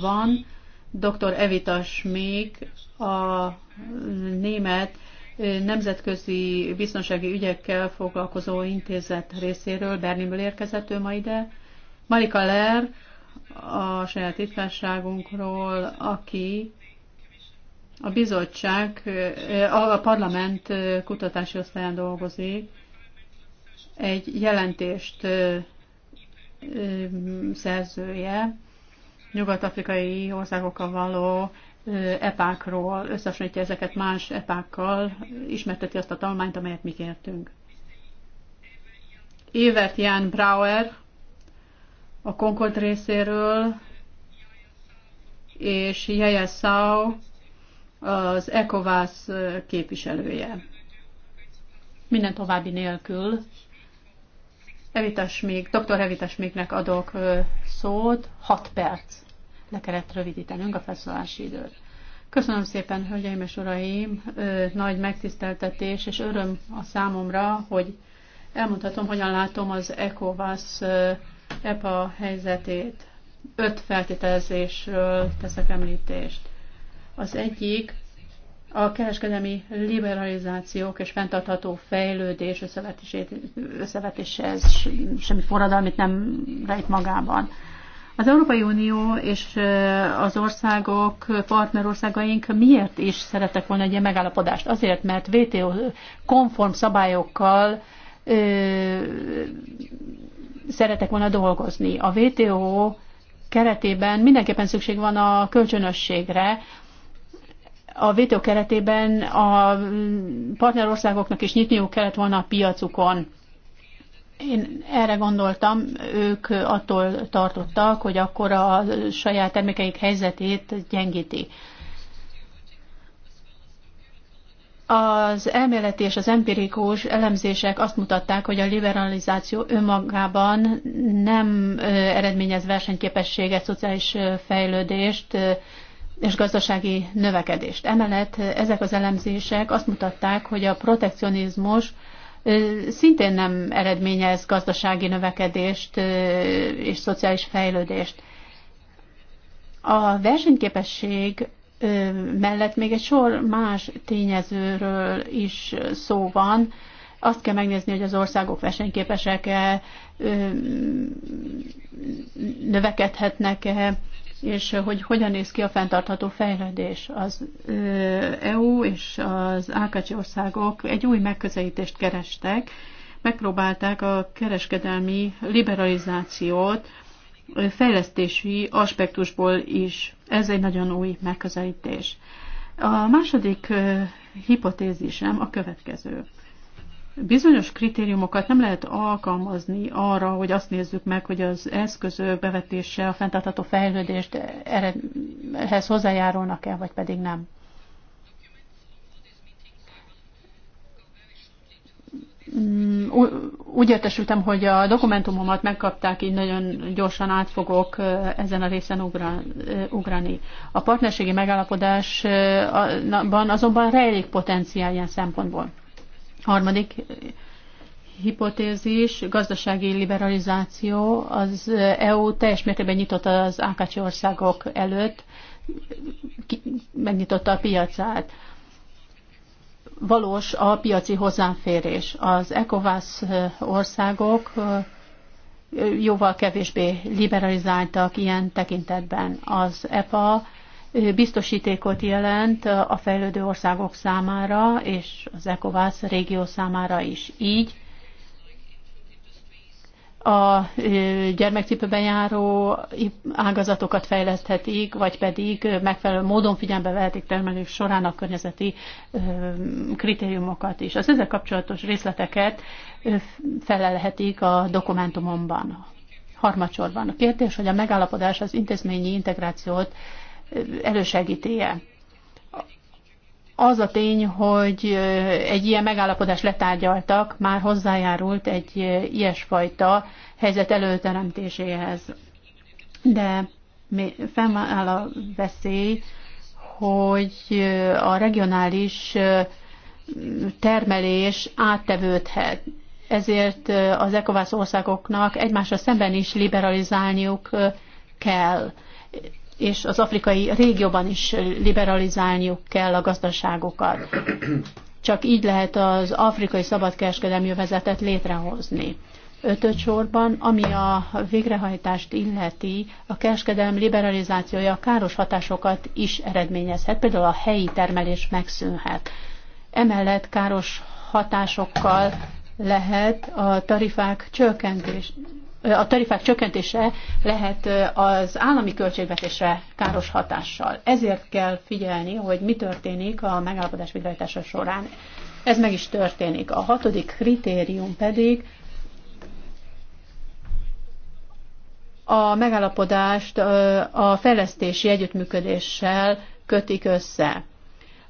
van. Dr. Evita még a német nemzetközi biztonsági ügyekkel foglalkozó intézet részéről, Berlinből érkezett ő ma ide, Marika Ler a saját titkárságunkról, aki a bizottság, a parlament kutatási osztályán dolgozik, egy jelentést szerzője nyugat-afrikai országokkal való epákról, összehasonlítja ezeket más epákkal, ismerteti azt a tanulmányt, amelyet mi kértünk. Évert Ján Brauer, a Concord részéről, és Jeje Szau az ECOVASZ képviselője. Minden további nélkül Evitas még, dr. Evitas mégnek adok szót, 6 perc. Le kellett rövidítenünk a felszólási időt. Köszönöm szépen, hölgyeim és uraim, nagy megtiszteltetés és öröm a számomra, hogy elmondhatom, hogyan látom az ECOVASZ EPA helyzetét. Öt feltételezésről teszek említést. Az egyik a kereskedelmi liberalizációk és fenntartható fejlődés ez semmi forradalmit nem rejt magában. Az Európai Unió és az országok, partnerországaink miért is szeretek volna egy ilyen megállapodást? Azért, mert WTO konform szabályokkal szeretek volna dolgozni. A WTO keretében mindenképpen szükség van a kölcsönösségre. A WTO keretében a partnerországoknak is nyitniuk kellett volna a piacukon. Én erre gondoltam, ők attól tartottak, hogy akkor a saját termékeik helyzetét gyengíti. Az elméleti és az empirikus elemzések azt mutatták, hogy a liberalizáció önmagában nem eredményez versenyképességet, szociális fejlődést és gazdasági növekedést. Emellett ezek az elemzések azt mutatták, hogy a protekcionizmus szintén nem eredményez gazdasági növekedést és szociális fejlődést. A versenyképesség mellett még egy sor más tényezőről is szó van. Azt kell megnézni, hogy az országok versenyképesek-e, növekedhetnek-e, és hogy hogyan néz ki a fenntartható fejlődés. Az EU és az Ákácsi országok egy új megközelítést kerestek, megpróbálták a kereskedelmi liberalizációt fejlesztési aspektusból is. Ez egy nagyon új megközelítés. A második hipotézisem a következő. Bizonyos kritériumokat nem lehet alkalmazni arra, hogy azt nézzük meg, hogy az eszközök bevetése a fenntartható fejlődést ehhez hozzájárulnak-e, vagy pedig nem. Mm, úgy értesültem, hogy a dokumentumomat megkapták, így nagyon gyorsan át fogok ezen a részen ugrani. A partnerségi megállapodásban azonban rejlik ilyen szempontból. Harmadik hipotézis, gazdasági liberalizáció. Az EU teljes mértékben nyitott az ákácsi országok előtt, megnyitotta a piacát valós a piaci hozzáférés. Az ECOWAS országok jóval kevésbé liberalizáltak ilyen tekintetben. Az EPA biztosítékot jelent a fejlődő országok számára és az ECOWAS régió számára is. Így a gyermekcipőben járó ágazatokat fejleszthetik, vagy pedig megfelelő módon figyelembe vehetik termelés során a környezeti kritériumokat is. Az ezzel kapcsolatos részleteket felelhetik a dokumentumomban. Harmadsorban a kérdés, hogy a megállapodás az intézményi integrációt elősegíti-e az a tény, hogy egy ilyen megállapodás letárgyaltak, már hozzájárult egy ilyesfajta helyzet előteremtéséhez. De fennáll a veszély, hogy a regionális termelés áttevődhet. Ezért az ECOWAS országoknak egymásra szemben is liberalizálniuk kell és az afrikai régióban is liberalizálniuk kell a gazdaságokat. Csak így lehet az afrikai szabadkereskedelmi övezetet létrehozni. Ötödsorban, ami a végrehajtást illeti, a kereskedelem liberalizációja káros hatásokat is eredményezhet, például a helyi termelés megszűnhet. Emellett káros hatásokkal lehet a tarifák csökkentés, a tarifák csökkentése lehet az állami költségvetésre káros hatással. Ezért kell figyelni, hogy mi történik a megállapodás végrehajtása során. Ez meg is történik. A hatodik kritérium pedig a megállapodást a fejlesztési együttműködéssel kötik össze.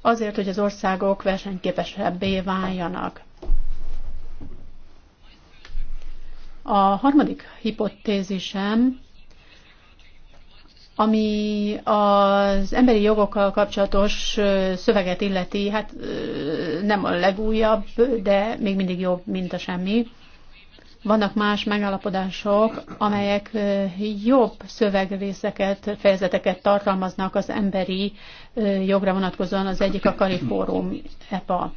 Azért, hogy az országok versenyképesebbé váljanak. A harmadik hipotézisem, ami az emberi jogokkal kapcsolatos szöveget illeti, hát nem a legújabb, de még mindig jobb, mint a semmi. Vannak más megállapodások, amelyek jobb szövegrészeket, fejezeteket tartalmaznak az emberi jogra vonatkozóan, az egyik a Kaliforum EPA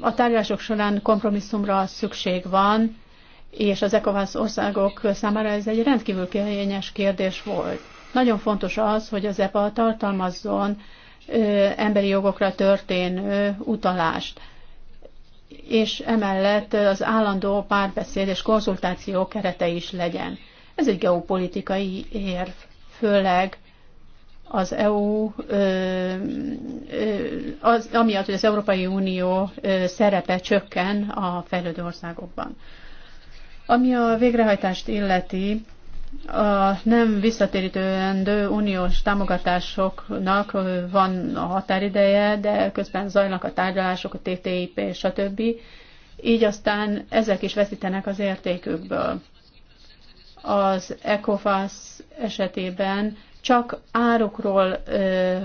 a tárgyalások során kompromisszumra szükség van, és az ECOWAS országok számára ez egy rendkívül kényes kérdés volt. Nagyon fontos az, hogy az EPA tartalmazzon emberi jogokra történő utalást, és emellett az állandó párbeszéd és konzultáció kerete is legyen. Ez egy geopolitikai érv, főleg az EU, az, amiatt, hogy az Európai Unió szerepe csökken a fejlődő országokban. Ami a végrehajtást illeti, a nem visszatérítőendő uniós támogatásoknak van a határideje, de közben zajlanak a tárgyalások, a TTIP és a többi, így aztán ezek is veszítenek az értékükből. Az ECOFAS esetében csak árokról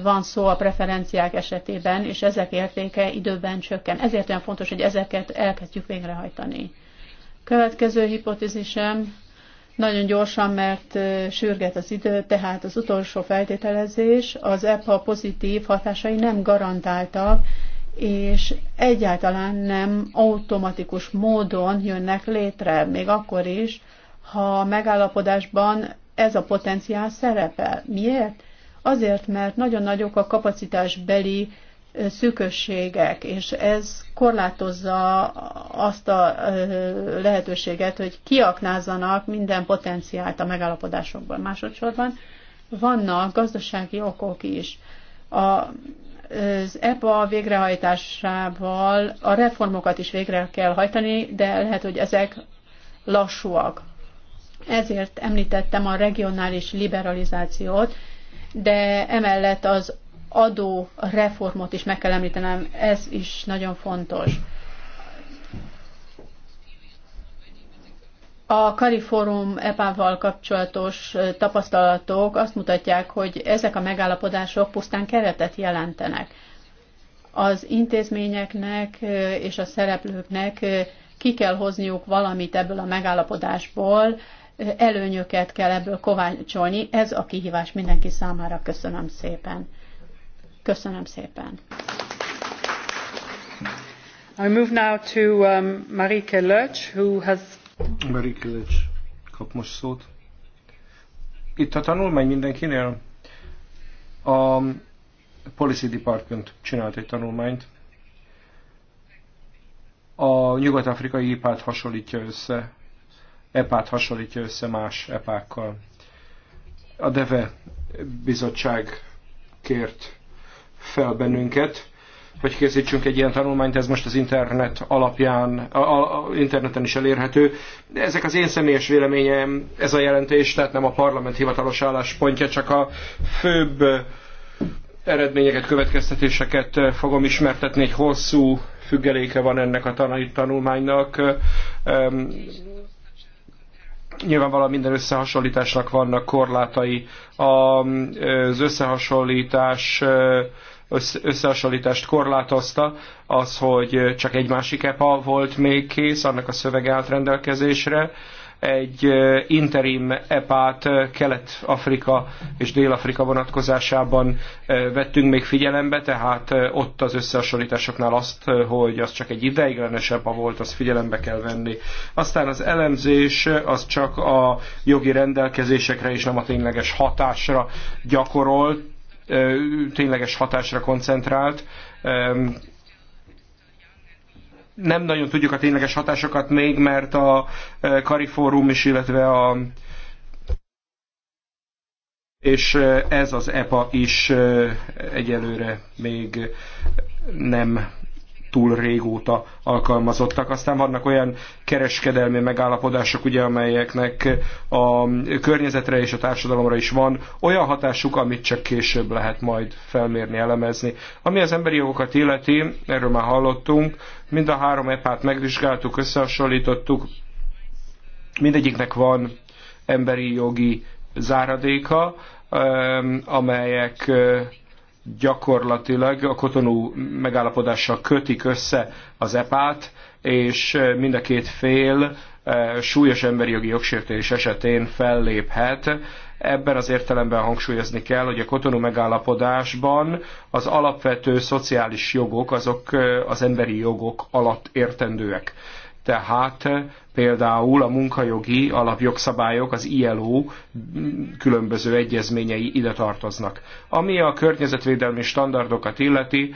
van szó a preferenciák esetében, és ezek értéke időben csökken. Ezért olyan fontos, hogy ezeket elkezdjük végrehajtani. Következő hipotézisem, nagyon gyorsan, mert sürget az idő, tehát az utolsó feltételezés, az EPA pozitív hatásai nem garantáltak, és egyáltalán nem automatikus módon jönnek létre, még akkor is, ha megállapodásban ez a potenciál szerepel. Miért? Azért, mert nagyon nagyok a kapacitásbeli szükösségek, és ez korlátozza azt a lehetőséget, hogy kiaknázzanak minden potenciált a megállapodásokban. Másodszorban vannak gazdasági okok is. A, az EPA végrehajtásával a reformokat is végre kell hajtani, de lehet, hogy ezek lassúak. Ezért említettem a regionális liberalizációt, de emellett az adó reformot is meg kell említenem, ez is nagyon fontos. A Kariforum EPA-val kapcsolatos tapasztalatok azt mutatják, hogy ezek a megállapodások pusztán keretet jelentenek. Az intézményeknek és a szereplőknek ki kell hozniuk valamit ebből a megállapodásból, előnyöket kell ebből kovácsolni. Ez a kihívás mindenki számára. Köszönöm szépen. Köszönöm szépen. I move now to um, Marike who has... Marike Lötsch kap most szót. Itt a tanulmány mindenkinél. A Policy Department csinált egy tanulmányt. A nyugat-afrikai ipát hasonlítja össze epát hasonlítja össze más epákkal. A DEVE bizottság kért fel bennünket, hogy készítsünk egy ilyen tanulmányt, ez most az internet alapján, a, a, interneten is elérhető. De ezek az én személyes véleményem, ez a jelentés, tehát nem a parlament hivatalos álláspontja, csak a főbb eredményeket, következtetéseket fogom ismertetni, egy hosszú függeléke van ennek a tanulmánynak. Nyilvánvalóan minden összehasonlításnak vannak korlátai. Az összehasonlítás összehasonlítást korlátozta, az, hogy csak egy másik EPA volt még kész, annak a szöveg állt rendelkezésre, egy interim epát Kelet-Afrika és Dél-Afrika vonatkozásában vettünk még figyelembe, tehát ott az összehasonlításoknál azt, hogy az csak egy ideiglenes epa volt, azt figyelembe kell venni. Aztán az elemzés az csak a jogi rendelkezésekre és nem a tényleges hatásra gyakorolt, tényleges hatásra koncentrált nem nagyon tudjuk a tényleges hatásokat még, mert a e, Kariforum is, illetve a és e, ez az EPA is e, egyelőre még nem túl régóta alkalmazottak. Aztán vannak olyan kereskedelmi megállapodások, ugye, amelyeknek a környezetre és a társadalomra is van olyan hatásuk, amit csak később lehet majd felmérni, elemezni. Ami az emberi jogokat illeti, erről már hallottunk, mind a három epát megvizsgáltuk, összehasonlítottuk, mindegyiknek van emberi jogi záradéka, amelyek gyakorlatilag a kotonú megállapodással kötik össze az EPÁT, és mind a két fél súlyos emberi jogi jogsértés esetén felléphet. Ebben az értelemben hangsúlyozni kell, hogy a kotonú megállapodásban az alapvető szociális jogok, azok az emberi jogok alatt értendőek. Tehát Például a munkajogi alapjogszabályok, az ILO különböző egyezményei ide tartoznak. Ami a környezetvédelmi standardokat illeti,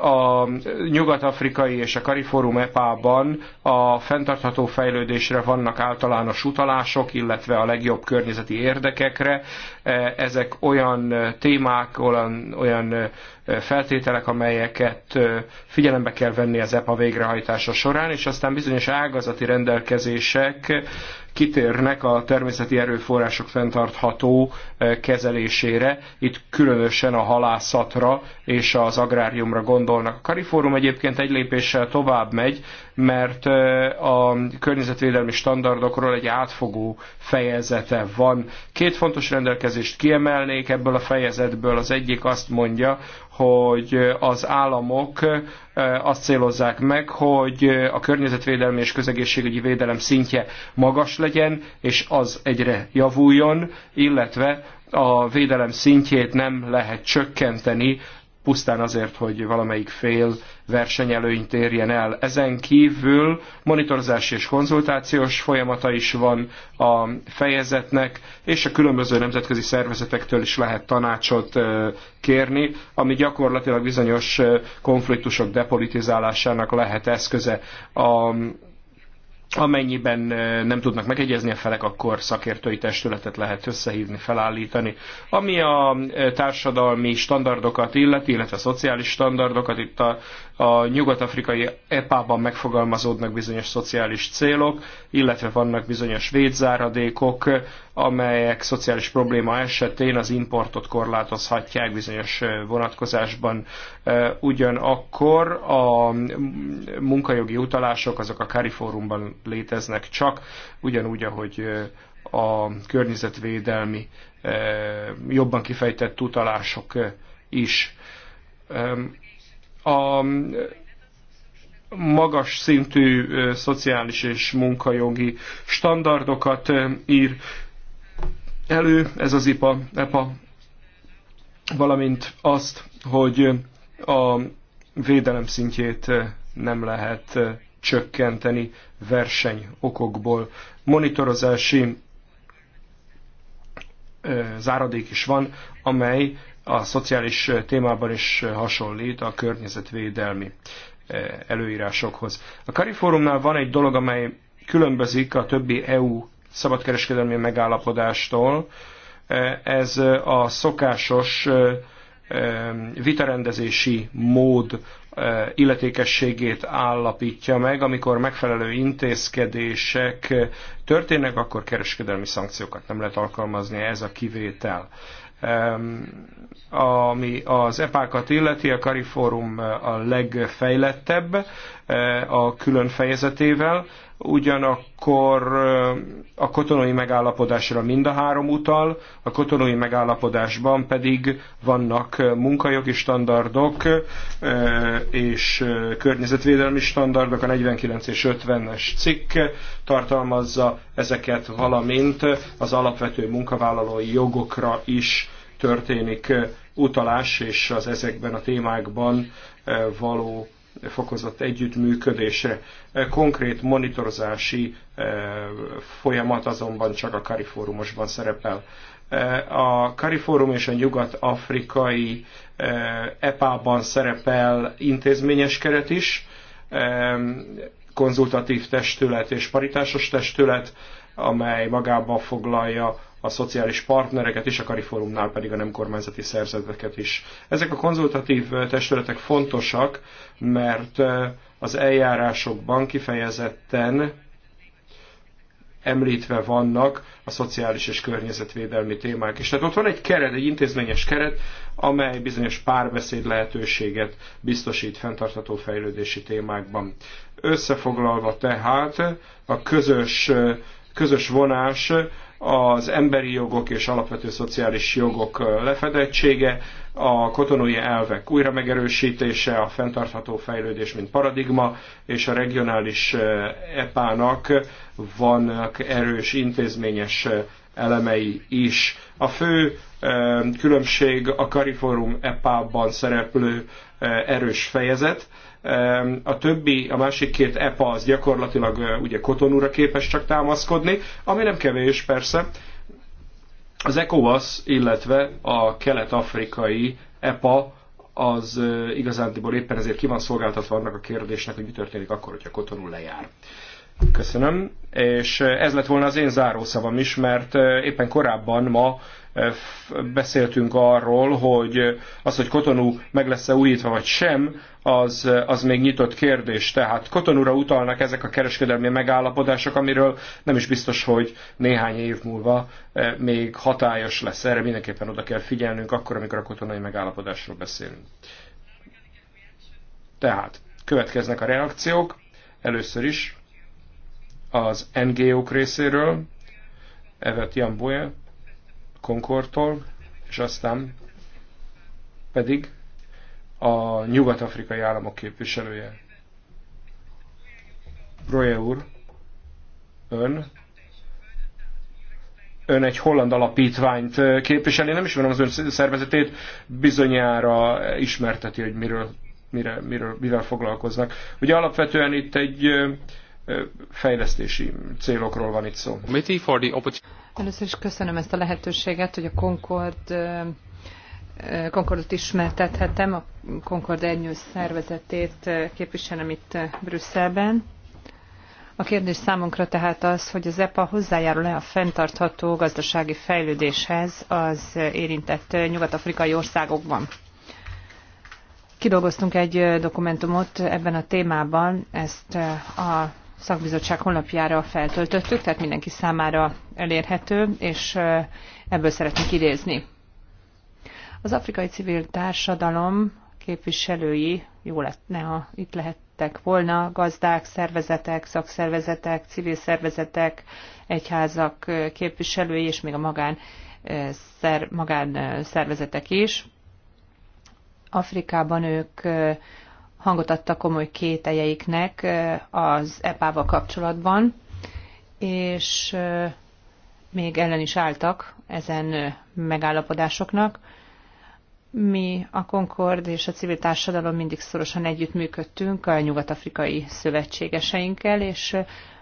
a nyugat-afrikai és a Kariforum epában a fenntartható fejlődésre vannak általános utalások, illetve a legjobb környezeti érdekekre. E, ezek olyan témák, olyan, olyan e, feltételek, amelyeket e, figyelembe kell venni az EPA végrehajtása során, és aztán bizonyos ágazati rendelkezések kitérnek a természeti erőforrások fenntartható eh, kezelésére, itt különösen a halászatra és az agráriumra gondolnak. A Kariforum egyébként egy lépéssel tovább megy, mert eh, a környezetvédelmi standardokról egy átfogó fejezete van. Két fontos rendelkezést kiemelnék ebből a fejezetből. Az egyik azt mondja, hogy az államok eh, azt célozzák meg, hogy eh, a környezetvédelmi és közegészségügyi védelem szintje magas legyen, és az egyre javuljon, illetve a védelem szintjét nem lehet csökkenteni pusztán azért, hogy valamelyik fél versenyelőnyt érjen el. Ezen kívül monitorozási és konzultációs folyamata is van a fejezetnek, és a különböző nemzetközi szervezetektől is lehet tanácsot kérni, ami gyakorlatilag bizonyos konfliktusok depolitizálásának lehet eszköze. A Amennyiben nem tudnak megegyezni a felek, akkor szakértői testületet lehet összehívni, felállítani. Ami a társadalmi standardokat illeti, illetve a szociális standardokat, itt a a nyugat-afrikai EPA-ban megfogalmazódnak bizonyos szociális célok, illetve vannak bizonyos védzáradékok, amelyek szociális probléma esetén az importot korlátozhatják bizonyos vonatkozásban. Ugyanakkor a munkajogi utalások azok a Fórumban léteznek csak, ugyanúgy, ahogy a környezetvédelmi jobban kifejtett utalások is a magas szintű szociális és munkajogi standardokat ír elő ez az IPA, EPA, valamint azt, hogy a védelem szintjét nem lehet csökkenteni verseny okokból. Monitorozási záradék is van, amely a szociális témában is hasonlít a környezetvédelmi eh, előírásokhoz. A Karifórumnál van egy dolog, amely különbözik a többi EU szabadkereskedelmi megállapodástól. Eh, ez a szokásos eh, vitarendezési mód illetékességét állapítja meg, amikor megfelelő intézkedések történnek, akkor kereskedelmi szankciókat nem lehet alkalmazni, ez a kivétel ami az epákat illeti, a Kariforum a legfejlettebb eh, a külön fejezetével, ugyanakkor a kotonói megállapodásra mind a három utal, a kotonói megállapodásban pedig vannak munkajogi standardok és környezetvédelmi standardok, a 49 és 50-es cikk tartalmazza ezeket, valamint az alapvető munkavállalói jogokra is történik utalás, és az ezekben a témákban való fokozott együttműködése. E, konkrét monitorozási e, folyamat azonban csak a karifórumosban szerepel. E, a karifórum és a nyugat-afrikai EPA-ban szerepel intézményes keret is, konzultatív testület és paritásos testület, amely magába foglalja a szociális partnereket és a Kariforumnál pedig a nem kormányzati szerzeteket is. Ezek a konzultatív testületek fontosak, mert az eljárásokban kifejezetten említve vannak a szociális és környezetvédelmi témák is. Tehát ott van egy keret, egy intézményes keret, amely bizonyos párbeszéd lehetőséget biztosít fenntartható fejlődési témákban. Összefoglalva tehát a közös, közös vonás az emberi jogok és alapvető szociális jogok lefedettsége, a kotonói elvek újra megerősítése, a fenntartható fejlődés, mint paradigma, és a regionális EPA-nak vannak erős intézményes elemei is. A fő különbség a Kariforum EPA-ban szereplő erős fejezet, a többi, a másik két EPA az gyakorlatilag ugye kotonúra képes csak támaszkodni, ami nem kevés persze. Az ECOWAS, illetve a kelet-afrikai EPA az igazándiból éppen ezért ki van szolgáltatva annak a kérdésnek, hogy mi történik akkor, hogyha kotonú lejár. Köszönöm, és ez lett volna az én zárószavam is, mert éppen korábban ma beszéltünk arról, hogy az, hogy Kotonú meg lesz-e újítva vagy sem, az, az még nyitott kérdés. Tehát Kotonúra utalnak ezek a kereskedelmi megállapodások, amiről nem is biztos, hogy néhány év múlva még hatályos lesz. Erre mindenképpen oda kell figyelnünk akkor, amikor a kotonai megállapodásról beszélünk. Tehát következnek a reakciók. Először is az NGO-k részéről, Evet Jamboye, Concordtól, és aztán pedig a nyugat-afrikai államok képviselője. Roye úr, ön, ön egy holland alapítványt képviseli, nem ismerem az ön szervezetét, bizonyára ismerteti, hogy miről, mire, miről, mivel foglalkoznak. Ugye alapvetően itt egy fejlesztési célokról van itt szó. Először is köszönöm ezt a lehetőséget, hogy a Concord Concordot ismertethetem, a Concord Ernyős szervezetét képviselem itt Brüsszelben. A kérdés számunkra tehát az, hogy az EPA hozzájárul-e a fenntartható gazdasági fejlődéshez az érintett nyugat-afrikai országokban. Kidolgoztunk egy dokumentumot ebben a témában, ezt a szakbizottság honlapjára feltöltöttük, tehát mindenki számára elérhető, és ebből szeretnék idézni. Az afrikai civil társadalom képviselői, jó lehetne, ha itt lehettek volna, gazdák, szervezetek, szakszervezetek, civil szervezetek, egyházak képviselői, és még a magán, szer, magán szervezetek is. Afrikában ők hangot adtak komoly kételjeiknek az EPA-val kapcsolatban, és még ellen is álltak ezen megállapodásoknak. Mi a Concord és a civil társadalom mindig szorosan együttműködtünk a nyugat-afrikai szövetségeseinkkel, és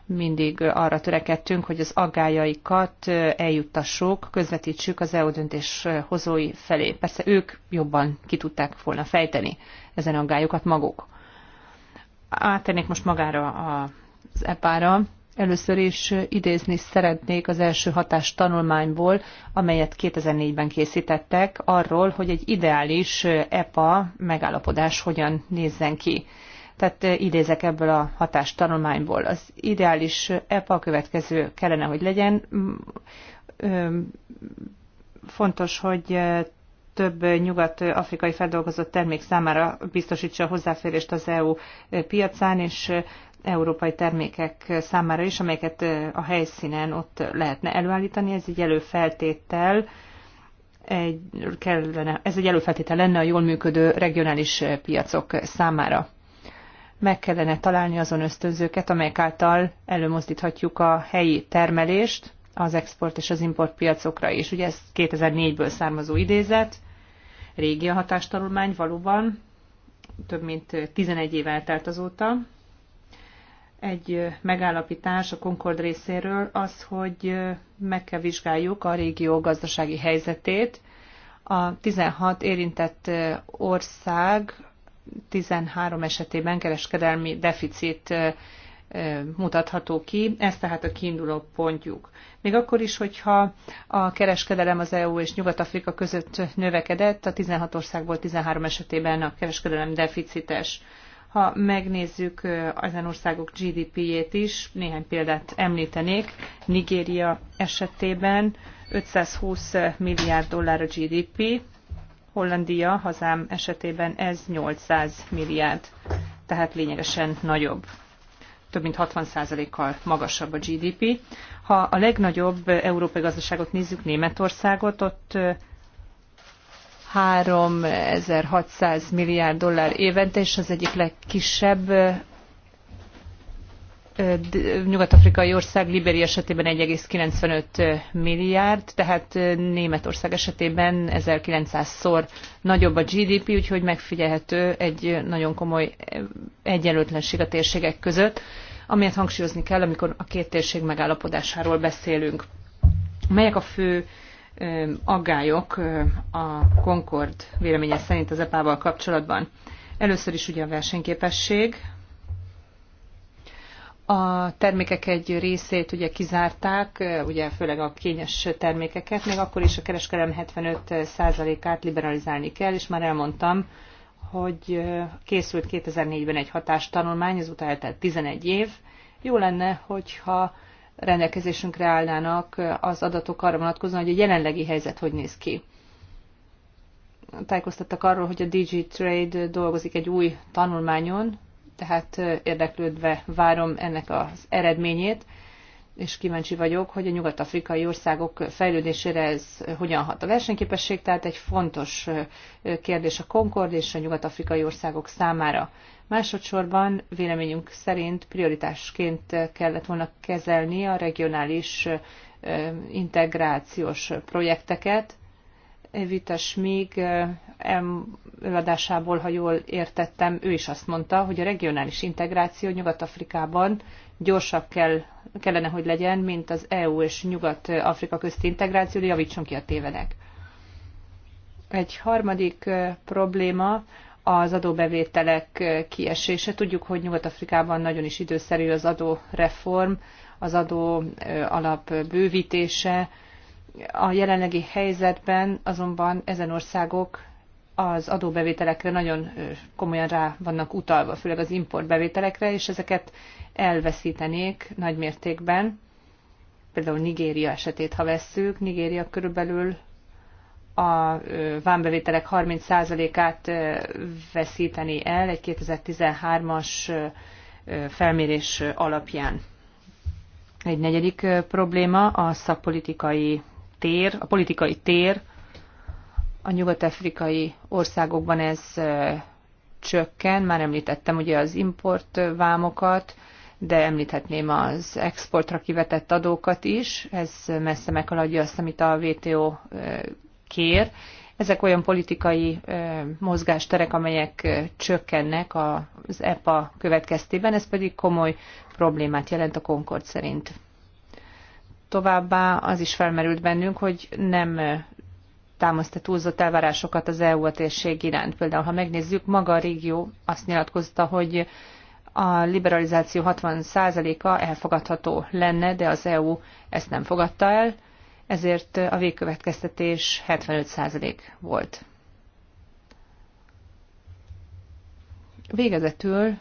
mindig arra törekedtünk, hogy az aggájaikat eljuttassuk, közvetítsük az EU döntéshozói felé. Persze ők jobban ki tudták volna fejteni ezen aggályokat maguk. Átérnék most magára az epára. Először is idézni szeretnék az első hatás tanulmányból, amelyet 2004-ben készítettek, arról, hogy egy ideális EPA megállapodás hogyan nézzen ki. Tehát idézek ebből a hatás tanulmányból. Az ideális EPA a következő kellene, hogy legyen. Fontos, hogy több nyugat-afrikai feldolgozott termék számára biztosítsa a hozzáférést az EU piacán, és európai termékek számára is, amelyeket a helyszínen ott lehetne előállítani. Ez egy előfeltétel, egy, kellene, ez egy előfeltétel lenne a jól működő regionális piacok számára. Meg kellene találni azon ösztönzőket, amelyek által előmozdíthatjuk a helyi termelést az export és az import piacokra is. Ugye ez 2004-ből származó idézet, régi a hatástanulmány valóban, több mint 11 év eltelt azóta. Egy megállapítás a Concord részéről az, hogy meg kell vizsgáljuk a régió gazdasági helyzetét. A 16 érintett ország 13 esetében kereskedelmi deficit mutatható ki. Ez tehát a kiinduló pontjuk. Még akkor is, hogyha a kereskedelem az EU és Nyugat-Afrika között növekedett, a 16 országból 13 esetében a kereskedelem deficites. Ha megnézzük ezen országok GDP-jét is, néhány példát említenék. Nigéria esetében 520 milliárd dollár a GDP, Hollandia, hazám esetében ez 800 milliárd, tehát lényegesen nagyobb több mint 60%-kal magasabb a GDP. Ha a legnagyobb európai gazdaságot nézzük, Németországot, ott 3600 milliárd dollár évente, és az egyik legkisebb nyugat-afrikai ország Libéria esetében 1,95 milliárd, tehát Németország esetében 1900-szor nagyobb a GDP, úgyhogy megfigyelhető egy nagyon komoly egyenlőtlenség a térségek között, amelyet hangsúlyozni kell, amikor a két térség megállapodásáról beszélünk. Melyek a fő aggályok a Concord véleménye szerint az EPA-val kapcsolatban? Először is ugye a versenyképesség, a termékek egy részét ugye kizárták, ugye főleg a kényes termékeket, még akkor is a kereskedelem 75%-át liberalizálni kell, és már elmondtam, hogy készült 2004-ben egy hatástanulmány, ezóta eltelt 11 év. Jó lenne, hogyha rendelkezésünkre állnának az adatok arra vonatkozóan, hogy a jelenlegi helyzet hogy néz ki. Tájékoztattak arról, hogy a DigiTrade Trade dolgozik egy új tanulmányon, tehát érdeklődve várom ennek az eredményét, és kíváncsi vagyok, hogy a nyugat-afrikai országok fejlődésére ez hogyan hat. A versenyképesség tehát egy fontos kérdés a Concord és a nyugat-afrikai országok számára. Másodszorban véleményünk szerint prioritásként kellett volna kezelni a regionális integrációs projekteket, Evita Smig előadásából, ha jól értettem, ő is azt mondta, hogy a regionális integráció Nyugat-Afrikában gyorsabb kell, kellene, hogy legyen, mint az EU és Nyugat-Afrika közti integráció, javítson ki a tévedek. Egy harmadik probléma az adóbevételek kiesése. Tudjuk, hogy Nyugat-Afrikában nagyon is időszerű az adóreform, az adó alap bővítése, a jelenlegi helyzetben azonban ezen országok az adóbevételekre nagyon komolyan rá vannak utalva, főleg az importbevételekre, és ezeket elveszítenék nagy mértékben. Például Nigéria esetét, ha vesszük, Nigéria körülbelül a vámbevételek 30%-át veszíteni el egy 2013-as felmérés alapján. Egy negyedik probléma a szakpolitikai tér, a politikai tér, a nyugat-afrikai országokban ez csökken, már említettem ugye az importvámokat, de említhetném az exportra kivetett adókat is, ez messze meghaladja azt, amit a WTO kér. Ezek olyan politikai mozgásterek, amelyek csökkennek az EPA következtében, ez pedig komoly problémát jelent a Concord szerint. Továbbá az is felmerült bennünk, hogy nem támasztja túlzott elvárásokat az EU a térség iránt. Például, ha megnézzük, maga a régió azt nyilatkozta, hogy a liberalizáció 60%-a elfogadható lenne, de az EU ezt nem fogadta el, ezért a végkövetkeztetés 75% volt. Végezetül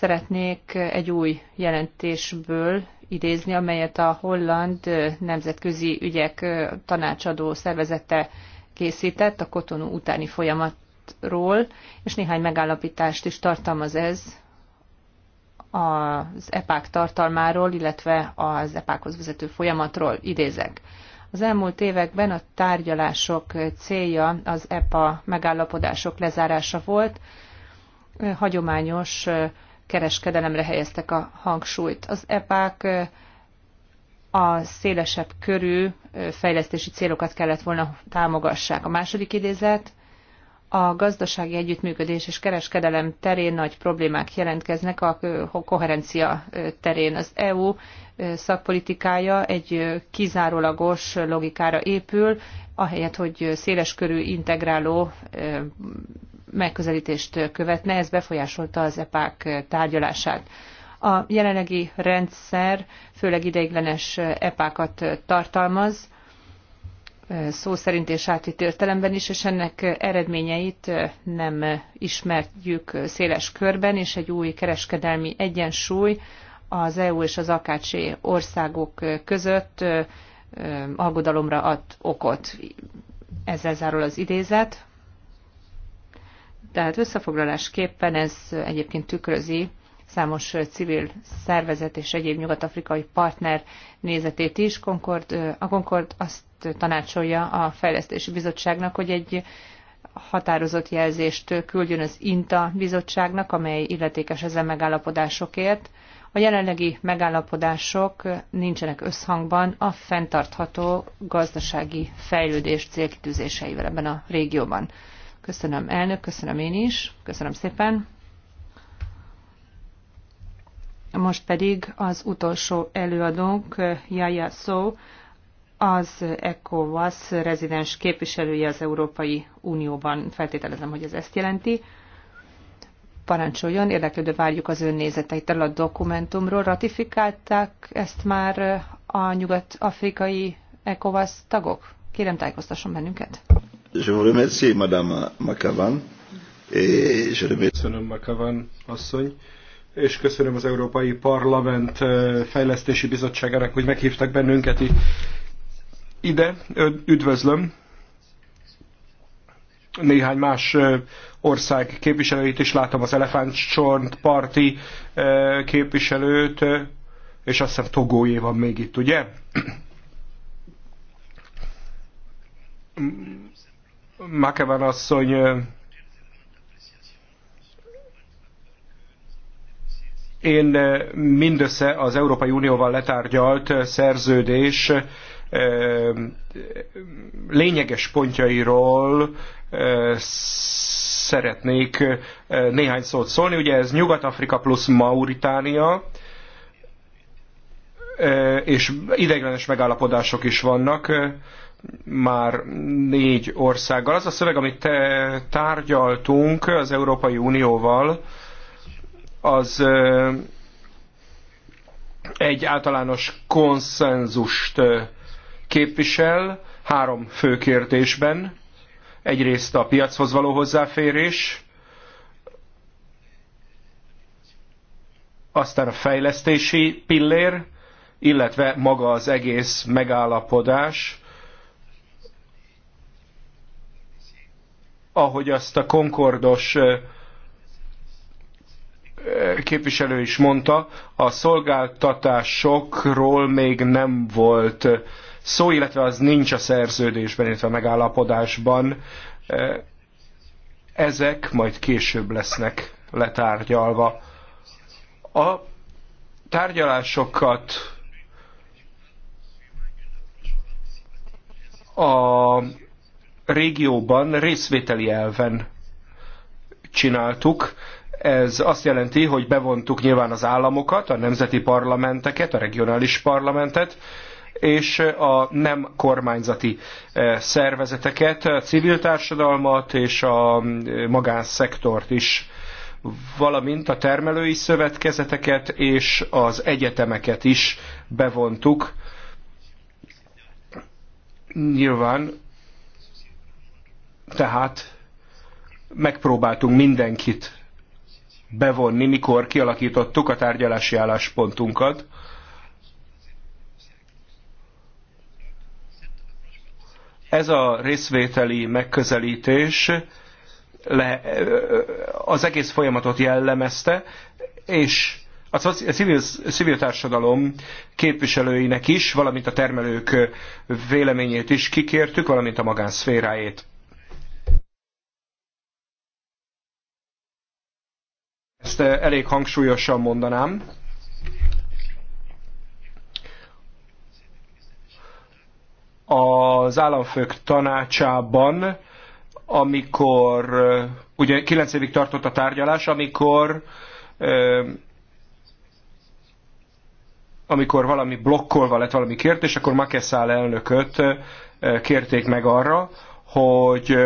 Szeretnék egy új jelentésből idézni, amelyet a holland nemzetközi ügyek tanácsadó szervezete készített a kotonu utáni folyamatról, és néhány megállapítást is tartalmaz ez az epák tartalmáról, illetve az epákhoz vezető folyamatról idézek. Az elmúlt években a tárgyalások célja az EPA megállapodások lezárása volt, hagyományos kereskedelemre helyeztek a hangsúlyt. Az EPÁK a szélesebb körű fejlesztési célokat kellett volna támogassák. A második idézet, a gazdasági együttműködés és kereskedelem terén nagy problémák jelentkeznek a koherencia terén. Az EU szakpolitikája egy kizárólagos logikára épül, ahelyett, hogy széleskörű integráló megközelítést követne, ez befolyásolta az EPÁK tárgyalását. A jelenlegi rendszer főleg ideiglenes epákat tartalmaz, szó szerint és átvitt értelemben is, és ennek eredményeit nem ismertjük széles körben, és egy új kereskedelmi egyensúly az EU és az akácsi országok között aggodalomra ad okot. Ezzel zárul az idézet. Tehát összefoglalásképpen ez egyébként tükrözi számos civil szervezet és egyéb nyugat-afrikai partner nézetét is. Concord, a Concord azt tanácsolja a Fejlesztési Bizottságnak, hogy egy határozott jelzést küldjön az INTA bizottságnak, amely illetékes ezen megállapodásokért. A jelenlegi megállapodások nincsenek összhangban a fenntartható gazdasági fejlődés célkitűzéseivel ebben a régióban. Köszönöm elnök, köszönöm én is, köszönöm szépen. Most pedig az utolsó előadónk, Jaja Szó, az ECOWAS rezidens képviselője az Európai Unióban. Feltételezem, hogy ez ezt jelenti. Parancsoljon, érdeklődő várjuk az ön nézeteit a dokumentumról. Ratifikálták ezt már a nyugat-afrikai ECOWAS tagok? Kérem tájékoztasson bennünket. Je vous remercie, Madame Makavan. Et je remercie... Köszönöm, Makavan asszony. És köszönöm az Európai Parlament eh, Fejlesztési Bizottságának, hogy meghívtak bennünket ide. Üdvözlöm néhány más eh, ország képviselőit is látom, az elefántcsont parti eh, képviselőt, és azt hiszem Togójé van még itt, ugye? Makevan asszony, én mindössze az Európai Unióval letárgyalt szerződés lényeges pontjairól szeretnék néhány szót szólni. Ugye ez Nyugat-Afrika plusz Mauritánia, és ideiglenes megállapodások is vannak már négy országgal. Az a szöveg, amit tárgyaltunk az Európai Unióval, az egy általános konszenzust képvisel három fő kérdésben. Egyrészt a piachoz való hozzáférés, aztán a fejlesztési pillér, illetve maga az egész megállapodás, ahogy azt a konkordos képviselő is mondta, a szolgáltatásokról még nem volt szó, illetve az nincs a szerződésben, illetve a megállapodásban. Ezek majd később lesznek letárgyalva. A tárgyalásokat a régióban részvételi elven csináltuk. Ez azt jelenti, hogy bevontuk nyilván az államokat, a nemzeti parlamenteket, a regionális parlamentet, és a nem kormányzati eh, szervezeteket, a civil társadalmat és a mm, magánszektort is, valamint a termelői szövetkezeteket és az egyetemeket is bevontuk. Nyilván tehát megpróbáltunk mindenkit bevonni, mikor kialakítottuk a tárgyalási álláspontunkat. Ez a részvételi megközelítés le, az egész folyamatot jellemezte, és a civil, civil társadalom képviselőinek is, valamint a termelők véleményét is kikértük, valamint a magánszféráét. Ezt elég hangsúlyosan mondanám. Az államfők tanácsában, amikor, ugye 9 évig tartott a tárgyalás, amikor amikor valami blokkolva lett valami kérdés, akkor Makeszál elnököt kérték meg arra, hogy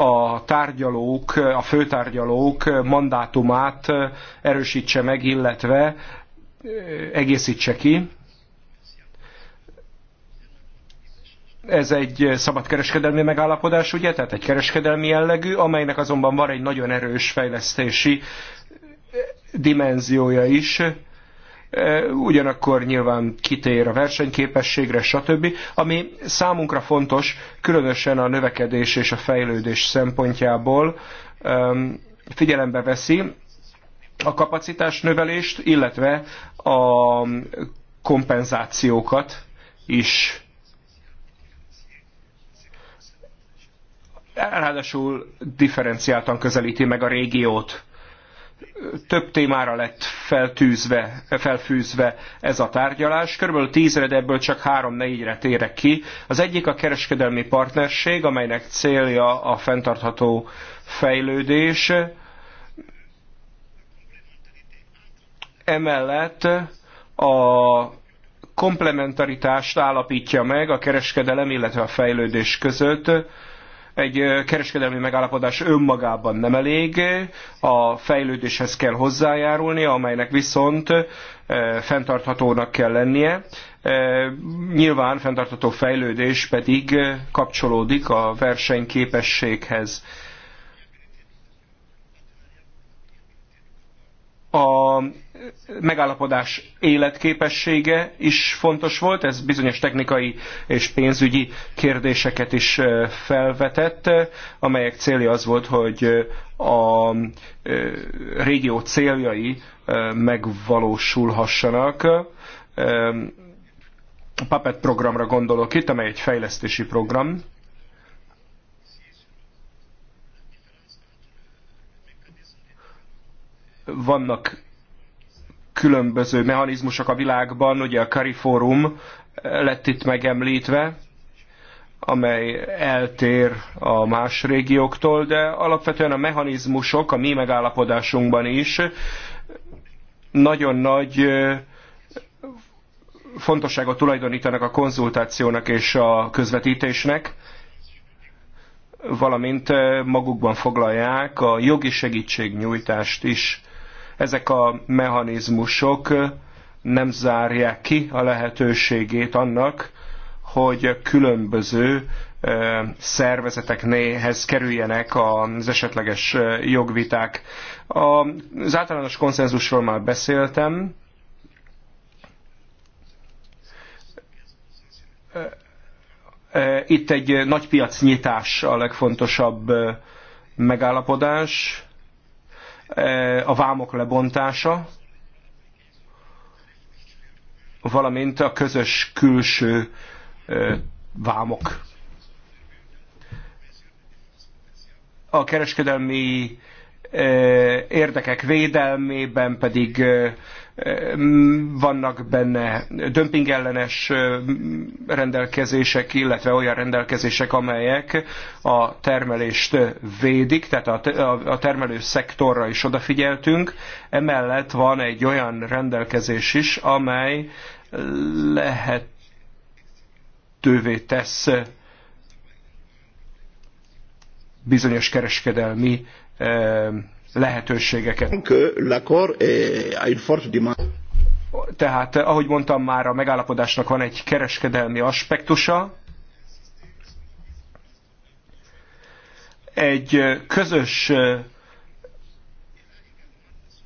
a tárgyalók, a főtárgyalók mandátumát erősítse meg, illetve eh, egészítse ki. Ez egy szabadkereskedelmi megállapodás, ugye? Tehát egy kereskedelmi jellegű, amelynek azonban van egy nagyon erős fejlesztési dimenziója is ugyanakkor nyilván kitér a versenyképességre, stb. Ami számunkra fontos, különösen a növekedés és a fejlődés szempontjából figyelembe veszi a kapacitás növelést, illetve a kompenzációkat is. Ráadásul differenciáltan közelíti meg a régiót több témára lett feltűzve, felfűzve ez a tárgyalás. Körülbelül tízre, de ebből csak három-négyre térek ki. Az egyik a kereskedelmi partnerség, amelynek célja a fenntartható fejlődés. Emellett a komplementaritást állapítja meg a kereskedelem, illetve a fejlődés között egy kereskedelmi megállapodás önmagában nem elég, a fejlődéshez kell hozzájárulni, amelynek viszont fenntarthatónak kell lennie. Nyilván fenntartható fejlődés pedig kapcsolódik a versenyképességhez. A megállapodás életképessége is fontos volt, ez bizonyos technikai és pénzügyi kérdéseket is felvetett, amelyek célja az volt, hogy a régió céljai megvalósulhassanak. A PAPET programra gondolok itt, amely egy fejlesztési program, vannak különböző mechanizmusok a világban, ugye a Cariforum eh, lett itt megemlítve, amely eltér a más régióktól, de alapvetően a mechanizmusok a mi megállapodásunkban is nagyon nagy eh, fontosságot tulajdonítanak a konzultációnak és a közvetítésnek, valamint eh, magukban foglalják a jogi segítségnyújtást is. Ezek a mechanizmusok nem zárják ki a lehetőségét annak, hogy különböző szervezetek néhez kerüljenek az esetleges jogviták. Az általános konszenzusról már beszéltem. Itt egy nagy piacnyitás a legfontosabb megállapodás a vámok lebontása, valamint a közös külső vámok. A kereskedelmi érdekek védelmében pedig vannak benne dömpingellenes rendelkezések, illetve olyan rendelkezések, amelyek a termelést védik, tehát a termelő szektorra is odafigyeltünk. Emellett van egy olyan rendelkezés is, amely lehetővé tesz bizonyos kereskedelmi lehetőségeket. Tehát, ahogy mondtam már, a megállapodásnak van egy kereskedelmi aspektusa, egy közös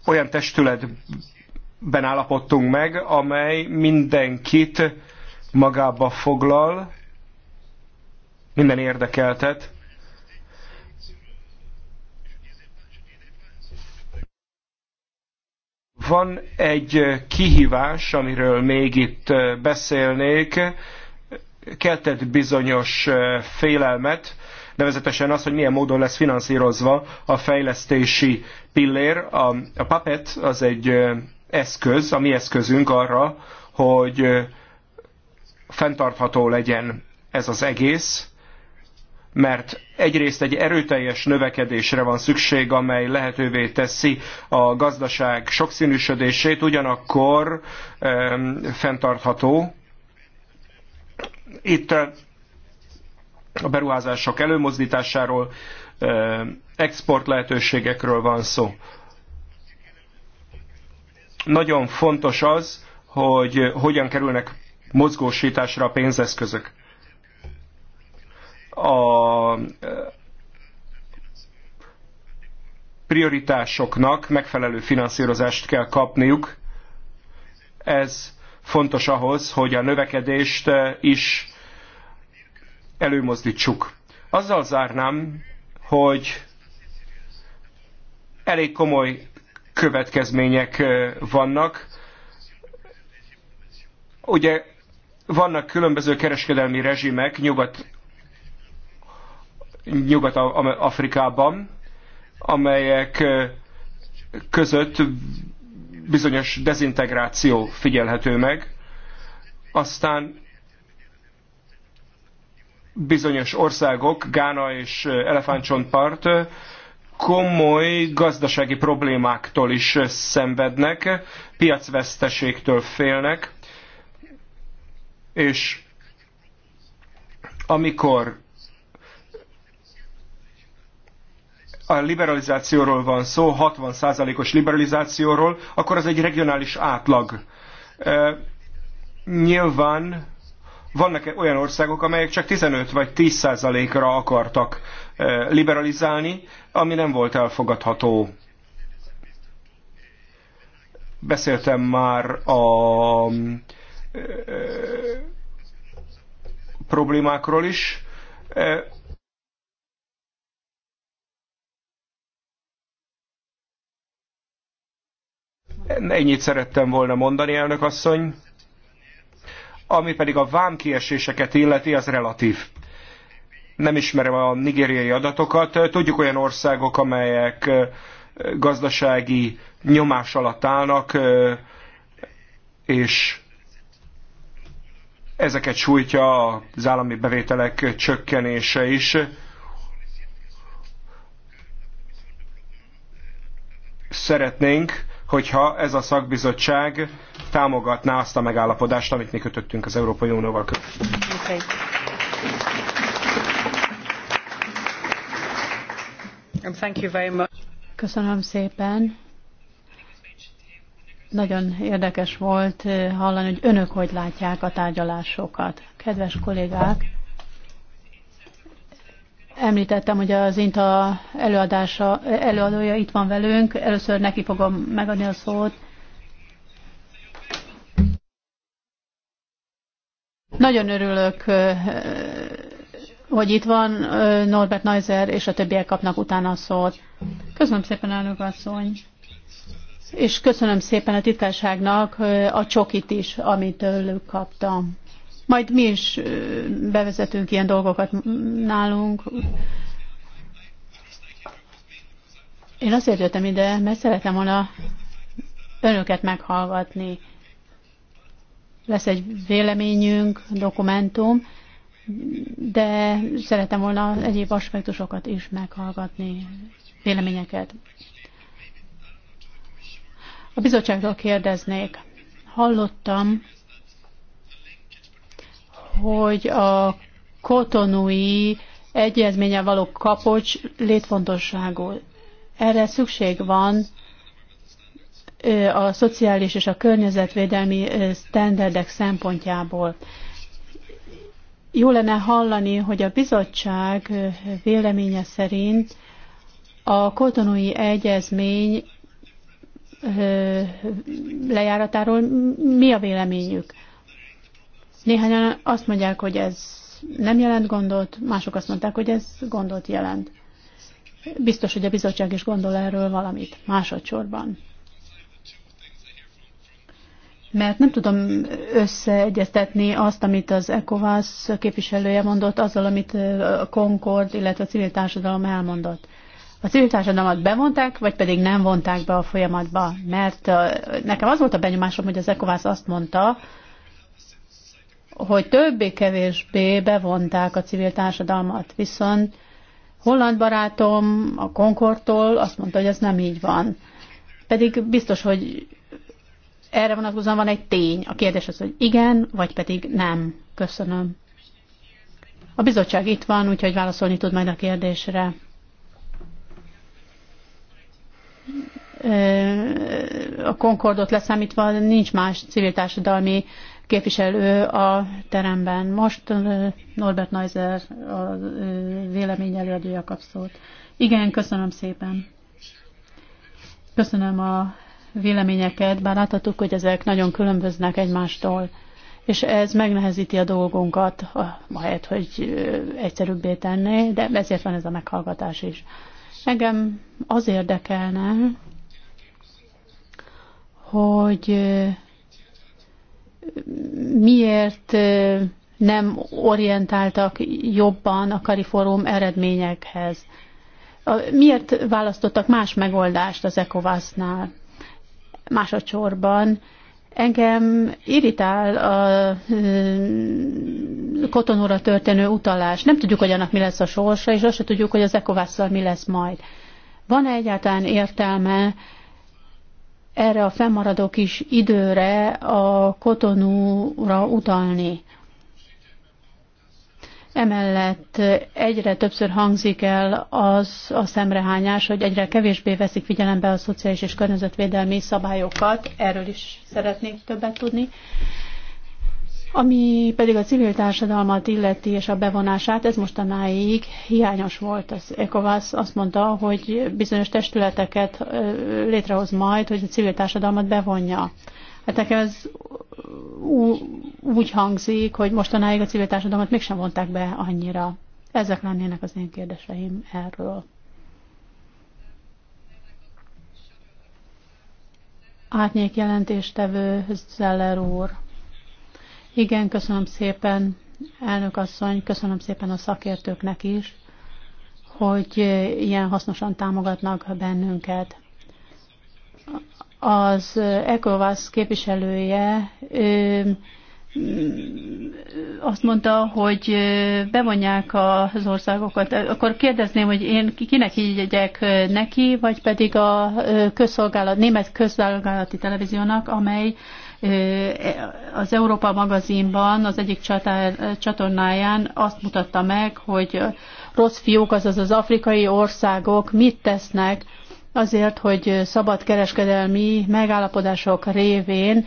olyan testületben állapodtunk meg, amely mindenkit magába foglal, minden érdekeltet, Van egy kihívás, amiről még itt beszélnék, keltett bizonyos félelmet, nevezetesen az, hogy milyen módon lesz finanszírozva a fejlesztési pillér. A, a PAPET az egy eszköz, a mi eszközünk arra, hogy fenntartható legyen ez az egész, mert egyrészt egy erőteljes növekedésre van szükség, amely lehetővé teszi a gazdaság sokszínűsödését, ugyanakkor um, fenntartható. Itt eh, a beruházások előmozdításáról, um, export lehetőségekről van szó. Nagyon fontos az, hogy hogyan kerülnek mozgósításra a pénzeszközök a prioritásoknak megfelelő finanszírozást kell kapniuk. Ez fontos ahhoz, hogy a növekedést is előmozdítsuk. Azzal zárnám, hogy elég komoly következmények vannak. Ugye vannak különböző kereskedelmi rezsimek Nyugat Nyugat-Afrikában, amelyek között bizonyos dezintegráció figyelhető meg. Aztán bizonyos országok, Gána és Elefántcsontpart komoly gazdasági problémáktól is szenvednek, piacveszteségtől félnek, és amikor a liberalizációról van szó, 60%-os liberalizációról, akkor az egy regionális átlag. Nyilván vannak -e olyan országok, amelyek csak 15 vagy 10%-ra akartak liberalizálni, ami nem volt elfogadható. Beszéltem már a problémákról is Ennyit szerettem volna mondani, elnök asszony. Ami pedig a vámkieséseket illeti, az relatív. Nem ismerem a nigériai adatokat. Tudjuk olyan országok, amelyek gazdasági nyomás alatt állnak, és ezeket sújtja az állami bevételek csökkenése is. Szeretnénk, hogyha ez a szakbizottság támogatná azt a megállapodást, amit mi kötöttünk az Európai Unióval. Okay. Um, Köszönöm szépen. Nagyon érdekes volt eh, hallani, hogy önök hogy látják a tárgyalásokat. Kedves kollégák, Említettem, hogy az INTA előadása, előadója itt van velünk. Először neki fogom megadni a szót. Nagyon örülök, hogy itt van Norbert Neuser, és a többiek kapnak utána a szót. Köszönöm szépen, elnök asszony. És köszönöm szépen a titkárságnak a csokit is, amit tőlük kaptam. Majd mi is bevezetünk ilyen dolgokat nálunk. Én azért jöttem ide, mert szeretem volna önöket meghallgatni. Lesz egy véleményünk, dokumentum, de szeretem volna egyéb aspektusokat is meghallgatni, véleményeket. A bizottságtól kérdeznék. Hallottam, hogy a kotonui egyezménye való kapocs létfontosságú. Erre szükség van a szociális és a környezetvédelmi sztenderdek szempontjából. Jó lenne hallani, hogy a bizottság véleménye szerint a kotonói egyezmény lejáratáról mi a véleményük? Néhányan azt mondják, hogy ez nem jelent gondot, mások azt mondták, hogy ez gondot jelent. Biztos, hogy a bizottság is gondol erről valamit másodszorban. Mert nem tudom összeegyeztetni azt, amit az ECOWAS képviselője mondott, azzal, amit a Concord, illetve a civil társadalom elmondott. A civil társadalmat bevonták, vagy pedig nem vonták be a folyamatba? Mert nekem az volt a benyomásom, hogy az ECOWAS azt mondta, hogy többé-kevésbé bevonták a civil társadalmat, viszont holland barátom a Concordtól azt mondta, hogy ez nem így van. Pedig biztos, hogy erre vonatkozóan van egy tény. A kérdés az, hogy igen, vagy pedig nem. Köszönöm. A bizottság itt van, úgyhogy válaszolni tud majd a kérdésre. A Concordot leszámítva nincs más civil társadalmi képviselő a teremben. Most Norbert Neuser a vélemény előadója kap szót. Igen, köszönöm szépen. Köszönöm a véleményeket, bár láthatjuk, hogy ezek nagyon különböznek egymástól, és ez megnehezíti a dolgunkat, ahelyett, hogy egyszerűbbé tenné, de ezért van ez a meghallgatás is. Engem az érdekelne, hogy miért nem orientáltak jobban a Kariforum eredményekhez? Miért választottak más megoldást az ECOWAS-nál? Másodszorban engem irritál a kotonóra történő utalás. Nem tudjuk, hogy annak mi lesz a sorsa, és azt se tudjuk, hogy az ecovász mi lesz majd. Van-e egyáltalán értelme erre a fennmaradó kis időre a kotonúra utalni. Emellett egyre többször hangzik el az a szemrehányás, hogy egyre kevésbé veszik figyelembe a szociális és környezetvédelmi szabályokat. Erről is szeretnék többet tudni. Ami pedig a civil társadalmat illeti és a bevonását, ez mostanáig hiányos volt. Az ECOWAS azt mondta, hogy bizonyos testületeket létrehoz majd, hogy a civil társadalmat bevonja. Hát nekem ez úgy hangzik, hogy mostanáig a civil társadalmat mégsem vonták be annyira. Ezek lennének az én kérdéseim erről. Átnyék jelentéstevő Zeller úr. Igen, köszönöm szépen, elnök asszony, köszönöm szépen a szakértőknek is, hogy ilyen hasznosan támogatnak bennünket. Az ECOWAS képviselője azt mondta, hogy bevonják az országokat. Akkor kérdezném, hogy én kinek higgyek neki, vagy pedig a közszolgálat, német közszolgálati televíziónak, amely az Európa magazinban az egyik csatornáján azt mutatta meg, hogy rossz fiúk, azaz az afrikai országok mit tesznek azért, hogy szabad kereskedelmi megállapodások révén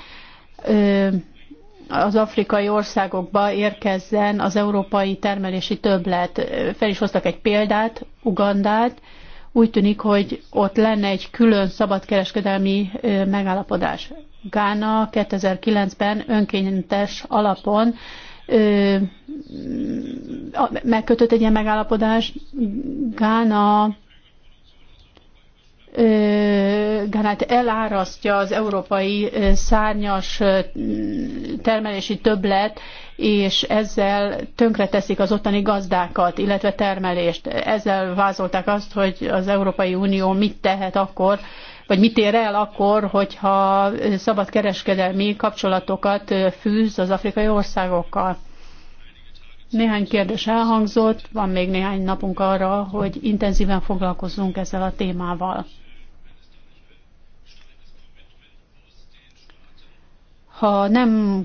az afrikai országokba érkezzen az európai termelési többlet. Fel is hoztak egy példát, Ugandát. Úgy tűnik, hogy ott lenne egy külön szabadkereskedelmi megállapodás. Gána 2009-ben önkéntes alapon ö, megkötött egy ilyen megállapodást. Gána Gánát elárasztja az európai szárnyas termelési többlet, és ezzel tönkreteszik az ottani gazdákat, illetve termelést. Ezzel vázolták azt, hogy az Európai Unió mit tehet akkor, vagy mit ér el akkor, hogyha szabadkereskedelmi kapcsolatokat fűz az afrikai országokkal. Néhány kérdés elhangzott, van még néhány napunk arra, hogy intenzíven foglalkozzunk ezzel a témával. Ha nem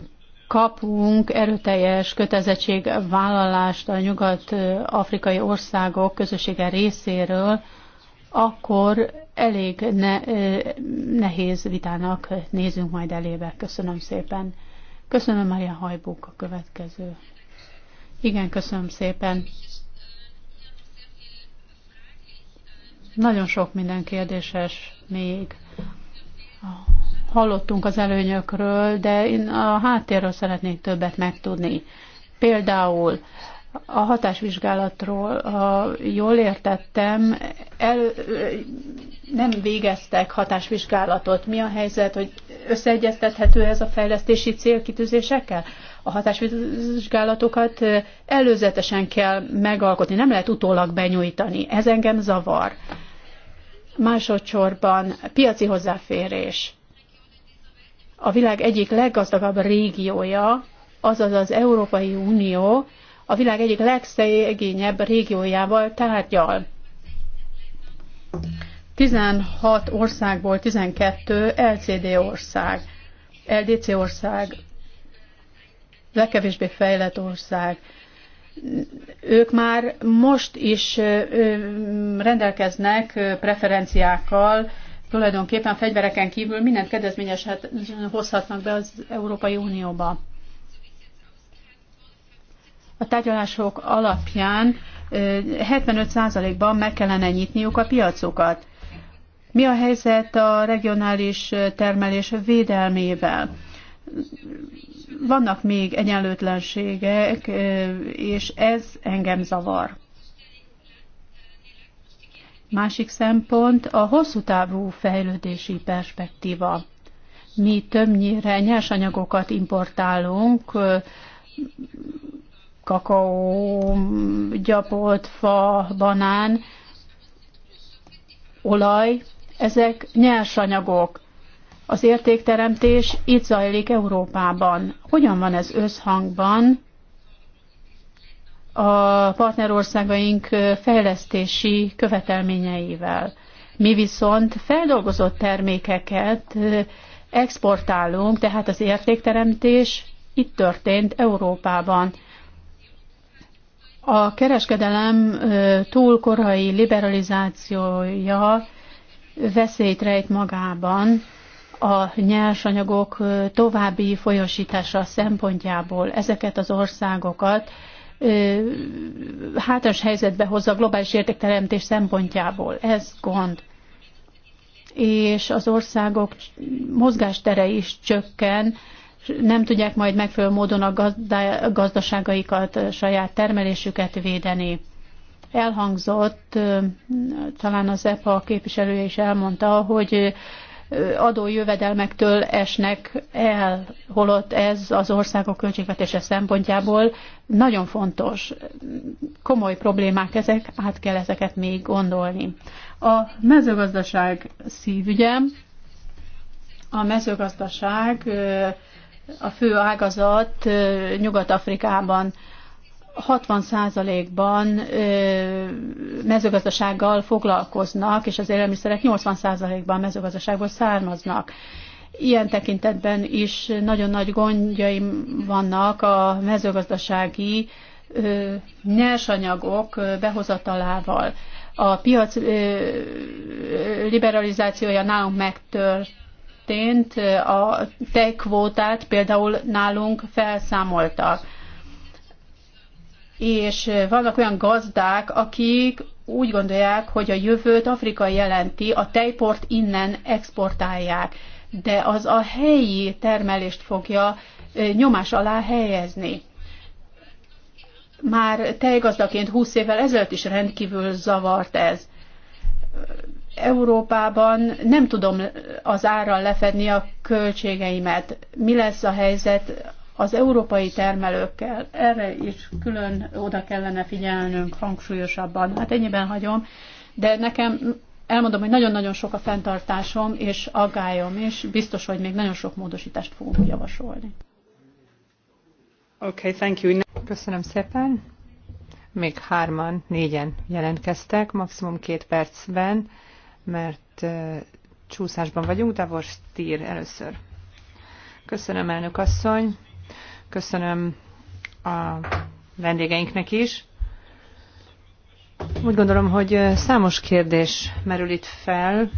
kapunk erőteljes kötelezettségvállalást a nyugat-afrikai országok közössége részéről, akkor elég ne, nehéz vitának nézünk majd elébe. Köszönöm szépen. Köszönöm, Maria Hajbók a következő. Igen, köszönöm szépen. Nagyon sok minden kérdéses még. Hallottunk az előnyökről, de én a háttérről szeretnék többet megtudni. Például a hatásvizsgálatról, ha jól értettem, el, nem végeztek hatásvizsgálatot. Mi a helyzet, hogy összeegyeztethető ez a fejlesztési célkitűzésekkel? A hatásvizsgálatokat előzetesen kell megalkotni, nem lehet utólag benyújtani. Ez engem zavar. Másodszorban piaci hozzáférés. A világ egyik leggazdagabb régiója, azaz az Európai Unió, a világ egyik legszegényebb régiójával tárgyal. 16 országból 12 LCD ország, LDC ország, legkevésbé fejlett ország. Ők már most is rendelkeznek preferenciákkal, tulajdonképpen fegyvereken kívül mindent kedvezményeset hozhatnak be az Európai Unióba a tárgyalások alapján 75%-ban meg kellene nyitniuk a piacokat. Mi a helyzet a regionális termelés védelmével? Vannak még egyenlőtlenségek, és ez engem zavar. Másik szempont a hosszú távú fejlődési perspektíva. Mi többnyire nyersanyagokat importálunk, kakaó, gyapolt, fa, banán, olaj, ezek nyersanyagok. Az értékteremtés itt zajlik Európában. Hogyan van ez összhangban a partnerországaink fejlesztési követelményeivel? Mi viszont feldolgozott termékeket exportálunk, tehát az értékteremtés itt történt Európában. A kereskedelem túl korai liberalizációja veszélyt rejt magában a nyersanyagok további folyosítása szempontjából. Ezeket az országokat hátras helyzetbe hozza a globális értékteremtés szempontjából. Ez gond. És az országok mozgástere is csökken, nem tudják majd megfelelő módon a gazdaságaikat, a saját termelésüket védeni. Elhangzott, talán az EPA képviselője is elmondta, hogy adójövedelmektől esnek el, holott ez az országok költségvetése szempontjából nagyon fontos. Komoly problémák ezek, át kell ezeket még gondolni. A mezőgazdaság szívügyem, a mezőgazdaság a fő ágazat Nyugat-Afrikában 60%-ban mezőgazdasággal foglalkoznak, és az élelmiszerek 80%-ban mezőgazdaságból származnak. Ilyen tekintetben is nagyon nagy gondjaim vannak a mezőgazdasági nyersanyagok behozatalával. A piac liberalizációja nálunk megtört, történt, a kvótát például nálunk felszámoltak. És vannak olyan gazdák, akik úgy gondolják, hogy a jövőt Afrika jelenti, a tejport innen exportálják, de az a helyi termelést fogja nyomás alá helyezni. Már tejgazdaként 20 évvel ezelőtt is rendkívül zavart ez Európában nem tudom az árral lefedni a költségeimet. Mi lesz a helyzet az európai termelőkkel? Erre is külön oda kellene figyelnünk hangsúlyosabban. Hát ennyiben hagyom, de nekem elmondom, hogy nagyon-nagyon sok a fenntartásom és aggályom, és biztos, hogy még nagyon sok módosítást fogunk javasolni. Okay, thank you. Köszönöm szépen. Még hárman, négyen jelentkeztek, maximum két percben mert csúszásban vagyunk. most Stír először. Köszönöm, elnök asszony. Köszönöm a vendégeinknek is. Úgy gondolom, hogy számos kérdés merül itt fel.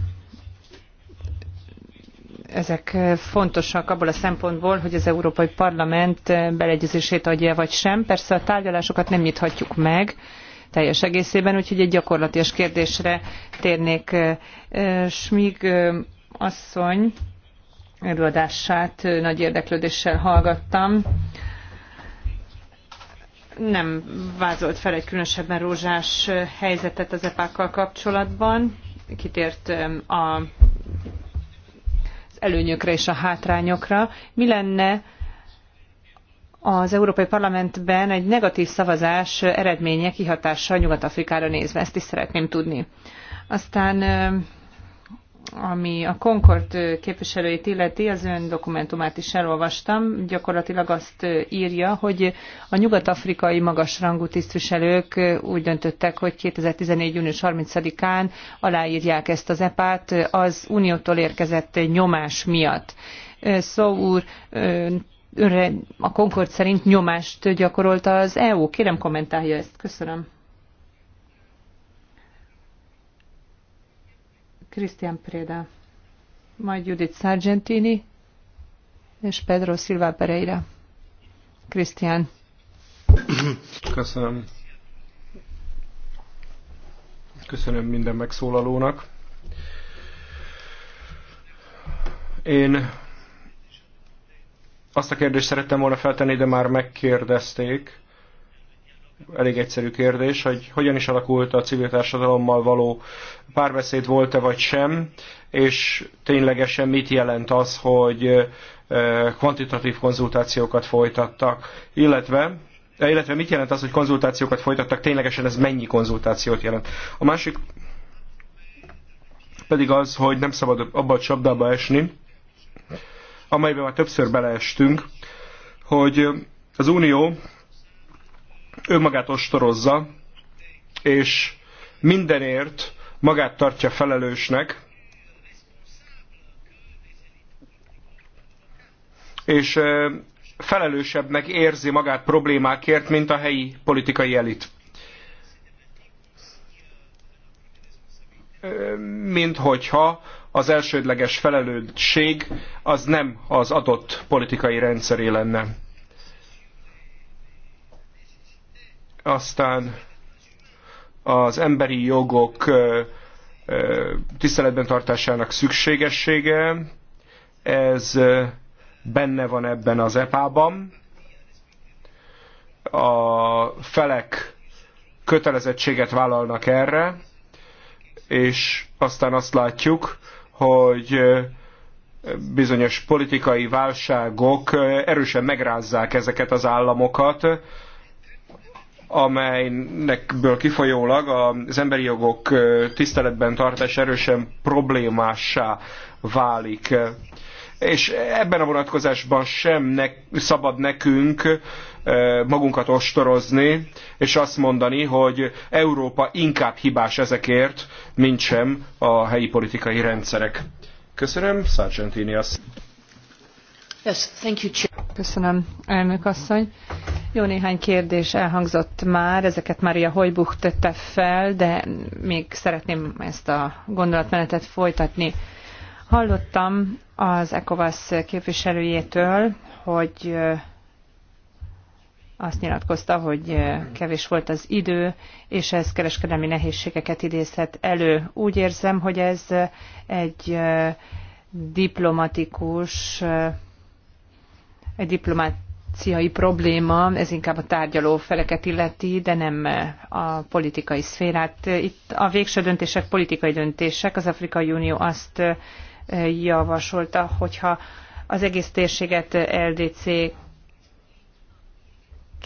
Ezek fontosak abból a szempontból, hogy az Európai Parlament beleegyezését adja vagy sem. Persze a tárgyalásokat nem nyithatjuk meg, teljes egészében, úgyhogy egy gyakorlatias kérdésre térnék. Smig asszony előadását nagy érdeklődéssel hallgattam. Nem vázolt fel egy különösebben rózsás helyzetet az epákkal kapcsolatban. Kitért a, az előnyökre és a hátrányokra. Mi lenne, az Európai Parlamentben egy negatív szavazás eredménye kihatással Nyugat-Afrikára nézve. Ezt is szeretném tudni. Aztán ami a Concord képviselőjét illeti, az ön dokumentumát is elolvastam, gyakorlatilag azt írja, hogy a nyugat-afrikai magasrangú tisztviselők úgy döntöttek, hogy 2014. június 30-án aláírják ezt az epát az uniótól érkezett nyomás miatt. Szó úr, önre a Concord szerint nyomást gyakorolta az EU. Kérem kommentálja ezt. Köszönöm. Christian Préda, majd Judith Sargentini és Pedro Silva Pereira. Christian. Köszönöm. Köszönöm minden megszólalónak. Én azt a kérdést szerettem volna feltenni, de már megkérdezték. Elég egyszerű kérdés, hogy hogyan is alakult a civil társadalommal való párbeszéd volt-e vagy sem, és ténylegesen mit jelent az, hogy kvantitatív konzultációkat folytattak, illetve illetve mit jelent az, hogy konzultációkat folytattak, ténylegesen ez mennyi konzultációt jelent. A másik pedig az, hogy nem szabad abba a csapdába esni, amelyben már többször beleestünk, hogy az Unió önmagát ostorozza, és mindenért magát tartja felelősnek, és felelősebbnek érzi magát problémákért, mint a helyi politikai elit. Mint hogyha az elsődleges felelősség az nem az adott politikai rendszeré lenne. Aztán az emberi jogok tiszteletben tartásának szükségessége, ez benne van ebben az epában A felek kötelezettséget vállalnak erre, és aztán azt látjuk, hogy bizonyos politikai válságok erősen megrázzák ezeket az államokat, amelynekből kifolyólag az emberi jogok tiszteletben tartás erősen problémássá válik. És ebben a vonatkozásban sem ne, szabad nekünk magunkat ostorozni, és azt mondani, hogy Európa inkább hibás ezekért, mint sem a helyi politikai rendszerek. Köszönöm, Sargentini asszony. Yes, thank you, Köszönöm, elnök asszony. Jó néhány kérdés elhangzott már, ezeket Mária Hojbuch tette fel, de még szeretném ezt a gondolatmenetet folytatni. Hallottam az ECOWAS képviselőjétől, hogy azt nyilatkozta, hogy kevés volt az idő, és ez kereskedelmi nehézségeket idézhet elő. Úgy érzem, hogy ez egy diplomatikus, egy diplomáciai probléma, ez inkább a tárgyaló feleket illeti, de nem a politikai szférát. Itt a végső döntések politikai döntések. Az Afrikai Unió azt javasolta, hogyha az egész térséget LDC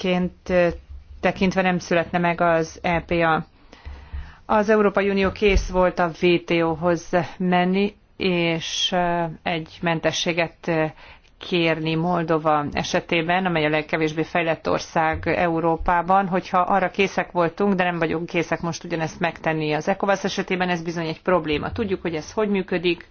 jogszabályként tekintve nem születne meg az EPA. Az Európai Unió kész volt a vto hoz menni, és egy mentességet kérni Moldova esetében, amely a legkevésbé fejlett ország Európában, hogyha arra készek voltunk, de nem vagyunk készek most ugyanezt megtenni az ECOWAS esetében, ez bizony egy probléma. Tudjuk, hogy ez hogy működik,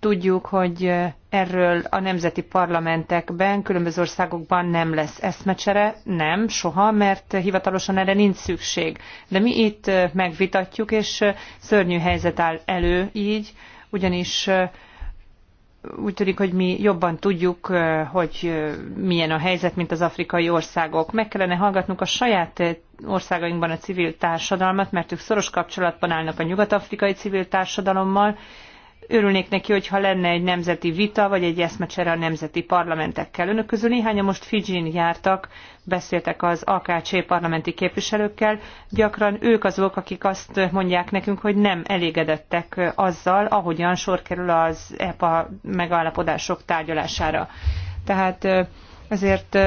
tudjuk, hogy erről a nemzeti parlamentekben, különböző országokban nem lesz eszmecsere, nem, soha, mert hivatalosan erre nincs szükség. De mi itt megvitatjuk, és szörnyű helyzet áll elő így, ugyanis úgy tűnik, hogy mi jobban tudjuk, hogy milyen a helyzet, mint az afrikai országok. Meg kellene hallgatnunk a saját országainkban a civil társadalmat, mert ők szoros kapcsolatban állnak a nyugat-afrikai civil társadalommal, Örülnék neki, hogyha lenne egy nemzeti vita, vagy egy eszmecsere a nemzeti parlamentekkel. Önök közül néhányan most Fidzsin jártak, beszéltek az AKC parlamenti képviselőkkel. Gyakran ők azok, akik azt mondják nekünk, hogy nem elégedettek azzal, ahogyan sor kerül az EPA megállapodások tárgyalására. Tehát ezért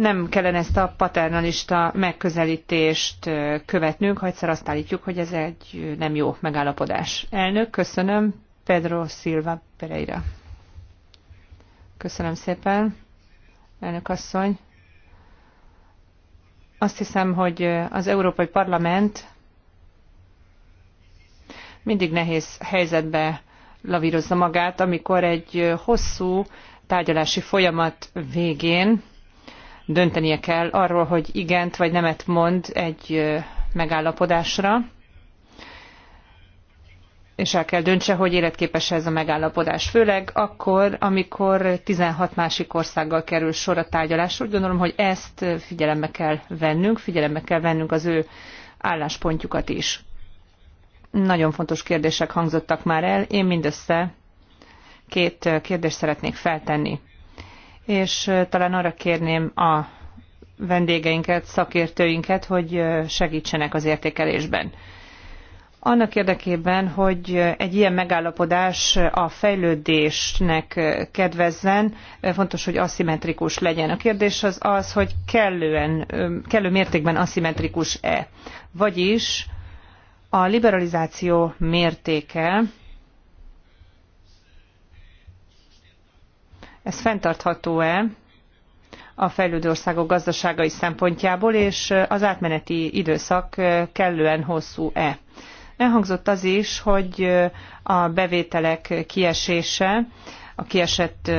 nem kellene ezt a paternalista megközelítést követnünk, ha egyszer azt állítjuk, hogy ez egy nem jó megállapodás. Elnök, köszönöm. Pedro Silva Pereira. Köszönöm szépen, elnök asszony. Azt hiszem, hogy az Európai Parlament mindig nehéz helyzetbe lavírozza magát, amikor egy hosszú tárgyalási folyamat végén döntenie kell arról, hogy igent vagy nemet mond egy megállapodásra, és el kell döntse, hogy életképes ez a megállapodás, főleg akkor, amikor 16 másik országgal kerül sor a tárgyalás. Úgy gondolom, hogy ezt figyelembe kell vennünk, figyelembe kell vennünk az ő álláspontjukat is. Nagyon fontos kérdések hangzottak már el, én mindössze két kérdést szeretnék feltenni és talán arra kérném a vendégeinket, szakértőinket, hogy segítsenek az értékelésben. Annak érdekében, hogy egy ilyen megállapodás a fejlődésnek kedvezzen, fontos, hogy aszimmetrikus legyen. A kérdés az az, hogy kellően, kellő mértékben aszimmetrikus-e. Vagyis a liberalizáció mértéke ez fenntartható-e a fejlődő országok gazdaságai szempontjából, és az átmeneti időszak kellően hosszú-e. Elhangzott az is, hogy a bevételek kiesése, a kiesett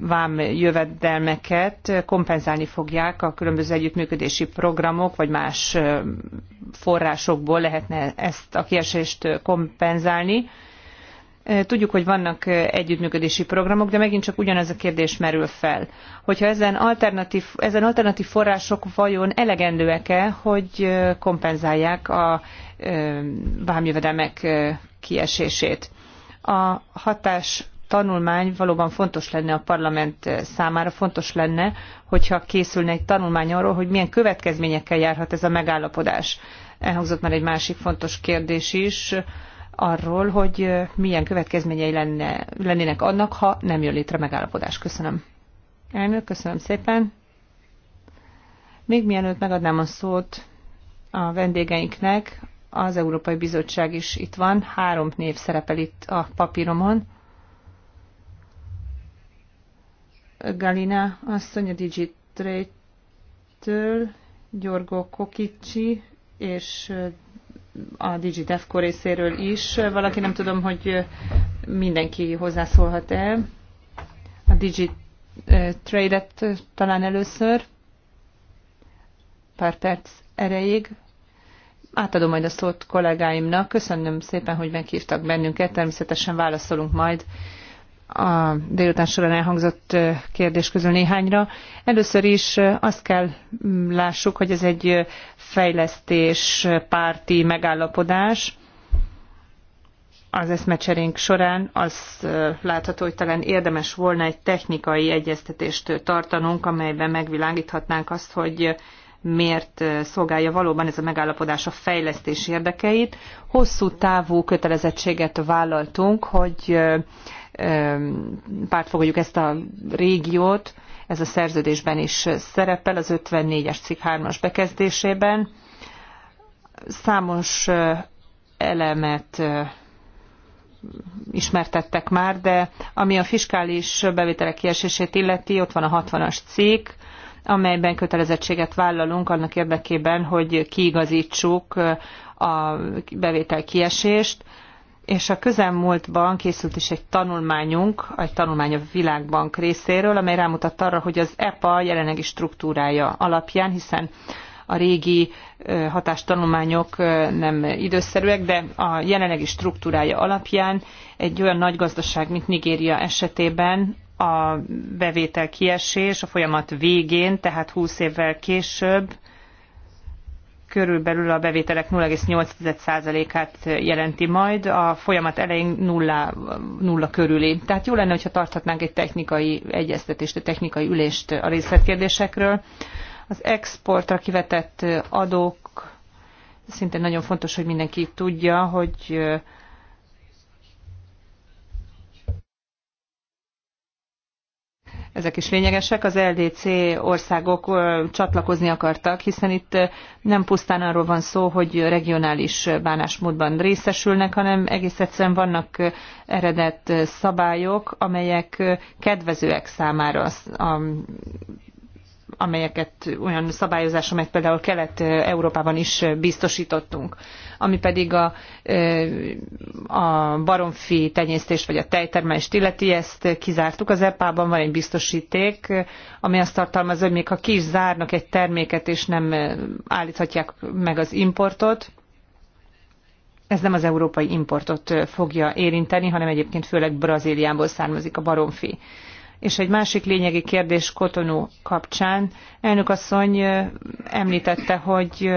vám jövedelmeket kompenzálni fogják a különböző együttműködési programok, vagy más forrásokból lehetne ezt a kiesést kompenzálni Tudjuk, hogy vannak együttműködési programok, de megint csak ugyanaz a kérdés merül fel, hogyha ezen alternatív, ezen alternatív források vajon elegendőek-e, hogy kompenzálják a vámjövedelmek kiesését. A hatás tanulmány valóban fontos lenne a parlament számára, fontos lenne, hogyha készülne egy tanulmány arról, hogy milyen következményekkel járhat ez a megállapodás. Elhangzott már egy másik fontos kérdés is, arról, hogy milyen következményei lenne, lennének annak, ha nem jön létre megállapodás. Köszönöm. Elnök, köszönöm szépen. Még mielőtt megadnám a szót a vendégeinknek, az Európai Bizottság is itt van, három név szerepel itt a papíromon. Galina asszony a Digitrate-től, Gyorgo Kokicsi és a DigiDefco részéről is. Valaki nem tudom, hogy mindenki hozzászólhat-e. A DigiTrade-et talán először. Pár perc erejéig. Átadom majd a szót kollégáimnak. Köszönöm szépen, hogy meghívtak bennünket. Természetesen válaszolunk majd a délután során elhangzott kérdés közül néhányra. Először is azt kell mm, lássuk, hogy ez egy fejlesztés párti megállapodás. Az eszmecserénk során az látható, hogy talán érdemes volna egy technikai egyeztetést tartanunk, amelyben megvilágíthatnánk azt, hogy miért szolgálja valóban ez a megállapodás a fejlesztés érdekeit. Hosszú távú kötelezettséget vállaltunk, hogy pártfogjuk ezt a régiót, ez a szerződésben is szerepel, az 54-es cikk 3-as bekezdésében. Számos elemet ismertettek már, de ami a fiskális bevételek kiesését illeti, ott van a 60-as cikk, amelyben kötelezettséget vállalunk annak érdekében, hogy kiigazítsuk a bevétel kiesést és a közelmúltban készült is egy tanulmányunk, egy tanulmány a Világbank részéről, amely rámutat arra, hogy az EPA jelenlegi struktúrája alapján, hiszen a régi hatástanulmányok nem időszerűek, de a jelenlegi struktúrája alapján egy olyan nagy gazdaság, mint Nigéria esetében a bevétel kiesés a folyamat végén, tehát 20 évvel később körülbelül a bevételek 0,8%-át jelenti majd, a folyamat elején nulla, nulla körüli. Tehát jó lenne, hogyha tarthatnánk egy technikai egyeztetést, egy technikai ülést a részletkérdésekről. Az exportra kivetett adók, szintén nagyon fontos, hogy mindenki tudja, hogy ezek is lényegesek. Az LDC országok csatlakozni akartak, hiszen itt nem pusztán arról van szó, hogy regionális bánásmódban részesülnek, hanem egész egyszerűen vannak eredett szabályok, amelyek kedvezőek számára a amelyeket olyan szabályozás, amelyet például Kelet-Európában is biztosítottunk. Ami pedig a, a baromfi tenyésztést vagy a tejtermelést illeti, ezt kizártuk. Az EPA-ban van egy biztosíték, ami azt tartalmazza, hogy még ha ki is zárnak egy terméket és nem állíthatják meg az importot, ez nem az európai importot fogja érinteni, hanem egyébként főleg Brazíliából származik a baromfi. És egy másik lényegi kérdés Kotonó kapcsán. Elnök asszony említette, hogy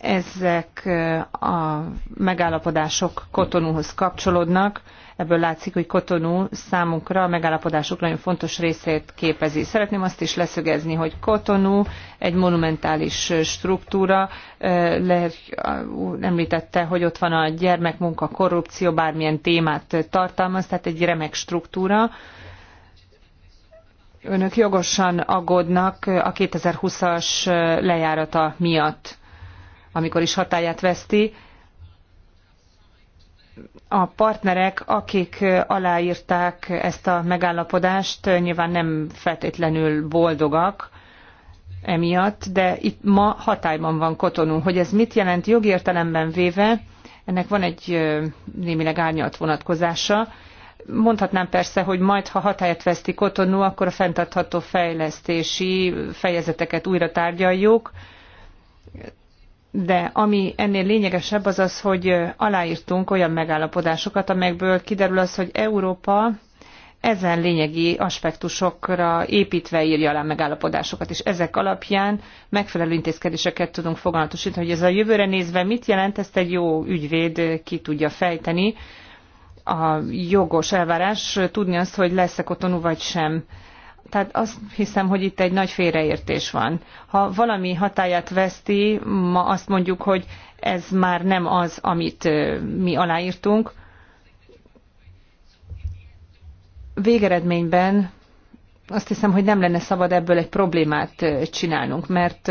ezek a megállapodások Kotonúhoz kapcsolódnak. Ebből látszik, hogy Kotonú számunkra a megállapodások nagyon fontos részét képezi. Szeretném azt is leszögezni, hogy Kotonú egy monumentális struktúra. Ler említette, hogy ott van a gyermekmunka, korrupció, bármilyen témát tartalmaz, tehát egy remek struktúra Önök jogosan aggódnak a 2020-as lejárata miatt, amikor is hatáját veszti. A partnerek, akik aláírták ezt a megállapodást, nyilván nem feltétlenül boldogak, emiatt, de itt ma hatályban van kotonú. Hogy ez mit jelent jogi értelemben véve, ennek van egy némileg árnyalt vonatkozása, Mondhatnám persze, hogy majd, ha hatályt veszti Kotonú, akkor a fenntartható fejlesztési fejezeteket újra tárgyaljuk, de ami ennél lényegesebb az az, hogy aláírtunk olyan megállapodásokat, amelyekből kiderül az, hogy Európa ezen lényegi aspektusokra építve írja alá megállapodásokat, és ezek alapján megfelelő intézkedéseket tudunk foganatosítani, hogy ez a jövőre nézve mit jelent, ezt egy jó ügyvéd ki tudja fejteni, a jogos elvárás tudni azt, hogy lesz-e kotonú vagy sem. Tehát azt hiszem, hogy itt egy nagy félreértés van. Ha valami hatáját veszti, ma azt mondjuk, hogy ez már nem az, amit mi aláírtunk. Végeredményben azt hiszem, hogy nem lenne szabad ebből egy problémát csinálnunk, mert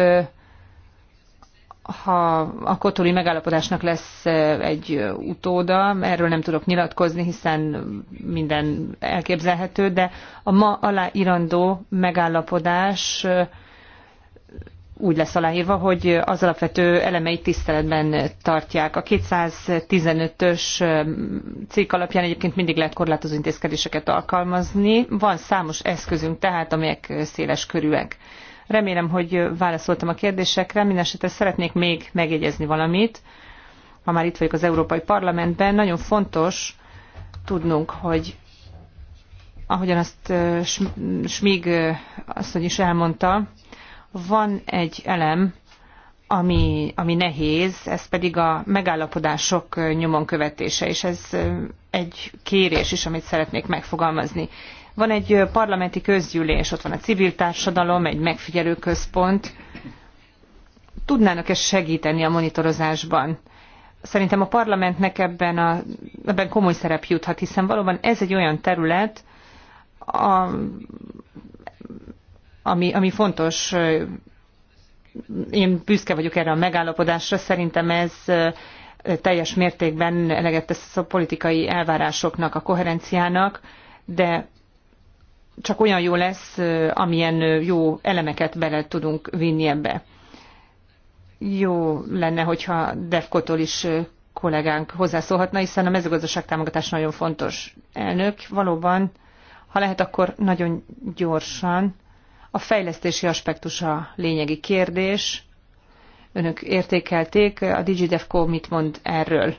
ha a kotoli megállapodásnak lesz egy utóda, erről nem tudok nyilatkozni, hiszen minden elképzelhető, de a ma aláírandó megállapodás úgy lesz aláírva, hogy az alapvető elemeit tiszteletben tartják. A 215-ös cikk alapján egyébként mindig lehet korlátozó intézkedéseket alkalmazni. Van számos eszközünk tehát, amelyek széles körűek. Remélem, hogy válaszoltam a kérdésekre. Mindenesetre szeretnék még megjegyezni valamit. Ha már itt vagyok az Európai Parlamentben, nagyon fontos tudnunk, hogy ahogyan azt Smig asszony is elmondta, van egy elem, ami, ami nehéz, ez pedig a megállapodások nyomon követése, és ez egy kérés is, amit szeretnék megfogalmazni. Van egy parlamenti közgyűlés, ott van a civil társadalom, egy megfigyelő központ. Tudnának-e segíteni a monitorozásban? Szerintem a parlamentnek ebben, a, ebben komoly szerep juthat, hiszen valóban ez egy olyan terület, a, ami, ami fontos. Én büszke vagyok erre a megállapodásra, szerintem ez teljes mértékben eleget tesz a politikai elvárásoknak, a koherenciának, de csak olyan jó lesz, amilyen jó elemeket bele tudunk vinni ebbe. Jó lenne, hogyha Defkotól is kollégánk hozzászólhatna, hiszen a mezőgazdaság támogatás nagyon fontos. Elnök, valóban, ha lehet, akkor nagyon gyorsan. A fejlesztési aspektus a lényegi kérdés. Önök értékelték, a DigiDefco mit mond erről?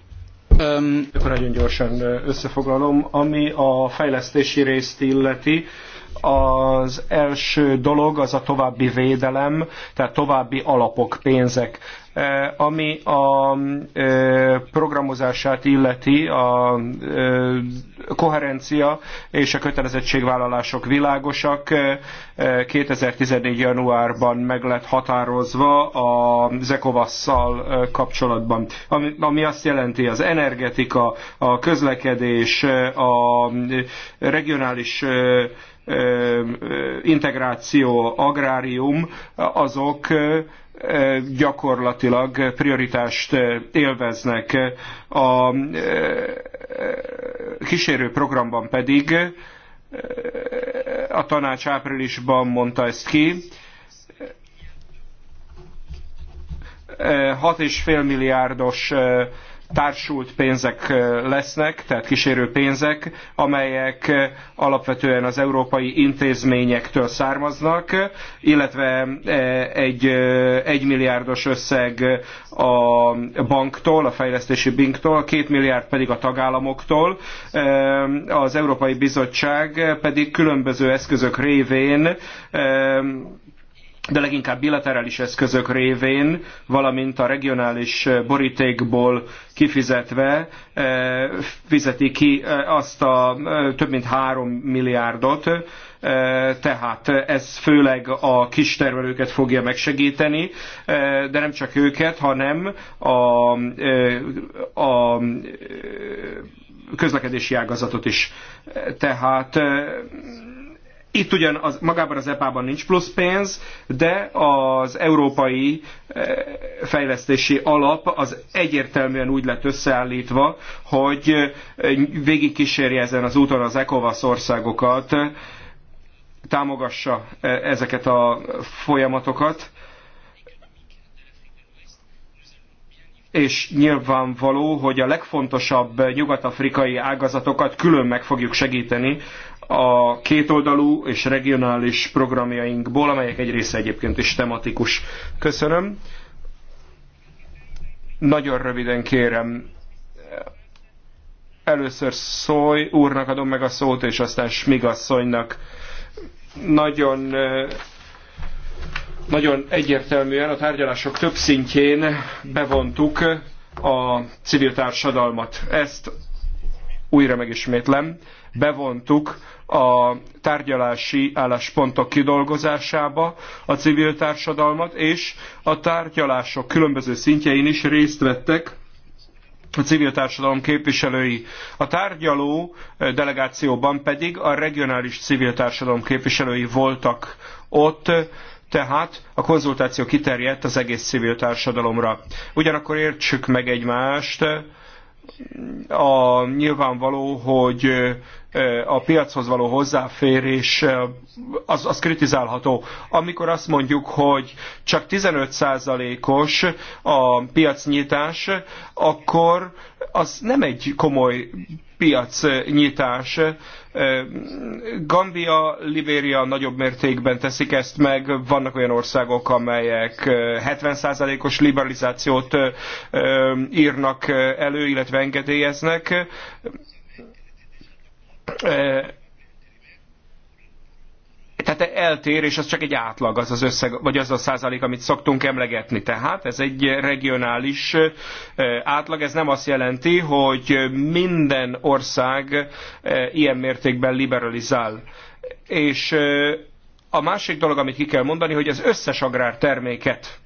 Um, nagyon gyorsan összefoglalom. Ami a fejlesztési részt illeti, az első dolog az a további védelem, tehát további alapok, pénzek. E, ami a e, programozását illeti, a e, koherencia és a kötelezettségvállalások világosak. 2014. januárban meg lett határozva a Zekovasszal kapcsolatban, ami, ami azt jelenti az energetika, a közlekedés, a regionális integráció, agrárium, azok gyakorlatilag prioritást élveznek. A kísérő programban pedig a tanács áprilisban mondta ezt ki, 6,5 milliárdos társult pénzek lesznek, tehát kísérő pénzek, amelyek alapvetően az európai intézményektől származnak, illetve egy egymilliárdos összeg a banktól, a fejlesztési banktól, két milliárd pedig a tagállamoktól. Az Európai Bizottság pedig különböző eszközök révén de leginkább bilaterális eszközök révén, valamint a regionális eh, borítékból kifizetve eh, fizeti ki eh, azt a több mint három milliárdot, tehát ez főleg a kistermelőket fogja megsegíteni, de nem csak őket, hanem a, a közlekedési ágazatot is. Tehát itt ugyan az, magában az EPA-ban nincs plusz pénz, de az európai e, fejlesztési alap az egyértelműen úgy lett összeállítva, hogy e, végigkísérje ezen az úton az ECOVAS országokat, támogassa e, ezeket a folyamatokat. és nyilvánvaló, hogy a legfontosabb nyugat-afrikai ágazatokat külön meg fogjuk segíteni a kétoldalú és regionális programjainkból, amelyek egy része egyébként is tematikus. Köszönöm. Nagyon röviden kérem, először szólj, úrnak adom meg a szót, és aztán Smigasszonynak. Nagyon, nagyon egyértelműen a tárgyalások több szintjén bevontuk a civil társadalmat. Ezt újra megismétlem bevontuk a tárgyalási álláspontok kidolgozásába a civil társadalmat, és a tárgyalások különböző szintjein is részt vettek a civil társadalom képviselői. A tárgyaló delegációban pedig a regionális civil társadalom képviselői voltak ott, tehát a konzultáció kiterjedt az egész civil társadalomra. Ugyanakkor értsük meg egymást, a nyilvánvaló, hogy a piachoz való hozzáférés az, az kritizálható. Amikor azt mondjuk, hogy csak 15%-os a piacnyitás, akkor az nem egy komoly piacnyitás. Gambia, Libéria nagyobb mértékben teszik ezt meg, vannak olyan országok, amelyek 70%-os liberalizációt írnak elő, illetve engedélyeznek tehát eltér, és az csak egy átlag, az az összeg, vagy az a százalék, amit szoktunk emlegetni. Tehát ez egy regionális átlag, ez nem azt jelenti, hogy minden ország ilyen mértékben liberalizál. És a másik dolog, amit ki kell mondani, hogy az összes agrárterméket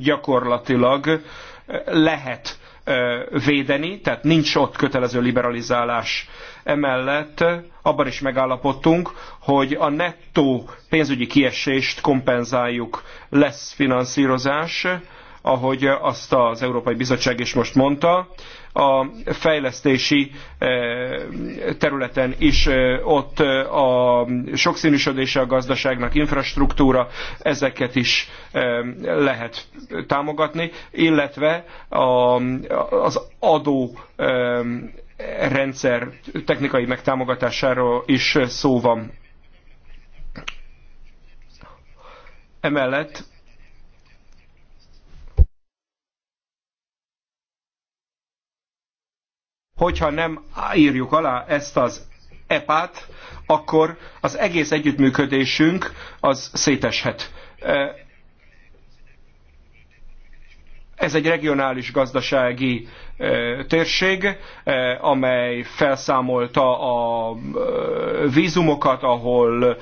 gyakorlatilag lehet védeni, tehát nincs ott kötelező liberalizálás. Emellett abban is megállapodtunk, hogy a nettó pénzügyi kiesést kompenzáljuk, lesz finanszírozás, ahogy azt az Európai Bizottság is most mondta, a fejlesztési eh, területen is eh, ott eh, a sokszínűsödése a gazdaságnak, infrastruktúra, ezeket is lehet támogatni, illetve az adó rendszer technikai megtámogatásáról is szó van. Emellett hogyha nem írjuk alá ezt az epát, akkor az egész együttműködésünk az széteshet. Ez egy regionális gazdasági térség, amely felszámolta a vízumokat, ahol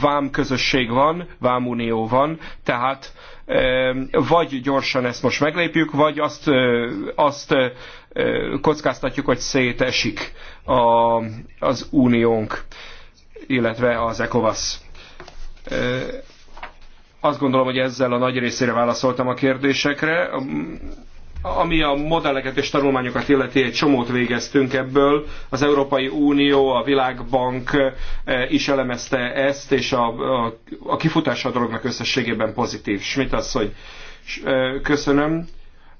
vámközösség van, vámunió van, tehát vagy gyorsan ezt most meglépjük, vagy azt, azt kockáztatjuk, hogy szétesik a, az uniónk, illetve az ECOVASZ. Azt gondolom, hogy ezzel a nagy részére válaszoltam a kérdésekre. Ami a modelleket és tanulmányokat illeti, egy csomót végeztünk ebből. Az Európai Unió, a Világbank is elemezte ezt, és a, a, a kifutása a dolognak összességében pozitív. Schmidt hogy köszönöm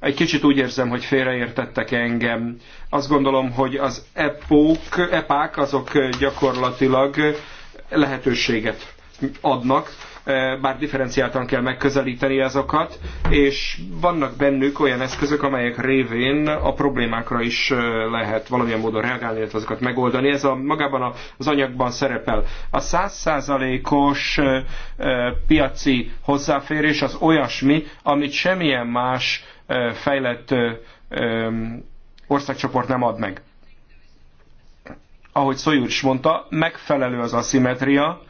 egy kicsit úgy érzem, hogy félreértettek engem. Azt gondolom, hogy az epók, epák azok gyakorlatilag lehetőséget adnak, eh, bár differenciáltan kell megközelíteni azokat, és vannak bennük olyan eszközök, amelyek révén a problémákra is eh, lehet valamilyen módon reagálni, illetve azokat megoldani. Ez a, magában az anyagban szerepel. A százszázalékos eh, piaci hozzáférés az olyasmi, amit semmilyen más fejlett országcsoport nem ad meg. Ahogy is mondta, megfelelő az aszimetria,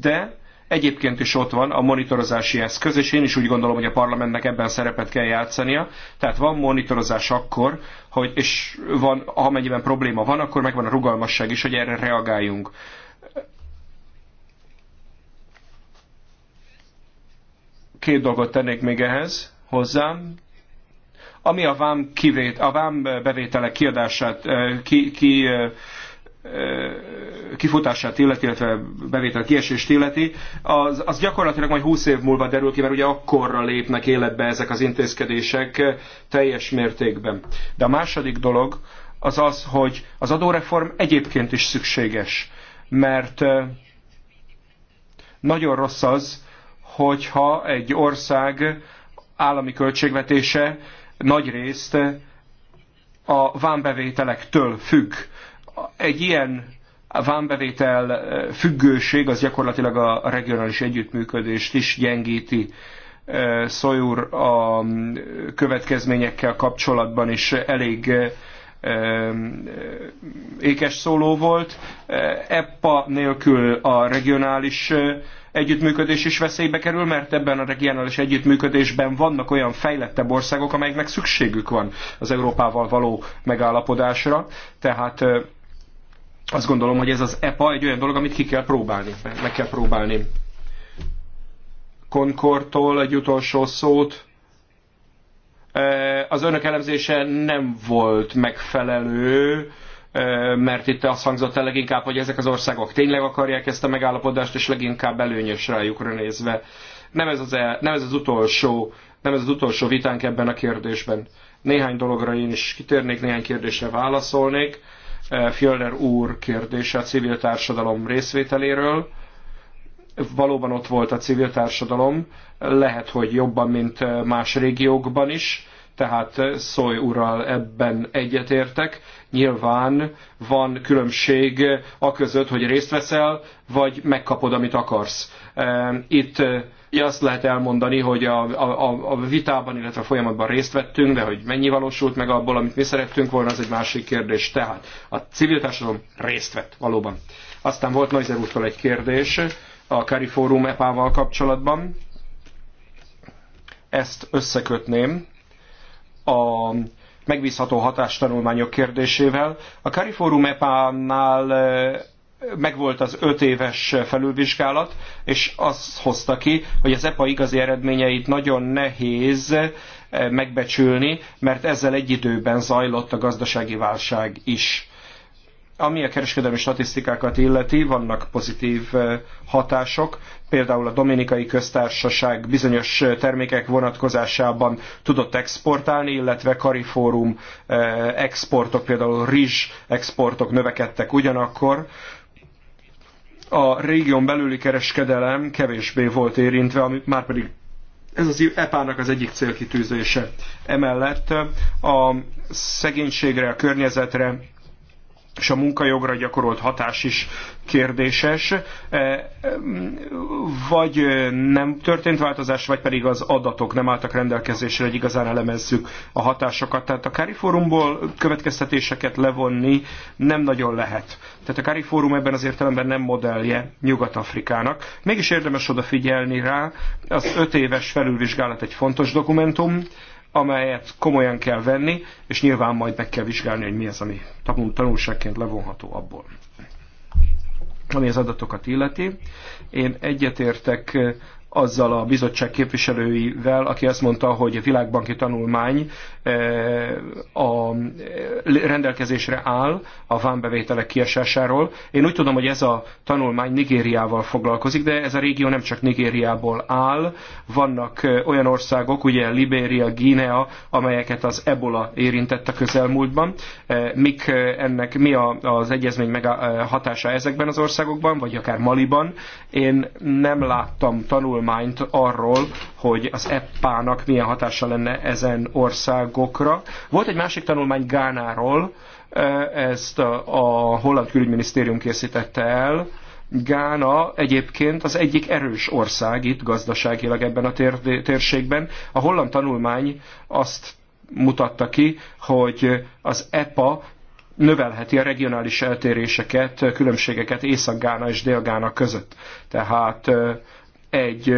de egyébként is ott van a monitorozási eszköz, és én is úgy gondolom, hogy a parlamentnek ebben szerepet kell játszania. Tehát van monitorozás akkor, hogy, és van, amennyiben probléma van, akkor megvan a rugalmasság is, hogy erre reagáljunk. Két dolgot tennék még ehhez hozzám. Ami a vám, kivét, a vám bevétele kiadását, eh, ki, ki eh, eh, kifutását illeti, illetve bevétel kiesést illeti, az, az gyakorlatilag majd 20 év múlva derül ki, mert ugye akkorra lépnek életbe ezek az intézkedések teljes mértékben. De a második dolog az az, hogy az adóreform egyébként is szükséges, mert nagyon rossz az, hogyha egy ország állami költségvetése nagy részt a vámbevételektől függ. Egy ilyen vámbevétel függőség az gyakorlatilag a regionális együttműködést is gyengíti. Szojúr a következményekkel kapcsolatban is elég ékes szóló volt. E, EPPA nélkül a regionális együttműködés is veszélybe kerül, mert ebben a regionális együttműködésben vannak olyan fejlettebb országok, amelyeknek szükségük van az Európával való megállapodásra. Tehát azt gondolom, hogy ez az EPA egy olyan dolog, amit ki kell próbálni, meg kell próbálni. Concordtól egy utolsó szót. Az önök elemzése nem volt megfelelő mert itt azt hangzott el leginkább, hogy ezek az országok tényleg akarják ezt a megállapodást, és leginkább előnyös rájukra nézve. Nem ez az, el, nem ez az utolsó nem ez az utolsó vitánk ebben a kérdésben. Néhány dologra én is kitérnék, néhány kérdésre válaszolnék. Fjöller úr kérdése a civil társadalom részvételéről. Valóban ott volt a civil társadalom, lehet, hogy jobban, mint más régiókban is tehát eh, Szoly ural ebben egyetértek. Nyilván van különbség eh, a között, hogy részt veszel, vagy megkapod, amit akarsz. Eh, itt azt lehet elmondani, hogy a, a, a vitában, illetve a folyamatban részt vettünk, de hogy mennyi valósult meg abból, amit mi szerettünk volna, az egy másik kérdés. Tehát a civil társadalom részt vett valóban. Aztán volt Noizer úrtól egy kérdés a Kari Fórum EPA-val kapcsolatban. Ezt összekötném a megbízható hatástanulmányok kérdésével. A Cariforum EPA-nál e, megvolt az öt éves felülvizsgálat, és az hozta ki, hogy az EPA igazi eredményeit nagyon nehéz e, megbecsülni, mert ezzel egy időben zajlott a gazdasági válság is. Ami a kereskedelmi statisztikákat illeti, vannak pozitív eh, hatások, például a Dominikai Köztársaság bizonyos eh, termékek vonatkozásában tudott exportálni, illetve Karifórum eh, exportok, például rizs exportok növekedtek ugyanakkor, a régión belüli kereskedelem kevésbé volt érintve, ami már pedig ez az EPA-nak az egyik célkitűzése. Emellett a szegénységre, a környezetre és a munkajogra gyakorolt hatás is kérdéses. E, e, vagy nem történt változás, vagy pedig az adatok nem álltak rendelkezésre, hogy igazán elemezzük a hatásokat. Tehát a Kári Fórumból következtetéseket levonni nem nagyon lehet. Tehát a Kári Fórum ebben az értelemben nem modellje Nyugat-Afrikának. Mégis érdemes odafigyelni rá, az öt éves felülvizsgálat egy fontos dokumentum, amelyet komolyan kell venni, és nyilván majd meg kell vizsgálni, hogy mi az, ami tanulságként levonható abból. Ami az adatokat illeti, én egyetértek azzal a bizottság képviselőivel, aki azt mondta, hogy a világbanki tanulmány eh, a eh, rendelkezésre áll a vámbevételek kiesásáról. Én úgy tudom, hogy ez a tanulmány Nigériával foglalkozik, de ez a régió nem csak Nigériából áll. Vannak eh, olyan országok, ugye Libéria, Guinea, amelyeket az ebola érintett a közelmúltban. Mik ennek, mi az egyezmény meg hatása ezekben az országokban, vagy akár Maliban? Én nem láttam tanulmányt, tanulmányt arról, hogy az EPPA-nak milyen hatása lenne ezen országokra. Volt egy másik tanulmány Gánáról, e, ezt a holland külügyminisztérium készítette el, Gána egyébként az egyik erős ország itt gazdaságilag ebben a tér térségben. A holland tanulmány azt mutatta ki, hogy az EPA növelheti a regionális eltéréseket, különbségeket Észak-Gána és Dél-Gána között. Tehát e, egy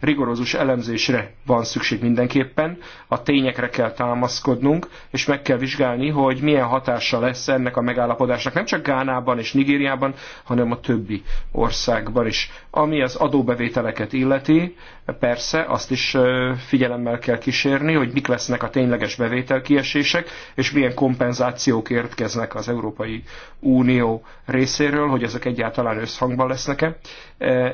rigorózus elemzésre van szükség mindenképpen, a tényekre kell támaszkodnunk, és meg kell vizsgálni, hogy milyen hatása lesz ennek a megállapodásnak nem csak Gánában és Nigériában, hanem a többi országban is. Ami az adóbevételeket illeti, persze azt is figyelemmel kell kísérni, hogy mik lesznek a tényleges bevételkiesések, és milyen kompenzációk érkeznek az Európai Unió részéről, hogy ezek egyáltalán összhangban lesznek-e.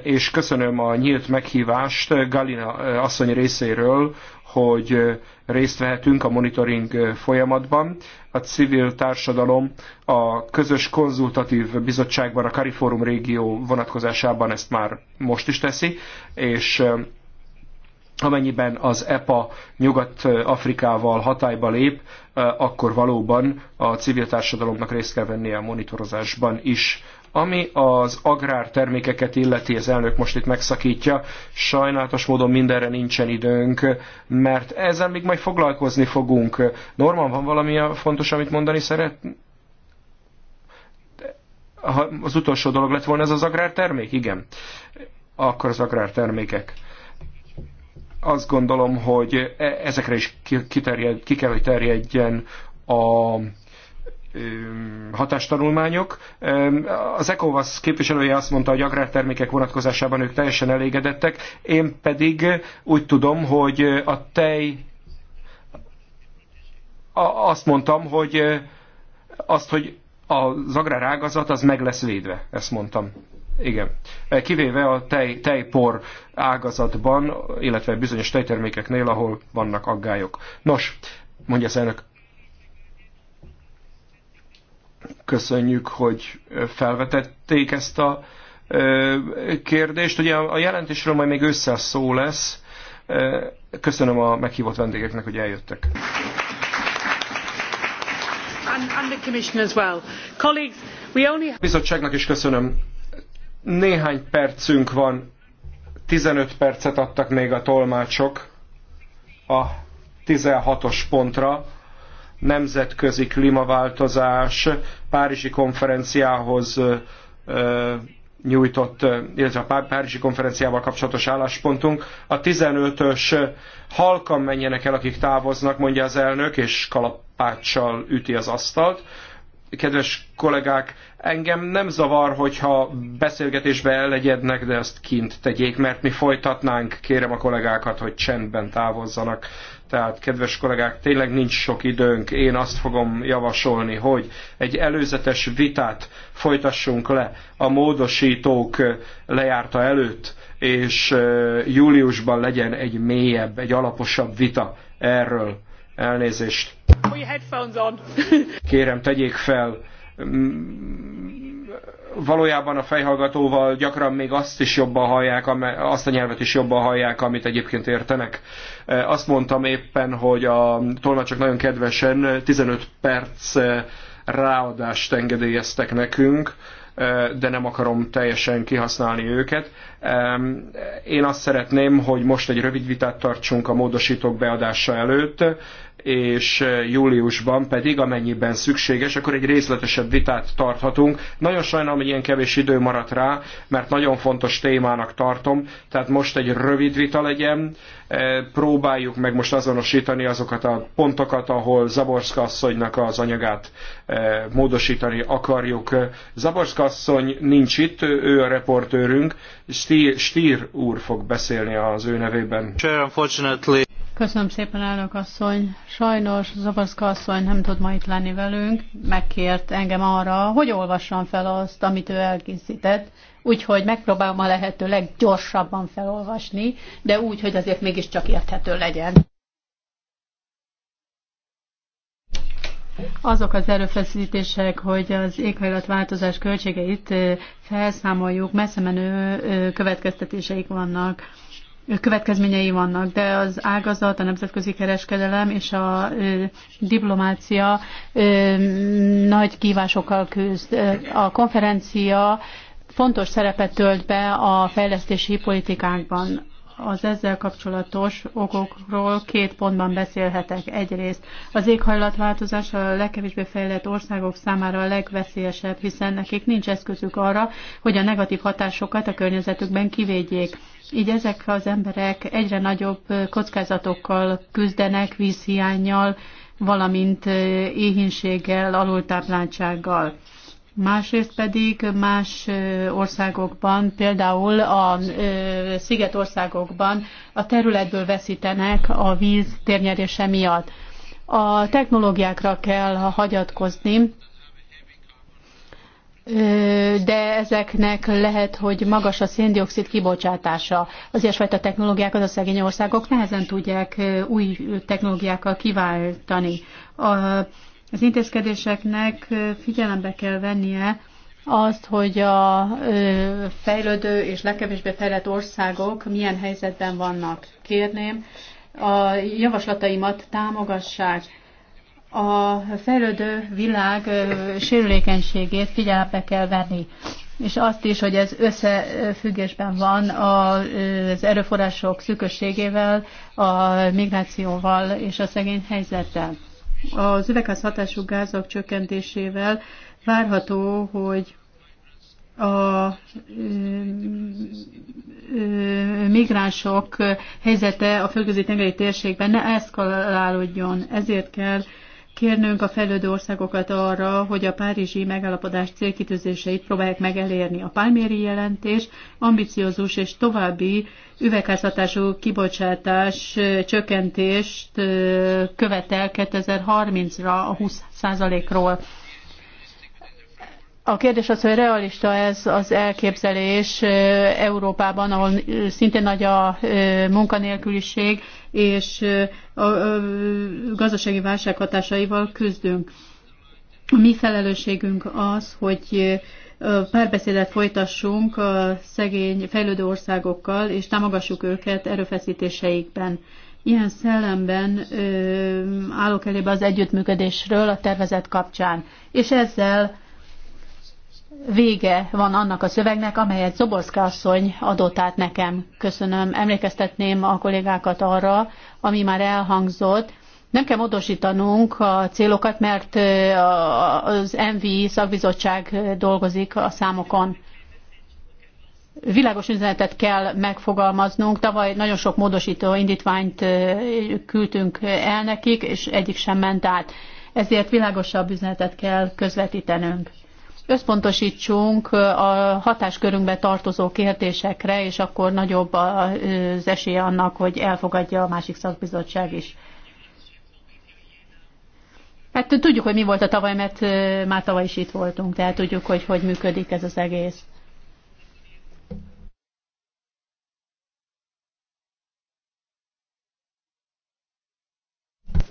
És köszönöm a nyílt meghívást Galina asszony részéről, részéről, hogy részt vehetünk a monitoring folyamatban. A civil társadalom a közös konzultatív bizottságban, a Kariforum régió vonatkozásában ezt már most is teszi, és amennyiben az EPA Nyugat-Afrikával hatályba lép, eh, akkor valóban a civil társadalomnak részt kell vennie a monitorozásban is. Ami az agrártermékeket illeti, az elnök most itt megszakítja, sajnálatos módon mindenre nincsen időnk, mert ezzel még majd foglalkozni fogunk. Norman, van valami fontos, amit mondani szeret? az utolsó dolog lett volna ez az agrártermék? Igen. Akkor az agrártermékek azt gondolom, hogy e, ezekre is kiterjed, ki kell, hogy terjedjen a hatástanulmányok. Az ECOVAS képviselője azt mondta, hogy agrártermékek vonatkozásában ők teljesen elégedettek, én pedig úgy tudom, hogy a tej azt mondtam, hogy azt, hogy az agrárágazat az meg lesz védve, ezt mondtam. Igen. E, kivéve a tej, tejpor ágazatban, illetve bizonyos tejtermékeknél, ahol vannak aggályok. Nos, mondja az elnök, köszönjük, hogy felvetették ezt a e, kérdést. Ugye a jelentésről majd még össze szó lesz. E, köszönöm a meghívott vendégeknek, hogy eljöttek. A bizottságnak is köszönöm néhány percünk van, 15 percet adtak még a tolmácsok a 16-os pontra, nemzetközi klímaváltozás, Párizsi konferenciához nyújtott, illetve a Párizsi konferenciával kapcsolatos álláspontunk. A 15-ös halkan menjenek el, akik távoznak, mondja az elnök, és kalapáccsal üti az asztalt kedves kollégák, engem nem zavar, hogyha beszélgetésbe elegyednek, de ezt kint tegyék, mert mi folytatnánk, kérem a kollégákat, hogy csendben távozzanak. Tehát, kedves kollégák, tényleg nincs sok időnk. Én azt fogom javasolni, hogy egy előzetes vitát folytassunk le a módosítók lejárta előtt, és júliusban legyen egy mélyebb, egy alaposabb vita erről. Elnézést Kérem, tegyék fel. Mm, valójában a fejhallgatóval gyakran még azt is jobban hallják, azt a nyelvet is jobban hallják, amit egyébként értenek. E, azt mondtam éppen, hogy a tolmácsok nagyon kedvesen 15 perc e, ráadást engedélyeztek nekünk, e, de nem akarom teljesen kihasználni őket. Én azt szeretném, hogy most egy rövid vitát tartsunk a módosítók beadása előtt, és eh, júliusban pedig, amennyiben szükséges, akkor egy részletesebb vitát tarthatunk. Nagyon sajnálom, hogy ilyen kevés idő maradt rá, mert nagyon fontos témának tartom, tehát most egy rövid vita legyen, eh, próbáljuk meg most azonosítani azokat a pontokat, ahol Zaborszka asszonynak az anyagát eh, módosítani akarjuk. Zaborszka asszony nincs itt, ő a reportőrünk, Stír, úr fog beszélni az ő nevében. Sure, unfortunately. Köszönöm szépen, elnök asszony. Sajnos Zabaszka asszony nem tud ma itt lenni velünk. Megkért engem arra, hogy olvassam fel azt, amit ő elkészített. Úgyhogy megpróbálom a lehető leggyorsabban felolvasni, de úgy, hogy azért mégiscsak érthető legyen. azok az erőfeszítések, hogy az éghajlatváltozás költségeit eh, felszámoljuk, messze menő eh, következtetéseik vannak következményei vannak, de az ágazat, a nemzetközi kereskedelem és a ö, diplomácia ö, nagy kívásokkal küzd. A konferencia fontos szerepet tölt be a fejlesztési politikánkban az ezzel kapcsolatos okokról két pontban beszélhetek. Egyrészt az éghajlatváltozás a legkevésbé fejlett országok számára a legveszélyesebb, hiszen nekik nincs eszközük arra, hogy a negatív hatásokat a környezetükben kivédjék. Így ezek az emberek egyre nagyobb kockázatokkal küzdenek, vízhiányjal, valamint éhínséggel, alultápláltsággal másrészt pedig más országokban, például a szigetországokban a területből veszítenek a víz térnyerése miatt. A technológiákra kell hagyatkozni, de ezeknek lehet, hogy magas a széndiokszid kibocsátása. Az ilyesfajta technológiákat a szegény országok nehezen tudják új technológiákkal kiváltani. A az intézkedéseknek figyelembe kell vennie azt, hogy a fejlődő és legkevésbé fejlett országok milyen helyzetben vannak. Kérném, a javaslataimat támogassák. A fejlődő világ sérülékenységét figyelembe kell venni, és azt is, hogy ez összefüggésben van az erőforrások szükségével, a migrációval és a szegény helyzettel. Az üvegházhatású gázok csökkentésével várható, hogy a migránsok helyzete a földközi tengeri térségben ne eszkalálódjon. Ezért kell kérnünk a fejlődő országokat arra, hogy a párizsi megállapodás célkitűzéseit próbálják megelérni A Palméri jelentés ambiciózus és további üvegházhatású kibocsátás csökkentést követel 2030-ra a 20%-ról. A kérdés az, hogy realista ez az elképzelés Európában, ahol szintén nagy a munkanélküliség, és a gazdasági válság hatásaival küzdünk. A mi felelősségünk az, hogy párbeszédet folytassunk a szegény fejlődő országokkal, és támogassuk őket erőfeszítéseikben. Ilyen szellemben ö, állok elébe az együttműködésről a tervezet kapcsán, és ezzel vége van annak a szövegnek, amelyet Zoborszka asszony adott át nekem. Köszönöm. Emlékeztetném a kollégákat arra, ami már elhangzott. Nem kell módosítanunk a célokat, mert az MVI szakbizottság dolgozik a számokon. Világos üzenetet kell megfogalmaznunk. Tavaly nagyon sok módosító indítványt küldtünk el nekik, és egyik sem ment át. Ezért világosabb üzenetet kell közvetítenünk összpontosítsunk a hatáskörünkbe tartozó kérdésekre, és akkor nagyobb az esélye annak, hogy elfogadja a másik szakbizottság is. Hát tudjuk, hogy mi volt a tavaly, mert már tavaly is itt voltunk, tehát tudjuk, hogy hogy működik ez az egész.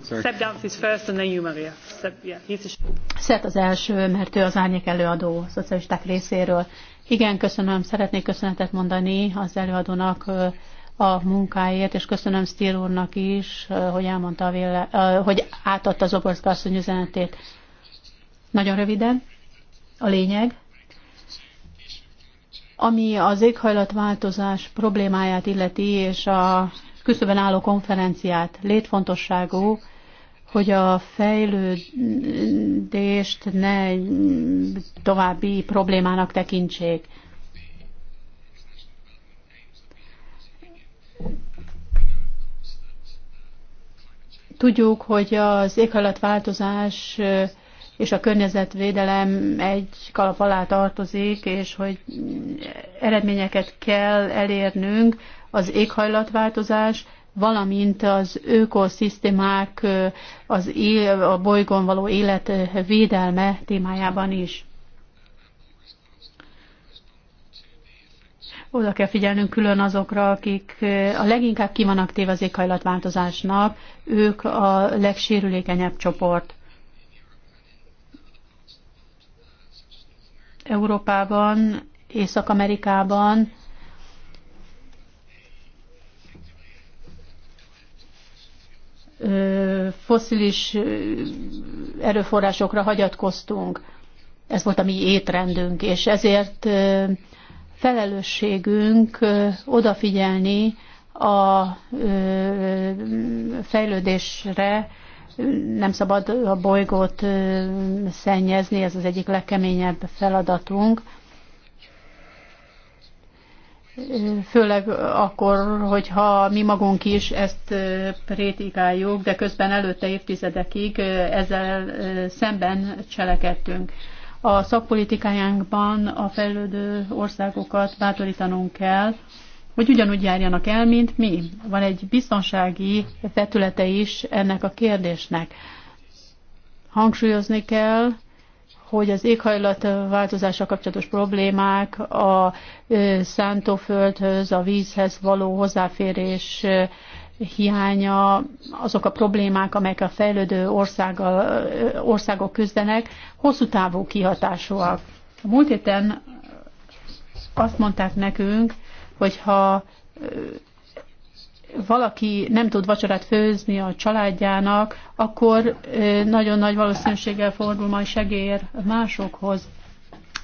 Sorry. Step first and then you, Maria. Step, yeah, a... az első, mert ő az árnyék előadó szocialisták részéről. Igen, köszönöm, szeretnék köszönetet mondani az előadónak a munkáért, és köszönöm Stíl úrnak is, hogy elmondta, a véle, hogy átadta az Oborszka asszony üzenetét. Nagyon röviden, a lényeg, ami az éghajlatváltozás problémáját illeti, és a küszöben álló konferenciát létfontosságú, hogy a fejlődést ne további problémának tekintsék. Tudjuk, hogy az éghajlatváltozás és a környezetvédelem egy kalap alá tartozik, és hogy eredményeket kell elérnünk. Az éghajlatváltozás valamint az ökoszisztémák, az él, a bolygón való élet védelme témájában is. Oda kell figyelnünk külön azokra, akik a leginkább kivannak téve az éghajlatváltozásnak, ők a legsérülékenyebb csoport. Európában, Észak-Amerikában foszilis erőforrásokra hagyatkoztunk. Ez volt a mi étrendünk, és ezért felelősségünk odafigyelni a fejlődésre, nem szabad a bolygót szennyezni, ez az egyik legkeményebb feladatunk főleg akkor, hogyha mi magunk is ezt prétikáljuk, de közben előtte évtizedekig ezzel szemben cselekedtünk. A szakpolitikájánkban a fejlődő országokat bátorítanunk kell, hogy ugyanúgy járjanak el, mint mi. Van egy biztonsági vetülete is ennek a kérdésnek. Hangsúlyozni kell, hogy az éghajlatváltozással kapcsolatos problémák, a szántóföldhöz, a vízhez való hozzáférés hiánya, azok a problémák, amelyek a fejlődő országok küzdenek, hosszú távú kihatásúak. A múlt héten azt mondták nekünk, hogy ha valaki nem tud vacsorát főzni a családjának, akkor nagyon nagy valószínűséggel fordul majd segér másokhoz.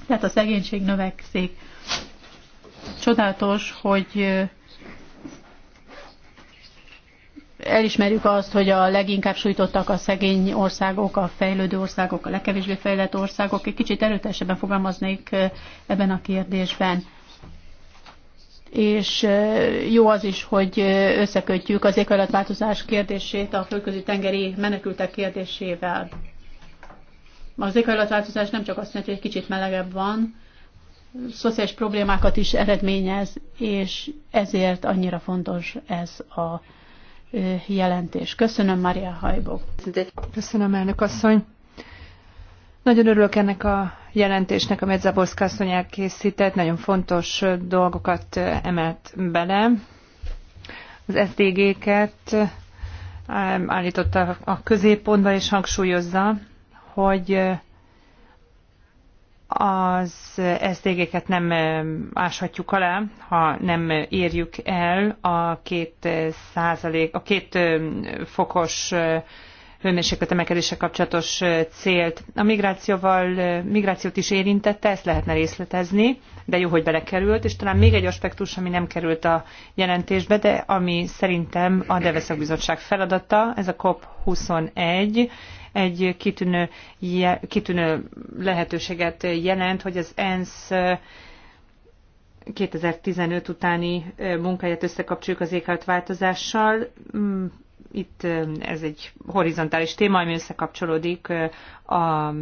Tehát a szegénység növekszik. Csodálatos, hogy elismerjük azt, hogy a leginkább sújtottak a szegény országok, a fejlődő országok, a legkevésbé fejlett országok. Egy kicsit erőteljesebben fogalmaznék ebben a kérdésben és jó az is, hogy összekötjük az éghajlatváltozás kérdését a földközi tengeri menekültek kérdésével. Az éghajlatváltozás nem csak azt jelenti, hogy egy kicsit melegebb van, szociális problémákat is eredményez, és ezért annyira fontos ez a jelentés. Köszönöm, Maria Hajbó. Köszönöm, elnök asszony. Nagyon örülök ennek a jelentésnek, amit Zaborszka asszony elkészített. Nagyon fontos dolgokat emelt bele. Az SDG-ket állította a középpontba, és hangsúlyozza, hogy az SZDG-ket nem áshatjuk alá, ha nem érjük el a két százalék, a két fokos hőmérséklet emelkedése kapcsolatos célt. A migrációval, migrációt is érintette, ezt lehetne részletezni, de jó, hogy belekerült, és talán még egy aspektus, ami nem került a jelentésbe, de ami szerintem a Deveszak Bizottság feladata, ez a COP21, egy kitűnő, kitűnő lehetőséget jelent, hogy az ENSZ 2015 utáni munkáját összekapcsoljuk az éghajlatváltozással. Mm, itt ez egy horizontális téma, ami összekapcsolódik a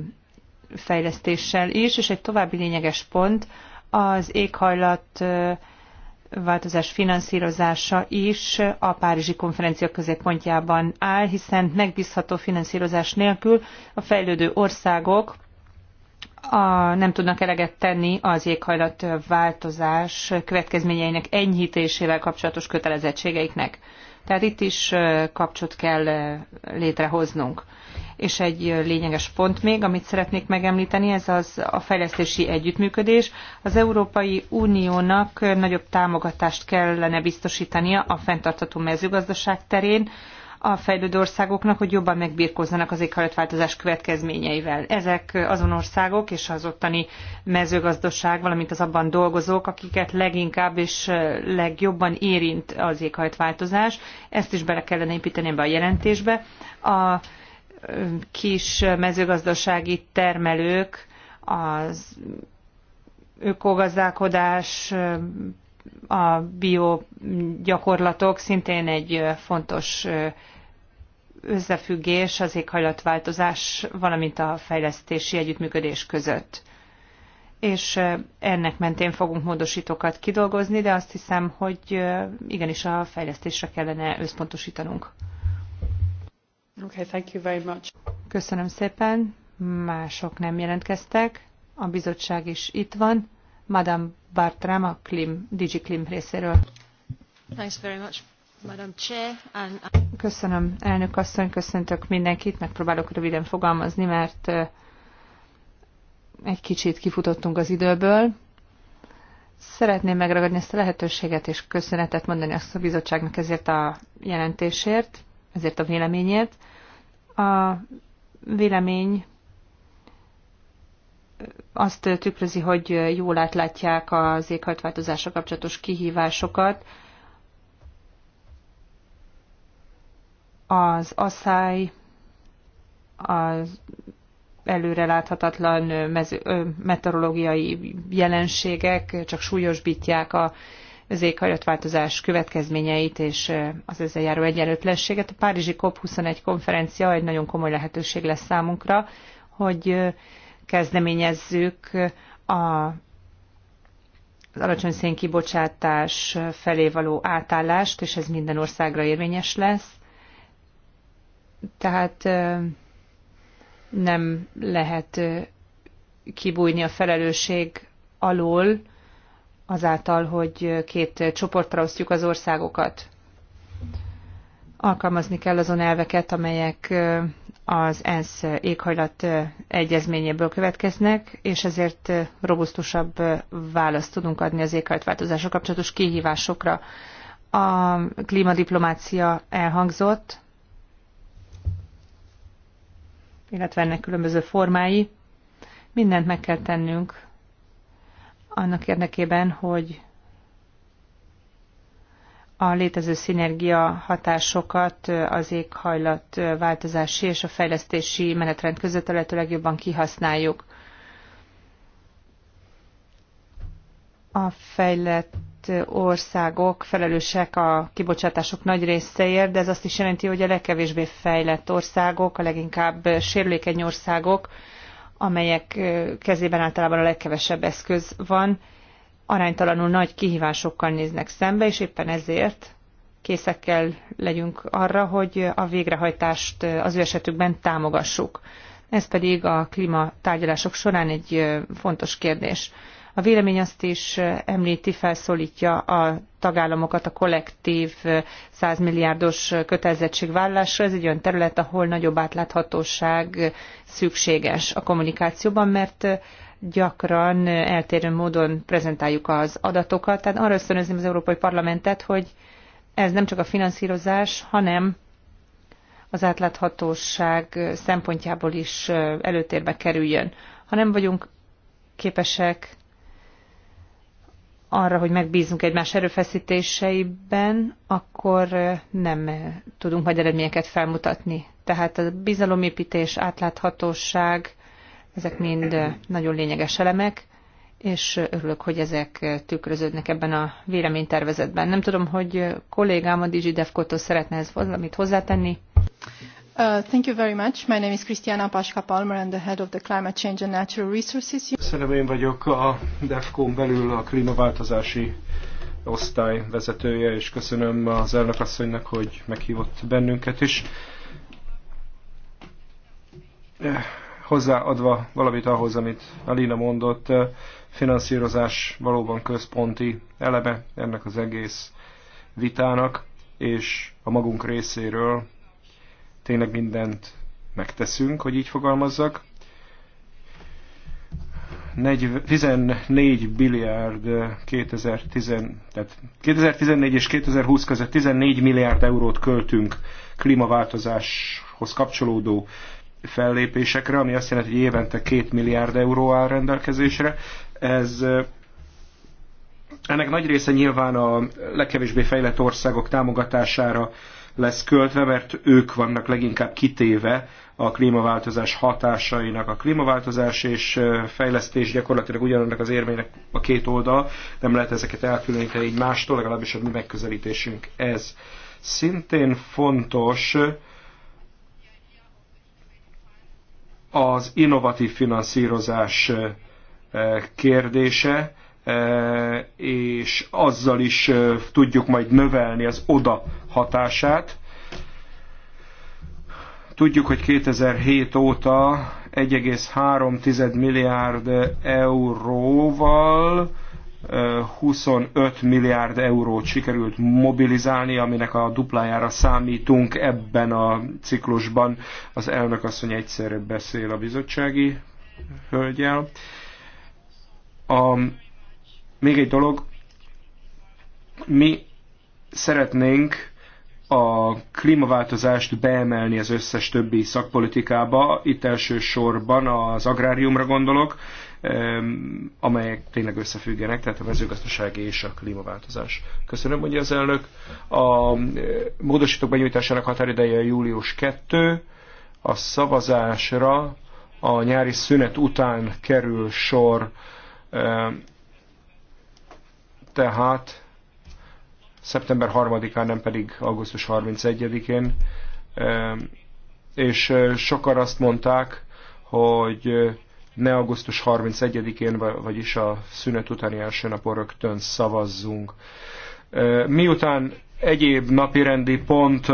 fejlesztéssel is, és egy további lényeges pont az éghajlat változás finanszírozása is a Párizsi konferencia középpontjában áll, hiszen megbízható finanszírozás nélkül a fejlődő országok a, nem tudnak eleget tenni az éghajlatváltozás következményeinek enyhítésével kapcsolatos kötelezettségeiknek. Tehát itt is kapcsot kell létrehoznunk. És egy lényeges pont még, amit szeretnék megemlíteni, ez az a fejlesztési együttműködés. Az Európai Uniónak nagyobb támogatást kellene biztosítania a fenntartható mezőgazdaság terén, a fejlődő országoknak, hogy jobban megbírkozzanak az éghajlatváltozás következményeivel. Ezek azon országok és az ottani mezőgazdaság, valamint az abban dolgozók, akiket leginkább és legjobban érint az éghajlatváltozás. Ezt is bele kellene építeni ebbe a jelentésbe. A kis mezőgazdasági termelők, az ökogazdálkodás a bio gyakorlatok szintén egy fontos összefüggés az éghajlatváltozás, valamint a fejlesztési együttműködés között. És ennek mentén fogunk módosítókat kidolgozni, de azt hiszem, hogy igenis a fejlesztésre kellene összpontosítanunk. Okay, thank you very much. Köszönöm szépen. Mások nem jelentkeztek. A bizottság is itt van. Madame Klim, Klim részéről. Thanks very much. Köszönöm, elnök asszony, köszöntök mindenkit, megpróbálok röviden fogalmazni, mert egy kicsit kifutottunk az időből. Szeretném megragadni ezt a lehetőséget, és köszönetet mondani a bizottságnak ezért a jelentésért, ezért a véleményért. A vélemény azt tükrözi, hogy jól átlátják az éghajtváltozásra kapcsolatos kihívásokat. Az asszály, az előreláthatatlan mező, meteorológiai jelenségek csak súlyosbítják a az éghajlatváltozás következményeit és az ezzel járó egyenlőtlenséget. A Párizsi COP21 konferencia egy nagyon komoly lehetőség lesz számunkra, hogy kezdeményezzük a az alacsony szénkibocsátás felé való átállást, és ez minden országra érvényes lesz. Tehát nem lehet kibújni a felelősség alól azáltal, hogy két csoportra osztjuk az országokat. Alkalmazni kell azon elveket, amelyek az ENSZ éghajlat egyezményéből következnek, és ezért robusztusabb választ tudunk adni az éghajlatváltozások kapcsolatos kihívásokra. A klímadiplomácia elhangzott, illetve ennek különböző formái. Mindent meg kell tennünk annak érdekében, hogy a létező szinergia hatásokat az éghajlat változási és a fejlesztési menetrend között a lehető legjobban kihasználjuk. A fejlett országok felelősek a kibocsátások nagy részéért, de ez azt is jelenti, hogy a legkevésbé fejlett országok, a leginkább sérülékeny országok, amelyek kezében általában a legkevesebb eszköz van, aránytalanul nagy kihívásokkal néznek szembe, és éppen ezért készek kell legyünk arra, hogy a végrehajtást az ő esetükben támogassuk. Ez pedig a klímatárgyalások során egy fontos kérdés. A vélemény azt is említi, felszólítja a tagállamokat a kollektív 100 milliárdos kötelezettségvállalásra. Ez egy olyan terület, ahol nagyobb átláthatóság szükséges a kommunikációban, mert gyakran eltérő módon prezentáljuk az adatokat. Tehát arra ösztönözném az Európai Parlamentet, hogy ez nem csak a finanszírozás, hanem az átláthatóság szempontjából is előtérbe kerüljön. Ha nem vagyunk képesek arra, hogy megbízunk egymás erőfeszítéseiben, akkor nem tudunk majd eredményeket felmutatni. Tehát a bizalomépítés, átláthatóság, ezek mind nagyon lényeges elemek, és örülök, hogy ezek tükröződnek ebben a véleménytervezetben. Nem tudom, hogy kollégám a DigiDevCo-tól szeretne ez valamit hozzátenni. Uh, thank you very much. My name is Christiana Paska Palmer, and the head of the Climate Change and Natural Resources. Köszönöm, én vagyok a DEFCON belül a klímaváltozási osztály vezetője, és köszönöm az elnökasszonynak, hogy meghívott bennünket is. Eh, hozzáadva valamit ahhoz, amit Alina mondott, eh, finanszírozás valóban központi eleme ennek az egész vitának, és a magunk részéről tényleg mindent megteszünk, hogy így fogalmazzak. 14 milliárd 2010, eh, tehát 2014 és 2020 között 14 milliárd eurót költünk klímaváltozáshoz kapcsolódó fellépésekre, ami azt jelenti, hogy évente két milliárd euró áll rendelkezésre. Ez ennek nagy része nyilván a legkevésbé fejlett országok támogatására lesz költve, mert ők vannak leginkább kitéve a klímaváltozás hatásainak. A klímaváltozás és fejlesztés gyakorlatilag ugyanannak az érmének a két oldal, nem lehet ezeket elkülöníteni egymástól, legalábbis a mi megközelítésünk ez. Szintén fontos, az innovatív finanszírozás kérdése, és azzal is tudjuk majd növelni az oda hatását. Tudjuk, hogy 2007 óta 1,3 milliárd euróval 25 milliárd eurót sikerült mobilizálni, aminek a duplájára számítunk ebben a ciklusban. Az elnök asszony egyszerre beszél a bizottsági hölgyel. A, még egy dolog, mi szeretnénk a klímaváltozást beemelni az összes többi szakpolitikába, itt elsősorban az agráriumra gondolok, amelyek tényleg összefüggenek, tehát a mezőgazdaság és a klímaváltozás. Köszönöm, hogy az elnök. A e, módosítók benyújtásának határideje július 2, a szavazásra a nyári szünet után kerül sor, tehát szeptember 3-án, nem pedig augusztus 31-én, és e, sokan azt mondták, hogy ne augusztus 31-én, vagyis a szünet utáni első napon rögtön szavazzunk. Miután egyéb napirendi pont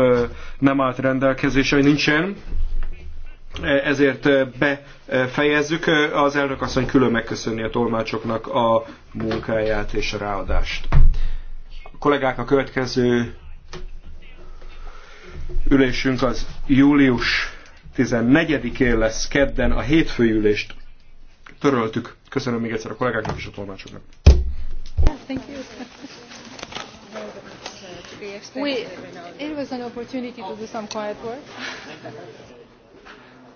nem állt rendelkezésre, nincsen, ezért befejezzük. Az elnök asszony külön megköszönni a tolmácsoknak a munkáját és a ráadást. A kollégák, a következő ülésünk az július 14-én lesz kedden, a hétfőülést töröltük. Köszönöm még egyszer a kollégáknak és a tolmácsoknak. Yeah, Thank you. We, it was an opportunity to do some quiet work.